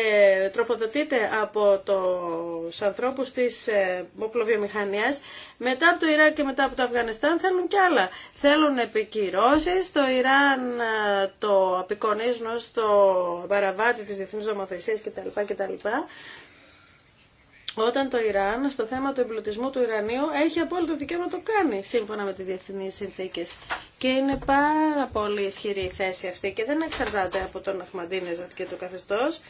τροφοδοτείται από τους ανθρώπους της ε, οπλοβιομηχανίας. Μετά από το Ιράκ και μετά από το Αφγανιστάν θέλουν κι άλλα. Θέλουν επικυρώσεις, το Ιράν το απεικονίζουν στο παραβάτη της διεθνής νομοθεσίας κτλ. κτλ όταν το Ιράν στο θέμα του εμπλουτισμού του Ιρανίου έχει απόλυτο δικαίωμα να το κάνει σύμφωνα με τις διεθνείς συνθήκες. Και είναι πάρα πολύ ισχυρή η θέση αυτή και δεν εξαρτάται από τον Αχμαντίνεζα και το καθεστώς.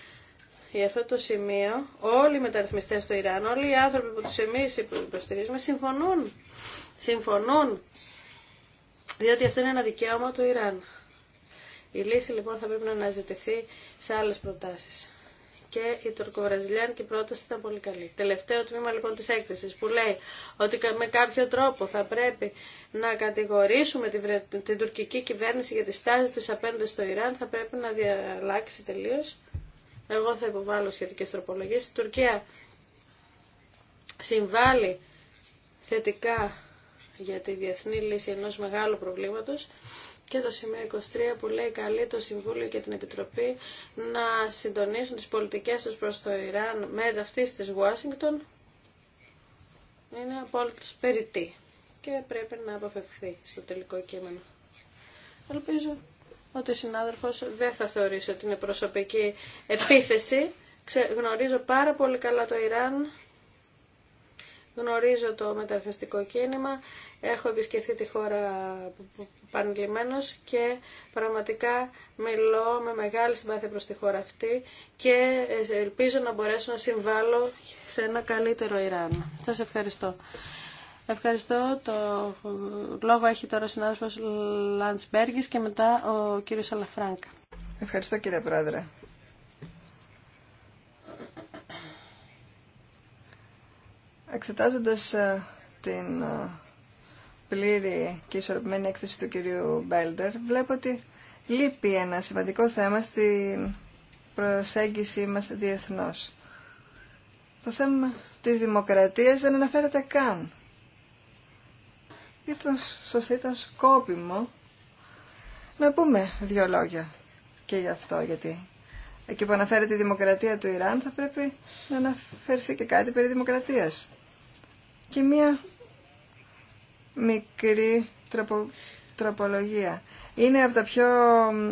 Για αυτό το σημείο όλοι οι μεταρρυθμιστές στο Ιράν, όλοι οι άνθρωποι που τους εμείς υποστηρίζουμε συμφωνούν. Συμφωνούν. Διότι αυτό είναι ένα δικαίωμα του Ιράν. Η λύση λοιπόν θα πρέπει να αναζητηθεί σε άλλε προτάσει και η τουρκοβραζιλιάνικη πρόταση ήταν πολύ καλή. Τελευταίο τμήμα λοιπόν της έκθεσης που λέει ότι με κάποιο τρόπο θα πρέπει να κατηγορήσουμε την, τουρκική κυβέρνηση για τη στάση της απέναντι στο Ιράν θα πρέπει να διαλάξει τελείως. Εγώ θα υποβάλω σχετικές τροπολογίες. Η Τουρκία συμβάλλει θετικά για τη διεθνή λύση ενός μεγάλου προβλήματος και το σημείο 23 που λέει «Καλή το Συμβούλιο και την Επιτροπή να συντονίσουν τις πολιτικές τους προς το Ιράν με αυτή της Ουάσιγκτον είναι απόλυτος περιττή και πρέπει να αποφευχθεί στο τελικό κείμενο. Ελπίζω ότι ο συνάδελφος δεν θα θεωρήσει ότι είναι προσωπική επίθεση. γνωρίζω πάρα πολύ καλά το Ιράν γνωρίζω το μεταρρυθμιστικό κίνημα, έχω επισκεφθεί τη χώρα πανελειμμένος και πραγματικά μιλώ με μεγάλη συμπάθεια προς τη χώρα αυτή και ελπίζω να μπορέσω να συμβάλλω σε ένα καλύτερο Ιράν. Σας ευχαριστώ. Ευχαριστώ. Το λόγο έχει τώρα ο συνάδελφος Λαντσμπέργης και μετά ο κύριος Αλαφράγκα. Ευχαριστώ κύριε Πρόεδρε. Εξετάζοντας ε, την ε, πλήρη και ισορροπημένη έκθεση του κυρίου Μπέλντερ, βλέπω ότι λείπει ένα σημαντικό θέμα στην προσέγγιση μας διεθνώς. Το θέμα της δημοκρατίας δεν αναφέρεται καν. Ήταν σωστή, ήταν σκόπιμο να πούμε δύο λόγια και γι' αυτό, γιατί εκεί που αναφέρεται η δημοκρατία του Ιράν θα πρέπει να αναφερθεί και κάτι περί δημοκρατίας και μία μικρή τροπο, τροπολογία. Είναι από τα πιο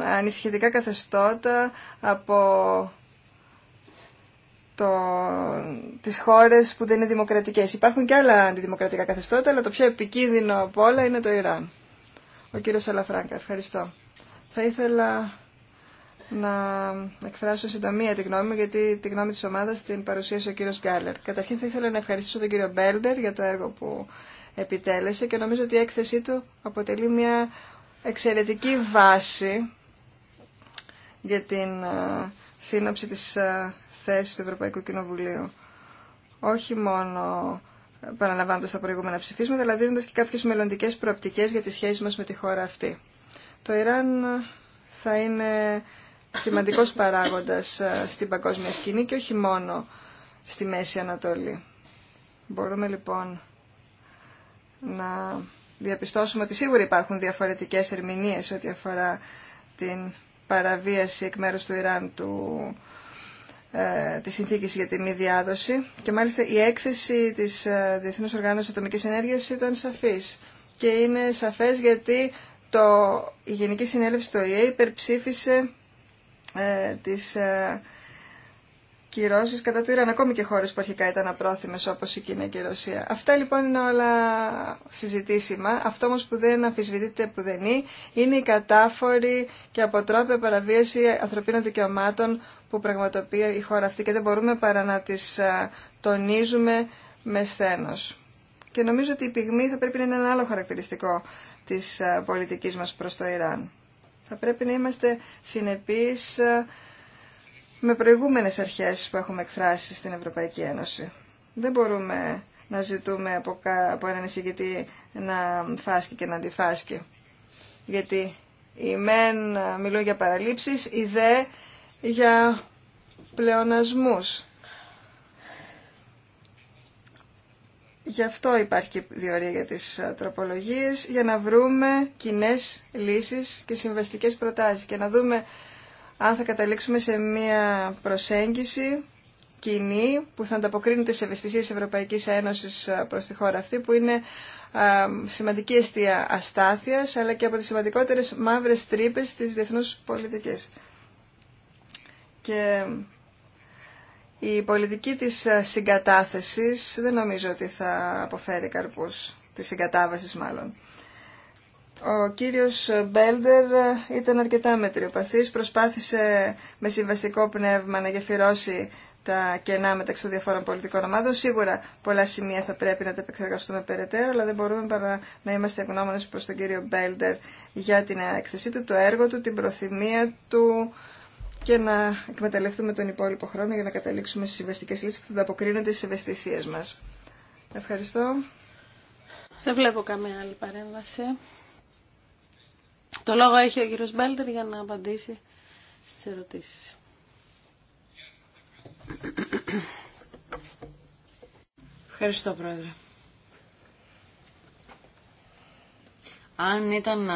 ανησυχητικά καθεστώτα από το, τις χώρες που δεν είναι δημοκρατικές. Υπάρχουν και άλλα αντιδημοκρατικά καθεστώτα, αλλά το πιο επικίνδυνο από όλα είναι το Ιράν. Ο κύριος Αλαφράγκα, ευχαριστώ. Θα ήθελα να εκφράσω συντομία τη γνώμη μου, γιατί τη γνώμη της ομάδας την παρουσίασε ο κύριος Γκάλερ. Καταρχήν θα ήθελα να ευχαριστήσω τον κύριο Μπέλντερ για το έργο που επιτέλεσε και νομίζω ότι η έκθεσή του αποτελεί μια εξαιρετική βάση για την σύνοψη της θέσης του Ευρωπαϊκού Κοινοβουλίου. Όχι μόνο παραλαμβάνοντας τα προηγούμενα ψηφίσματα, αλλά δίνοντας και κάποιες μελλοντικές προοπτικές για τη σχέση μας με τη χώρα αυτή. Το Ιράν θα είναι σημαντικός παράγοντας ε, στην παγκόσμια σκηνή και όχι μόνο στη Μέση Ανατολή. Μπορούμε λοιπόν να διαπιστώσουμε ότι σίγουρα υπάρχουν διαφορετικές ερμηνείες ό,τι αφορά την παραβίαση εκ μέρους του Ιράν του, ε, της συνθήκης για τη μη διάδοση και μάλιστα η έκθεση της ε, Διεθνούς Οργάνωσης Ατομικής Ενέργειας ήταν σαφής και είναι σαφές γιατί το, η Γενική Συνέλευση του ΟΗΕ υπερψήφισε ε, τις ε, κυρώσεις κατά του Ιράν, ακόμη και χώρες που αρχικά ήταν απρόθυμες όπως η Κίνα και η Ρωσία. Αυτά λοιπόν είναι όλα συζητήσιμα. Αυτό όμως που δεν αμφισβητείται που δεν είναι, είναι η κατάφορη και αποτρόπια παραβίαση ανθρωπίνων δικαιωμάτων που πραγματοποιεί η χώρα αυτή και δεν μπορούμε παρά να τις ε, τονίζουμε με σθένος. Και νομίζω ότι η πυγμή θα πρέπει να είναι ένα άλλο χαρακτηριστικό της ε, πολιτικής μας προς το Ιράν. Θα πρέπει να είμαστε συνεπείς ε, με προηγούμενες αρχές που έχουμε εκφράσει στην Ευρωπαϊκή Ένωση. Δεν μπορούμε να ζητούμε από έναν εισηγητή να φάσκει και να αντιφάσκει. Γιατί η μεν μιλούν για παραλήψεις, η δε για πλεονασμούς. Γι' αυτό υπάρχει διορία για τις ε, τροπολογίες, για να βρούμε κοινέ λύσεις και συμβαστικές προτάσεις και να δούμε αν θα καταλήξουμε σε μια προσέγγιση κοινή που θα ανταποκρίνεται σε ευαισθησίες Ευρωπαϊκής Ένωσης ε, προς τη χώρα αυτή που είναι ε, σημαντική αιστεία αστάθειας αλλά και από τις σημαντικότερες μαύρες τρύπες της διεθνούς πολιτικής. Και η πολιτική της ε, συγκατάθεσης δεν νομίζω ότι θα αποφέρει καρπούς, της συγκατάβασης μάλλον. Ο κύριος Μπέλντερ ε, ήταν αρκετά μετριοπαθής, προσπάθησε με συμβαστικό πνεύμα να γεφυρώσει τα κενά μεταξύ των διαφόρων πολιτικών ομάδων. Σίγουρα πολλά σημεία θα πρέπει να τα επεξεργαστούμε περαιτέρω, αλλά δεν μπορούμε παρά να είμαστε ευγνώμονες προς τον κύριο Μπέλντερ για την έκθεσή του, το έργο του, την προθυμία του, και να εκμεταλλευτούμε τον υπόλοιπο χρόνο για να καταλήξουμε στις συμβαστικέ λύσεις που θα ανταποκρίνονται στις ευαισθησίες μας. Ευχαριστώ. Δεν βλέπω καμία άλλη παρέμβαση. Το λόγο έχει ο κύριος Μπέλτερ για να απαντήσει στις ερωτήσεις. Ευχαριστώ, Πρόεδρε. Αν ήταν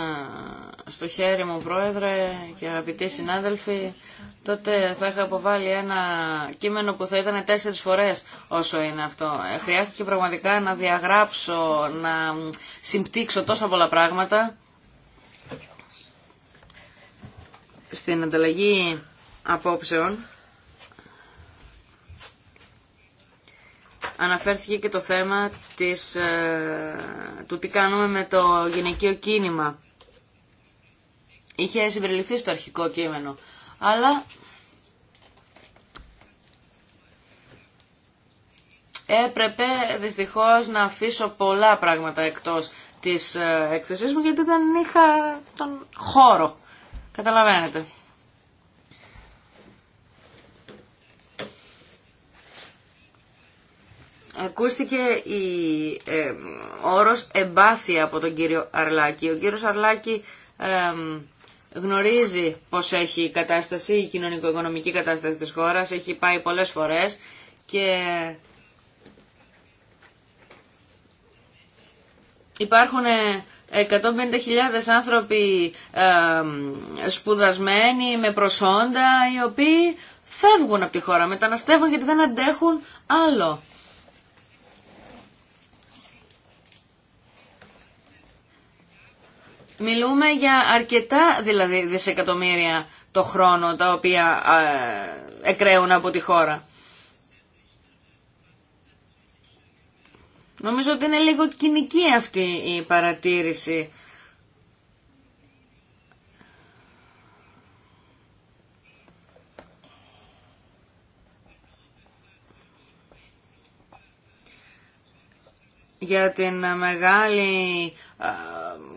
στο χέρι μου πρόεδρε και αγαπητοί συνάδελφοι, τότε θα είχα αποβάλει ένα κείμενο που θα ήταν τέσσερις φορές όσο είναι αυτό. Ε, χρειάστηκε πραγματικά να διαγράψω, να συμπτύξω τόσα πολλά πράγματα. Στην ανταλλαγή απόψεων αναφέρθηκε και το θέμα της, ε, του τι κάνουμε με το γυναικείο κίνημα. Είχε συμπεριληφθεί στο αρχικό κείμενο, αλλά έπρεπε δυστυχώς να αφήσω πολλά πράγματα εκτός της ε, έκθεσής μου γιατί δεν είχα τον χώρο. Καταλαβαίνετε. Ακούστηκε η, ε, όρος εμπάθεια από τον κύριο Αρλάκη. Ο κύριος Αρλάκη γνωρίζει πως έχει η κατάσταση, η κοινωνικο-οικονομική κατάσταση της χώρας, έχει πάει πολλές φορές και υπάρχουν 150.000 ε, άνθρωποι σπουδασμένοι με προσόντα οι οποίοι φεύγουν από τη χώρα, μεταναστεύουν γιατί δεν αντέχουν άλλο. Μιλούμε για αρκετά δηλαδή δισεκατομμύρια το χρόνο τα οποία ε, εκραίουν από τη χώρα. Νομίζω ότι είναι λίγο κοινική αυτή η παρατήρηση. Για την μεγάλη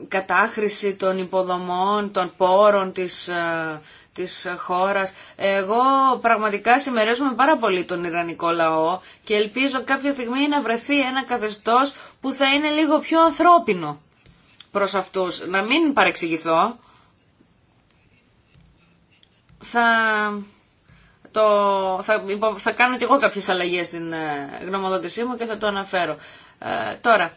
κατάχρηση των υποδομών, των πόρων της, ε, της χώρας. Εγώ πραγματικά συμμερίζομαι πάρα πολύ τον Ιρανικό λαό και ελπίζω κάποια στιγμή να βρεθεί ένα καθεστώς που θα είναι λίγο πιο ανθρώπινο προς αυτούς. Να μην παρεξηγηθώ. Θα, το, θα, θα κάνω και εγώ κάποιες αλλαγές στην ε, γνωμοδότησή μου και θα το αναφέρω. Ε, τώρα,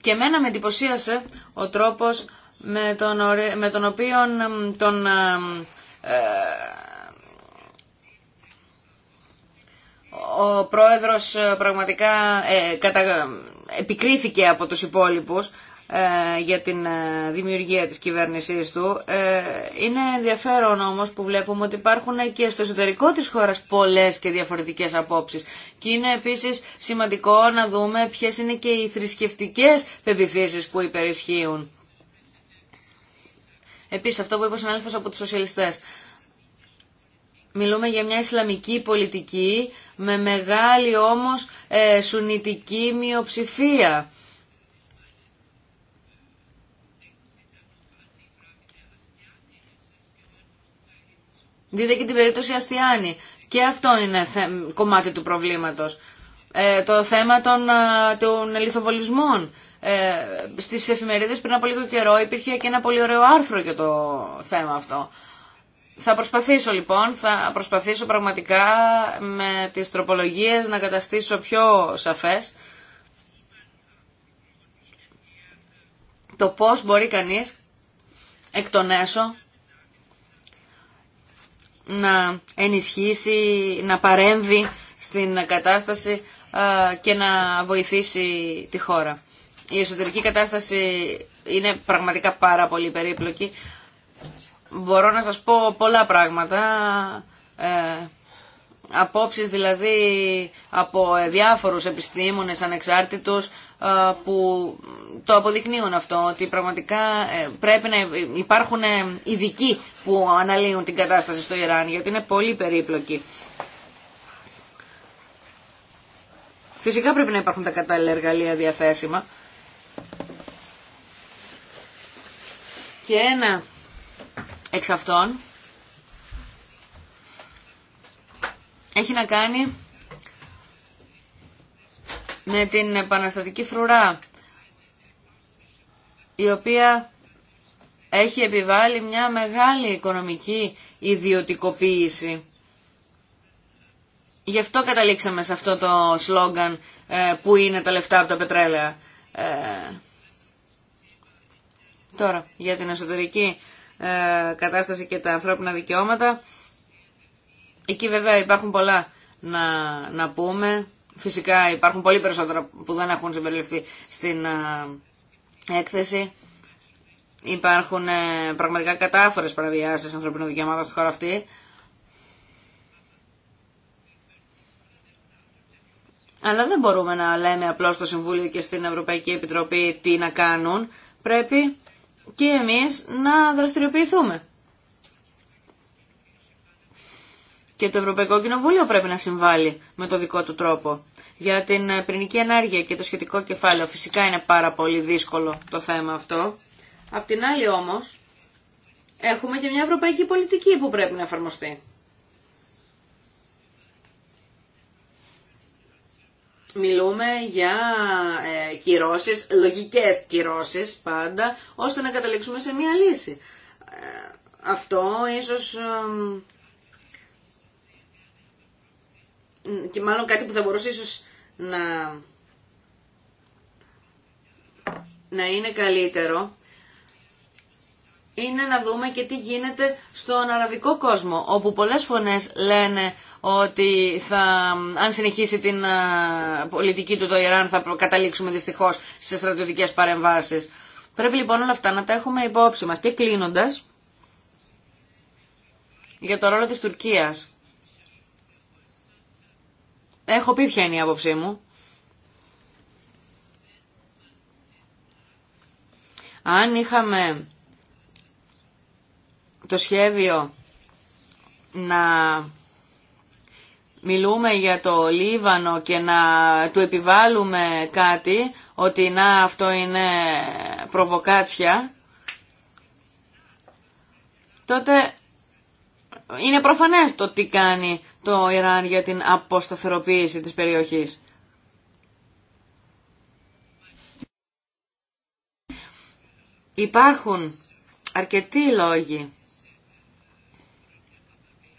και εμένα με εντυπωσίασε ο τρόπος με τον, με τον οποίο τον... Ε, ο πρόεδρος ε, πραγματικά ε, επικρίθηκε από τους υπόλοιπους ε, για την ε, δημιουργία της κυβέρνησής του. Ε, είναι ενδιαφέρον όμως που βλέπουμε ότι υπάρχουν και στο εσωτερικό της χώρας πολλές και διαφορετικές απόψεις. Και είναι επίσης σημαντικό να δούμε ποιες είναι και οι θρησκευτικές πεπιθήσεις που υπερισχύουν. Επίσης αυτό που είπε ο συνάδελφος από τους σοσιαλιστές. Μιλούμε για μια Ισλαμική πολιτική με μεγάλη όμως σουνητική μειοψηφία. Δείτε και την περίπτωση Αστιάνη. Και αυτό είναι κομμάτι του προβλήματος. Ε, το θέμα των, των λιθοβολισμών. Ε, στις εφημερίδες πριν από λίγο καιρό υπήρχε και ένα πολύ ωραίο άρθρο για το θέμα αυτό. Θα προσπαθήσω λοιπόν, θα προσπαθήσω πραγματικά με τις τροπολογίες να καταστήσω πιο σαφές το πώς μπορεί κανείς εκ των έσω να ενισχύσει, να παρέμβει στην κατάσταση και να βοηθήσει τη χώρα. Η εσωτερική κατάσταση είναι πραγματικά πάρα πολύ περίπλοκη. Μπορώ να σας πω πολλά πράγματα. Ε, απόψεις δηλαδή από διάφορους επιστήμονες ανεξάρτητους ε, που το αποδεικνύουν αυτό, ότι πραγματικά ε, πρέπει να υπάρχουν ε, ειδικοί που αναλύουν την κατάσταση στο Ιράν, γιατί είναι πολύ περίπλοκη. Φυσικά πρέπει να υπάρχουν τα κατάλληλα εργαλεία διαθέσιμα. Και ένα εξ αυτών έχει να κάνει με την επαναστατική φρουρά η οποία έχει επιβάλει μια μεγάλη οικονομική ιδιωτικοποίηση. Γι' αυτό καταλήξαμε σε αυτό το σλόγγαν ε, που είναι τα λεφτά από τα πετρέλαια. Ε, τώρα, για την εσωτερική ε, κατάσταση και τα ανθρώπινα δικαιώματα Εκεί βέβαια υπάρχουν πολλά να, να πούμε. Φυσικά υπάρχουν πολύ περισσότερα που δεν έχουν συμπεριληφθεί στην έκθεση. Υπάρχουν ε, πραγματικά κατάφορες παραβιάσεις ανθρωπινών δικαιωμάτων στη χώρα αυτή. Αλλά δεν μπορούμε να λέμε απλώς στο Συμβούλιο και στην Ευρωπαϊκή Επιτροπή τι να κάνουν. Πρέπει και εμείς να δραστηριοποιηθούμε. και το Ευρωπαϊκό Κοινοβούλιο πρέπει να συμβάλλει με το δικό του τρόπο. Για την ε, πυρηνική ενέργεια και το σχετικό κεφάλαιο φυσικά είναι πάρα πολύ δύσκολο το θέμα αυτό. Απ' την άλλη όμως έχουμε και μια ευρωπαϊκή πολιτική που πρέπει να εφαρμοστεί. Μιλούμε για ε, κυρώσεις, λογικές κυρώσεις πάντα, ώστε να καταλήξουμε σε μια λύση. Ε, αυτό ίσως... και μάλλον κάτι που θα μπορούσε ίσως να, να είναι καλύτερο είναι να δούμε και τι γίνεται στον αραβικό κόσμο, όπου πολλές φωνές λένε ότι θα, αν συνεχίσει την πολιτική του το Ιράν θα καταλήξουμε δυστυχώς σε στρατιωτικές παρεμβάσεις. Πρέπει λοιπόν όλα αυτά να τα έχουμε υπόψη μας. Και κλείνοντας, για το ρόλο της Τουρκίας. Έχω πει ποια είναι η άποψή μου. Αν είχαμε το σχέδιο να μιλούμε για το Λίβανο και να του επιβάλλουμε κάτι, ότι να αυτό είναι προβοκάτσια, τότε είναι προφανές το τι κάνει το Ιράν για την αποσταθεροποίηση της περιοχής. Υπάρχουν αρκετοί λόγοι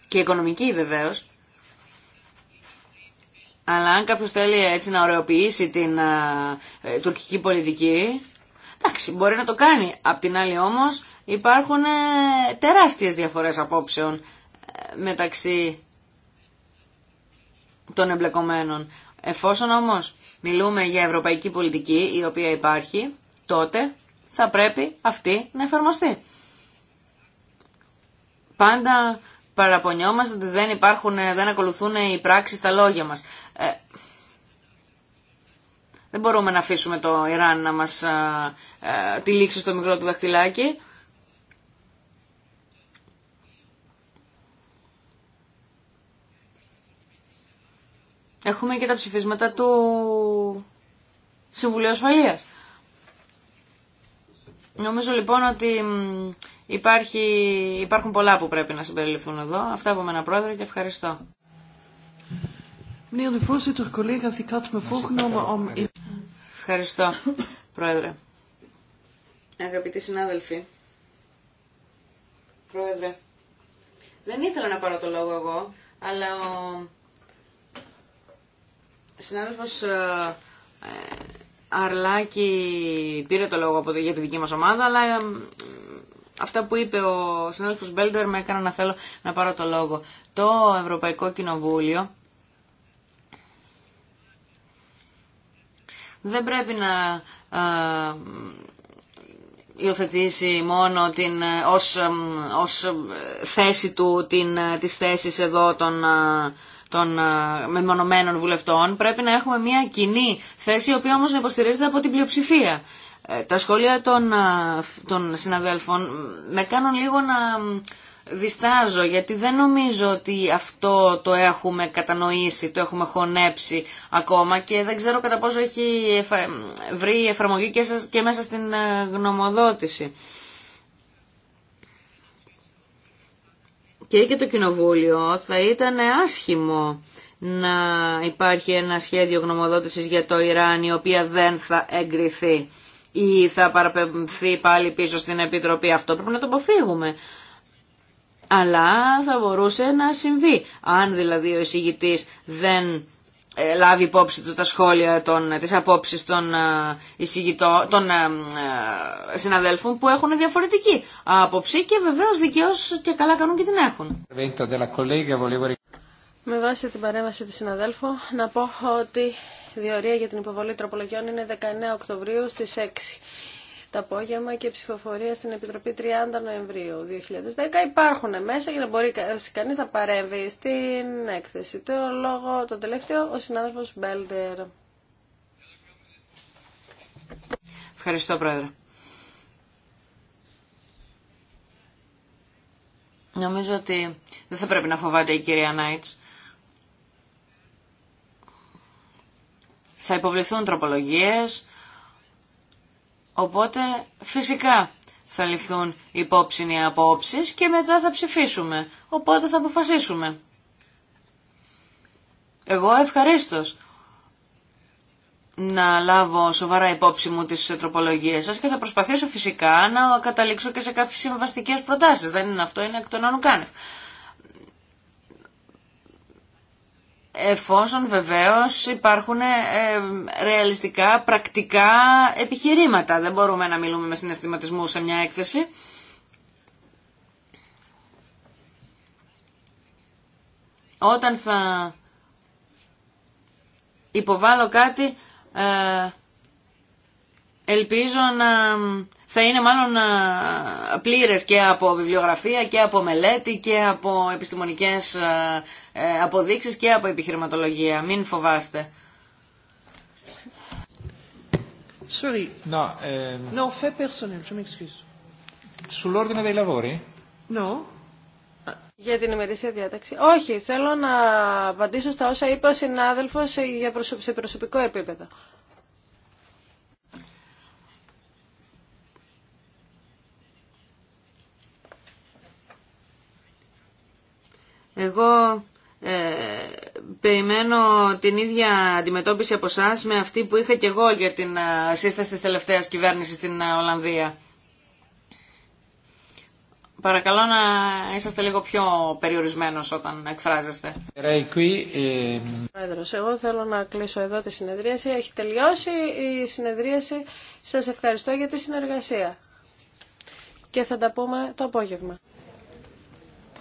και οικονομικοί βεβαίως αλλά αν κάποιος θέλει έτσι να ωρεοποιήσει την ε, τουρκική πολιτική εντάξει μπορεί να το κάνει απ' την άλλη όμως υπάρχουν ε, τεράστιες διαφορές απόψεων ε, μεταξύ των εμπλεκομένων. Εφόσον όμως μιλούμε για ευρωπαϊκή πολιτική η οποία υπάρχει, τότε θα πρέπει αυτή να εφαρμοστεί. Πάντα παραπονιόμαστε ότι δεν, υπάρχουν, ε, δεν ακολουθούν οι πράξεις τα λόγια μας. Ε, δεν μπορούμε να αφήσουμε το Ιράν να μας ε, ε τυλίξει στο μικρό του δαχτυλάκι. Έχουμε και τα ψηφίσματα του Συμβουλίου ασφαλεία. Νομίζω λοιπόν ότι υπάρχει, υπάρχουν πολλά που πρέπει να συμπεριληφθούν εδώ. Αυτά από μένα πρόεδρε και ευχαριστώ. Ευχαριστώ, Πρόεδρε. Αγαπητοί συνάδελφοι, Πρόεδρε, δεν ήθελα να πάρω το λόγο εγώ, αλλά ο Συνάδελφος ε, ε, Αρλάκη πήρε το λόγο από, για τη δική μας ομάδα, αλλά ε, αυτά που είπε ο συνάδελφος Μπέλντερ με έκανα να θέλω να πάρω το λόγο. Το Ευρωπαϊκό Κοινοβούλιο δεν πρέπει να υιοθετήσει μόνο την, ως, ως θέση του την, τις θέσεις εδώ των των ε, μεμονωμένων βουλευτών. Πρέπει να έχουμε μια κοινή θέση, η οποία όμως να υποστηρίζεται από την πλειοψηφία. Ε, τα σχόλια των, ε, των συναδέλφων με κάνουν λίγο να διστάζω γιατί δεν νομίζω ότι αυτό το έχουμε κατανοήσει, το έχουμε χωνέψει ακόμα και δεν ξέρω κατά πόσο έχει βρει εφαρμογή και μέσα στην γνωμοδότηση. και για το Κοινοβούλιο θα ήταν άσχημο να υπάρχει ένα σχέδιο γνωμοδότησης για το Ιράν η οποία δεν θα εγκριθεί ή θα παραπεμφθεί πάλι πίσω στην Επιτροπή. Αυτό πρέπει να το αποφύγουμε. Αλλά θα μπορούσε να συμβεί. Αν δηλαδή ο εισηγητής δεν ε, λάβει υπόψη του τα σχόλια των, τις απόψεις των, ε, των ε, συναδέλφων που έχουν διαφορετική άποψη και βεβαίως δικαίως και καλά κάνουν και την έχουν. Με βάση την παρέμβαση του συναδέλφου να πω ότι η διορία για την υποβολή τροπολογιών είναι 19 Οκτωβρίου στις 6 το απόγευμα και ψηφοφορία στην Επιτροπή 30 Νοεμβρίου 2010. Υπάρχουν μέσα για να μπορεί κανεί να παρέμβει στην έκθεση. Το λόγο, το τελευταίο, ο συνάδελφος Μπέλτερ. Ευχαριστώ, Πρόεδρε. Νομίζω ότι δεν θα πρέπει να φοβάται η κυρία Νάιτς. Θα υποβληθούν τροπολογίες Οπότε φυσικά θα ληφθούν υπόψη οι απόψεις και μετά θα ψηφίσουμε. Οπότε θα αποφασίσουμε. Εγώ ευχαρίστως να λάβω σοβαρά υπόψη μου τις τροπολογίες σας και θα προσπαθήσω φυσικά να καταλήξω και σε κάποιες συμβαστικές προτάσεις. Δεν είναι αυτό, είναι εκ των ανουκάνευ. εφόσον βεβαίως υπάρχουν ε, ρεαλιστικά, πρακτικά επιχειρήματα. Δεν μπορούμε να μιλούμε με συναισθηματισμού σε μια έκθεση. Όταν θα υποβάλω κάτι, ε, ελπίζω να θα είναι μάλλον ε, πλήρες και από βιβλιογραφία και από μελέτη και από επιστημονικές ε, ε, αποδείξεις και από επιχειρηματολογία. Μην φοβάστε. Sorry. No, no, fait personnel, je m'excuse. Sull'ordine dei lavori? No. Για την ημερήσια διάταξη. Όχι, θέλω να απαντήσω στα όσα είπε ο συνάδελφο για σε προσωπικό επίπεδο. Εγώ ε, περιμένω την ίδια αντιμετώπιση από εσά με αυτή που είχα και εγώ για την ε, σύσταση της τελευταίας κυβέρνησης στην ε, Ολλανδία. Παρακαλώ να είσαστε λίγο πιο περιορισμένος όταν εκφράζεστε. εγώ θέλω να κλείσω εδώ τη συνεδρίαση. Έχει τελειώσει η συνεδρίαση. Σας ευχαριστώ για τη συνεργασία. Και θα τα πούμε το απόγευμα.